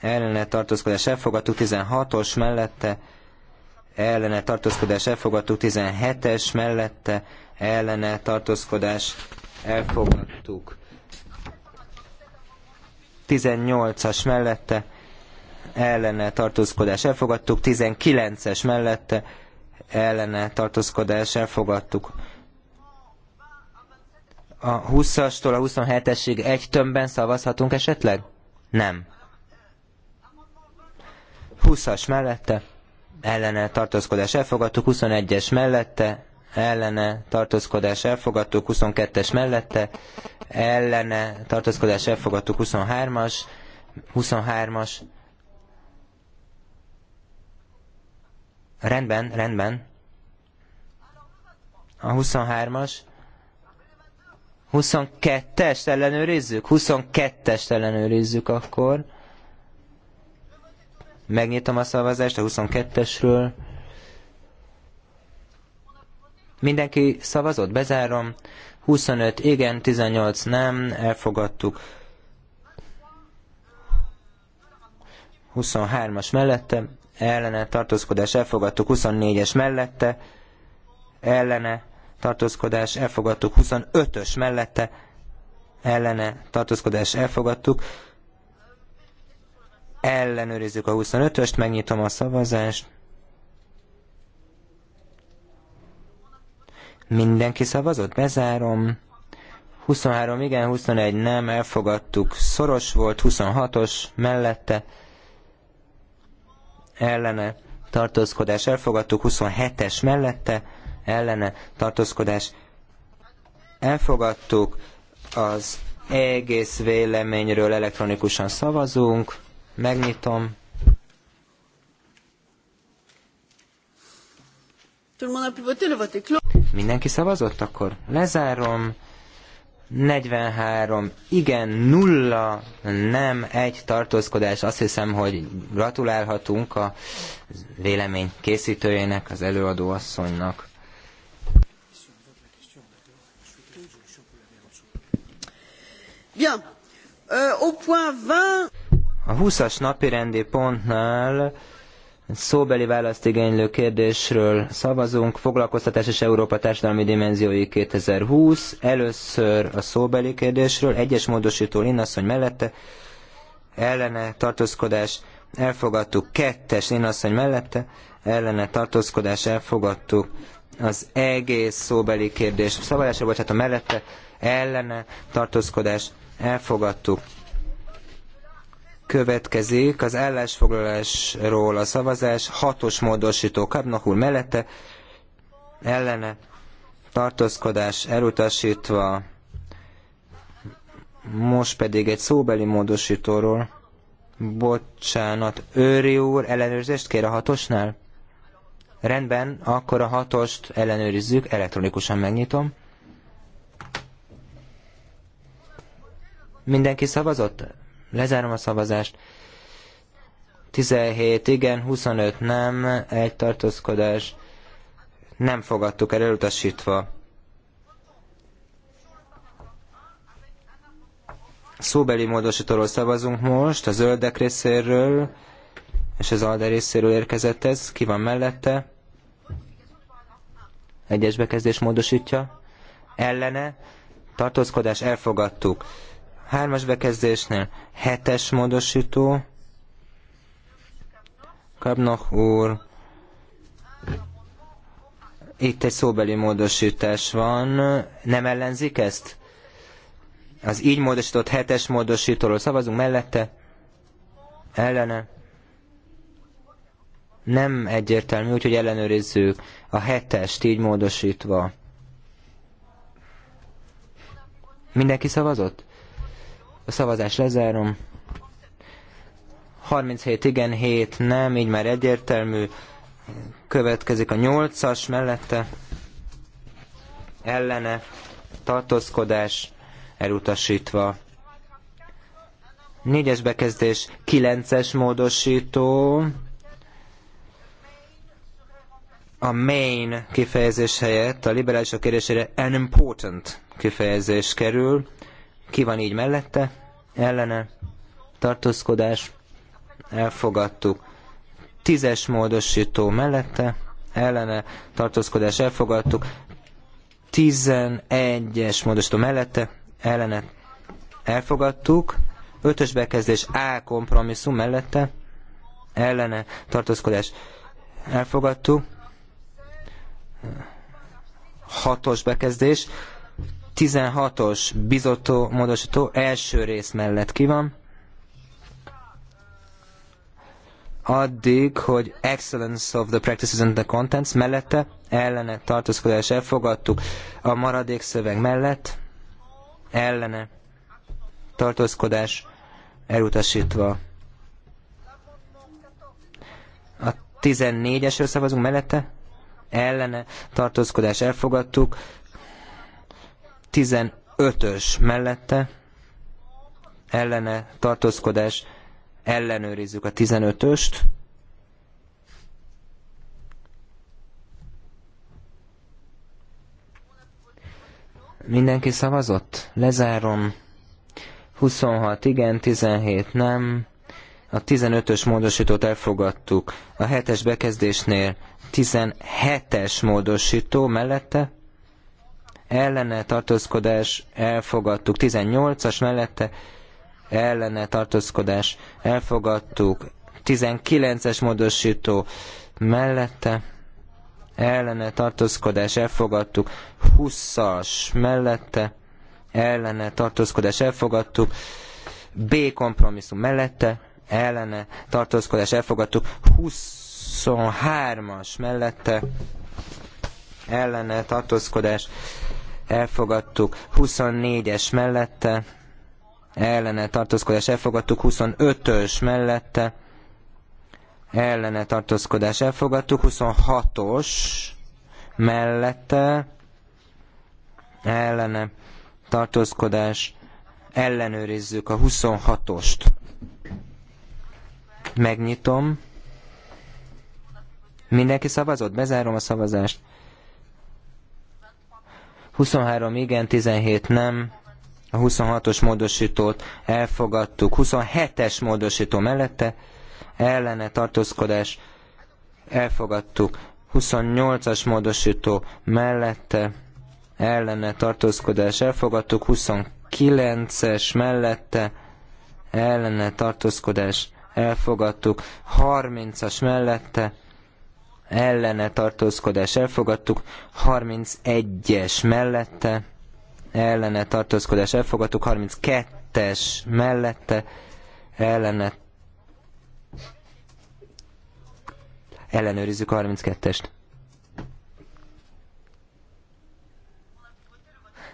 ellene tartózkodás elfogadtuk, 16-os mellette, ellene tartózkodás elfogadtuk, 17-es mellette ellene tartózkodás elfogadtuk. 18-as mellette ellene tartózkodás elfogadtuk, 19-es mellette ellene tartózkodás elfogadtuk. A 20-astól a 27-esig egy tömbben szavazhatunk esetleg? Nem. 20-as mellette ellene tartózkodás elfogadtuk, 21-es mellette, ellene tartózkodás elfogadtuk, 22-es mellette, ellene tartózkodás elfogadtuk, 23-as, 23-as. Rendben, rendben. A 23-as. 22-est ellenőrizzük? 22-est ellenőrizzük akkor. Megnyitom a szavazást a 22-esről. Mindenki szavazott, bezárom. 25 igen, 18 nem, elfogadtuk. 23-as mellette, ellene tartózkodás elfogadtuk, 24-es mellette, ellene tartózkodás elfogadtuk, 25-ös mellette, ellene tartózkodás elfogadtuk, ellenőrizzük a 25-öst, megnyitom a szavazást. Mindenki szavazott? Bezárom. 23 igen, 21 nem, elfogadtuk. Szoros volt, 26-os mellette. Ellene tartózkodás elfogadtuk, 27-es mellette. Ellene tartózkodás elfogadtuk. Az egész véleményről elektronikusan szavazunk. Megnyitom. Mindenki szavazott akkor? Lezárom. 43, igen, nulla, nem, egy tartózkodás. Azt hiszem, hogy gratulálhatunk a vélemény készítőjének, az előadó asszonynak. Bien. Euh, au point 20. A 20-as napi rendi pontnál szóbeli választ igénylő kérdésről szavazunk. Foglalkoztatás és Európa társadalmi dimenziói 2020. Először a szóbeli kérdésről. Egyes módosító linnasszony mellette ellene tartózkodás elfogadtuk. Kettes linnasszony mellette ellene tartózkodás elfogadtuk. Az egész szóbeli kérdés szavazása, a mellette ellene tartózkodás elfogadtuk. Következik az állásfoglalásról a szavazás, hatos módosító Kabnak úr mellette, ellene, tartózkodás elutasítva, most pedig egy szóbeli módosítóról. Bocsánat, Őri úr, ellenőrzést kér a hatosnál? Rendben, akkor a hatost ellenőrizzük, elektronikusan megnyitom. Mindenki szavazott? Lezárom a szavazást. 17 igen, 25 nem, egy tartózkodás. Nem fogadtuk el elutasítva. Szóbeli módosítóról szavazunk most, a zöldek részéről, és az alde részéről érkezett ez. Ki van mellette? Egyes bekezdés módosítja. Ellene. Tartózkodás elfogadtuk hármas bekezdésnél hetes módosító. Kabnoch úr, itt egy szóbeli módosítás van. Nem ellenzik ezt? Az így módosított hetes módosítóról szavazunk mellette? Ellene? Nem egyértelmű, úgyhogy ellenőrizzük a hetest így módosítva. Mindenki szavazott? A szavazás lezárom. 37 igen, 7 nem, így már egyértelmű. Következik a 8-as mellette. Ellene tartózkodás elutasítva. 4-es bekezdés, 9-es módosító. A main kifejezés helyett a liberálisok kérésére an important kifejezés kerül ki van így mellette? Ellene? Tartózkodás? Elfogadtuk. Tízes módosító mellette? Ellene? Tartózkodás? Elfogadtuk. Tizenegyes módosító mellette? Ellene? Elfogadtuk. Ötös bekezdés A kompromisszum mellette? Ellene? Tartózkodás? Elfogadtuk. Hatos bekezdés 16-os bizotó módosító első rész mellett ki van. Addig, hogy Excellence of the Practices and the Contents mellette ellene tartózkodás elfogadtuk. A maradék szöveg mellett ellene tartózkodás elutasítva. A 14-esről szavazunk mellette? Ellene tartózkodás elfogadtuk. 15-ös mellette ellene tartózkodás ellenőrizzük a 15-öst. Mindenki szavazott? Lezárom. 26 igen, 17 nem. A 15-ös módosítót elfogadtuk. A 7-es bekezdésnél 17-es módosító mellette ellene tartózkodás elfogadtuk. 18-as mellette ellene tartózkodás elfogadtuk. 19-es módosító mellette ellene tartózkodás elfogadtuk. 20-as mellette ellene tartózkodás elfogadtuk. B kompromisszum mellette ellene tartózkodás elfogadtuk. 23-as mellette ellene tartózkodás elfogadtuk 24-es mellette, ellene tartózkodás elfogadtuk 25-ös mellette, ellene tartózkodás elfogadtuk 26-os mellette, ellene tartózkodás ellenőrizzük a 26-ost. Megnyitom. Mindenki szavazott? Bezárom a szavazást. 23 igen, 17 nem. A 26-os módosítót elfogadtuk. 27-es módosító mellette ellene tartózkodás elfogadtuk. 28-as módosító mellette ellene tartózkodás elfogadtuk. 29-es mellette ellene tartózkodás elfogadtuk. 30-as mellette ellene tartózkodás elfogadtuk, 31-es mellette ellene tartózkodás elfogadtuk, 32-es mellette ellene ellenőrizzük a 32-est.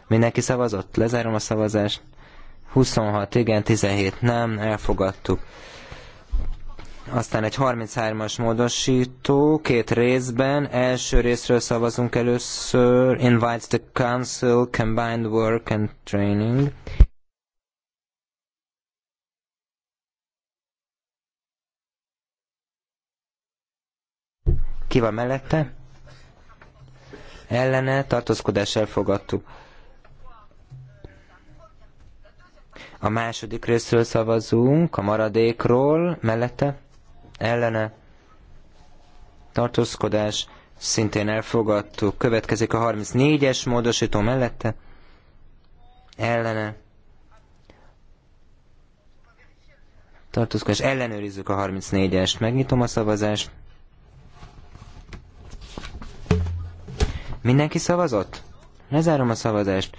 Mindenki szavazott? Lezárom a szavazást. 26 igen, 17 nem, elfogadtuk. Aztán egy 33-as módosító, két részben. Első részről szavazunk először. Invites the Council, Combined Work and Training. Ki van mellette? Ellene tartózkodás elfogadtuk. A második részről szavazunk, a maradékról, mellette ellene, tartózkodás, szintén elfogadtuk. Következik a 34-es módosító mellette, ellene, tartózkodás, ellenőrizzük a 34-est. Megnyitom a szavazást. Mindenki szavazott? Lezárom a szavazást.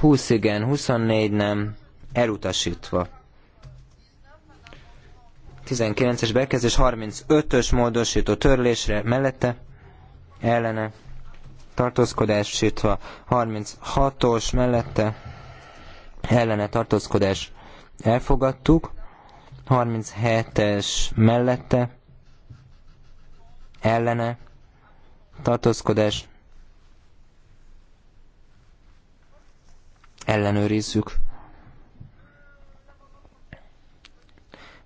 20 igen, 24 nem, elutasítva. 19-es bekezdés 35-ös módosító törlésre mellette ellene tartózkodás, sítva 36-os mellette ellene tartózkodás elfogadtuk, 37-es mellette ellene tartózkodás ellenőrizzük.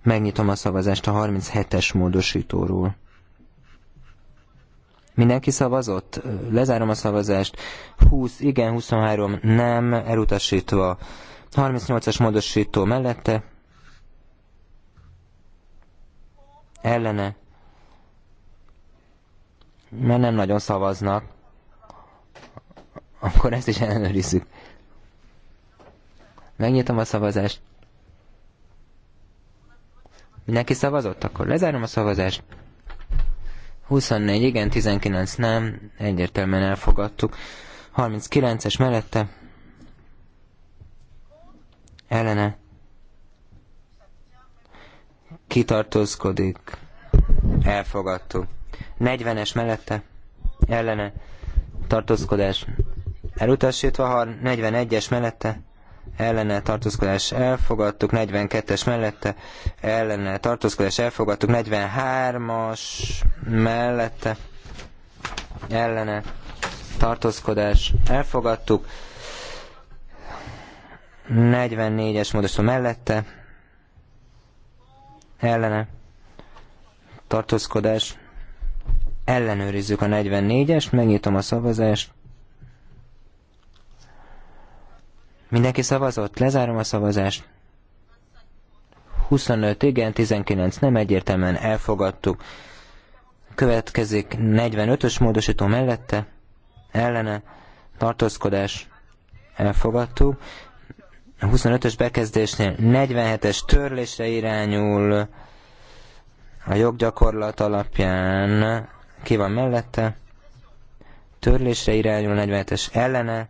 Megnyitom a szavazást a 37-es módosítóról. Mindenki szavazott? Lezárom a szavazást. 20 igen, 23 nem, elutasítva. 38-as módosító mellette. Ellene. Mert nem nagyon szavaznak. Akkor ezt is ellenőrizzük. Megnyitom a szavazást. Mindenki szavazott? Akkor lezárom a szavazást. 24 igen, 19 nem, egyértelműen elfogadtuk. 39-es mellette. Ellene. Kitartózkodik. Elfogadtuk. 40-es mellette. Ellene. Tartózkodás. Elutasítva 41-es mellette ellene tartózkodás elfogadtuk, 42-es mellette ellene tartózkodás elfogadtuk, 43-as mellette ellene tartózkodás elfogadtuk, 44-es módosító mellette ellene tartózkodás ellenőrizzük a 44-est, megnyitom a szavazást, Mindenki szavazott? Lezárom a szavazást. 25 igen, 19 nem egyértelműen elfogadtuk. Következik 45-ös módosító mellette, ellene, tartózkodás, elfogadtuk. A 25-ös bekezdésnél 47-es törlésre irányul a joggyakorlat alapján. Ki van mellette? Törlésre irányul 47-es ellene,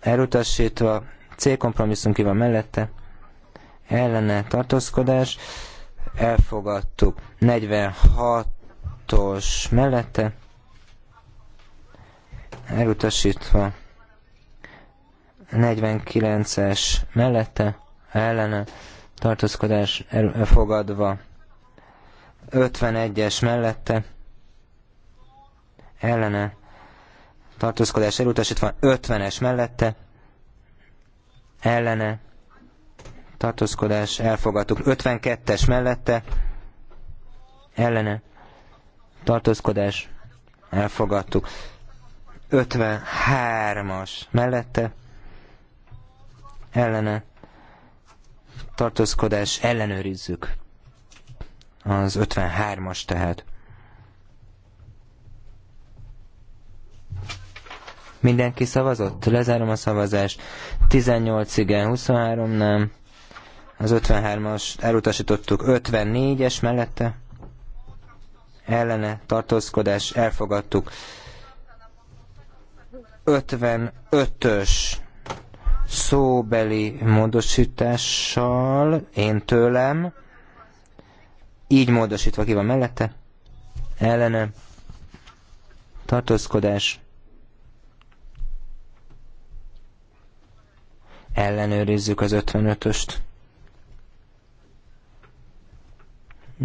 elutasítva, C ki van mellette, ellene tartózkodás, elfogadtuk. 46-os mellette, elutasítva, 49-es mellette, ellene tartózkodás elfogadva, 51-es mellette, ellene tartózkodás elutasítva, 50-es mellette, ellene, tartózkodás elfogadtuk, 52-es mellette, ellene, tartózkodás elfogadtuk, 53-as mellette, ellene, tartózkodás ellenőrizzük. Az 53-as tehát. Mindenki szavazott? Lezárom a szavazást. 18 igen, 23 nem. Az 53-as elutasítottuk 54-es mellette. Ellene tartózkodás elfogadtuk. 55-ös szóbeli módosítással én tőlem. Így módosítva ki van mellette. Ellene tartózkodás ellenőrizzük az 55-öst.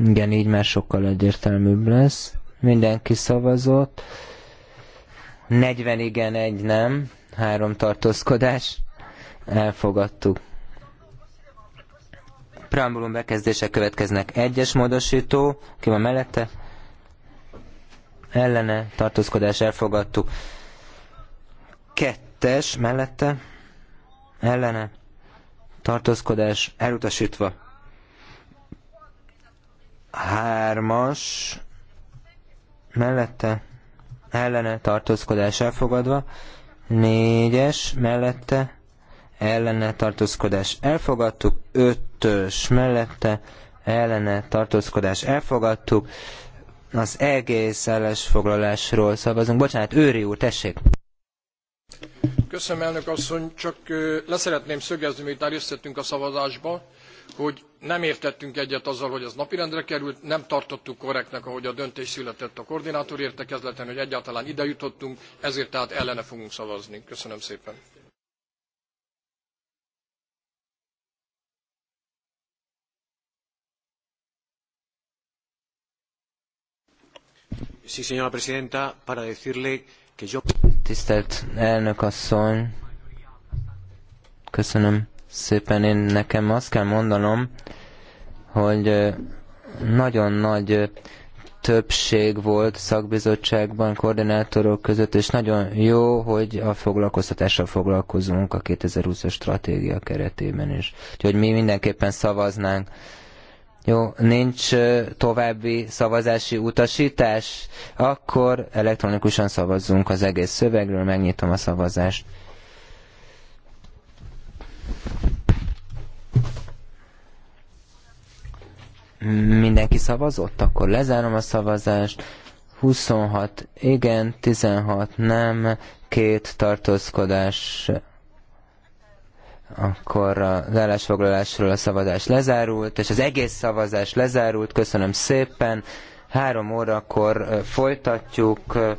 Igen, így már sokkal egyértelműbb lesz. Mindenki szavazott. 40 igen, egy nem. Három tartózkodás. Elfogadtuk. Preambulum bekezdése következnek. Egyes módosító. Ki van mellette? Ellene. Tartózkodás. Elfogadtuk. Kettes mellette ellene tartózkodás elutasítva. Hármas mellette ellene tartózkodás elfogadva. Négyes mellette ellene tartózkodás elfogadtuk. Ötös mellette ellene tartózkodás elfogadtuk. Az egész állásfoglalásról szavazunk. Bocsánat, Őri úr, tessék! Köszönöm, elnök asszony. Csak leszeretném szögezni, miután összettünk a szavazásba, hogy nem értettünk egyet azzal, hogy ez napirendre került, nem tartottuk korrektnek, ahogy a döntés született a koordinátor értekezleten, hogy egyáltalán ide jutottunk, ezért tehát ellene fogunk szavazni. Köszönöm szépen. Sí, señora presidenta, para decirle que yo... Tisztelt elnök asszony, köszönöm szépen. Én nekem azt kell mondanom, hogy nagyon nagy többség volt szakbizottságban, koordinátorok között, és nagyon jó, hogy a foglalkoztatással foglalkozunk a 2020-as stratégia keretében is. Úgyhogy mi mindenképpen szavaznánk jó, nincs további szavazási utasítás, akkor elektronikusan szavazzunk az egész szövegről, megnyitom a szavazást. Mindenki szavazott? Akkor lezárom a szavazást. 26 igen, 16 nem, két tartózkodás akkor az állásfoglalásról a szavazás lezárult, és az egész szavazás lezárult, köszönöm szépen. Három órakor folytatjuk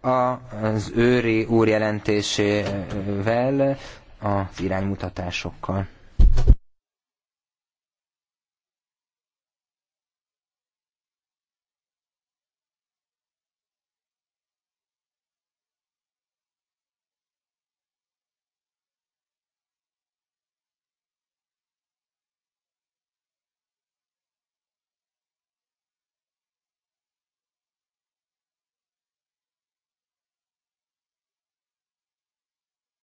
az őri úr jelentésével, az iránymutatásokkal.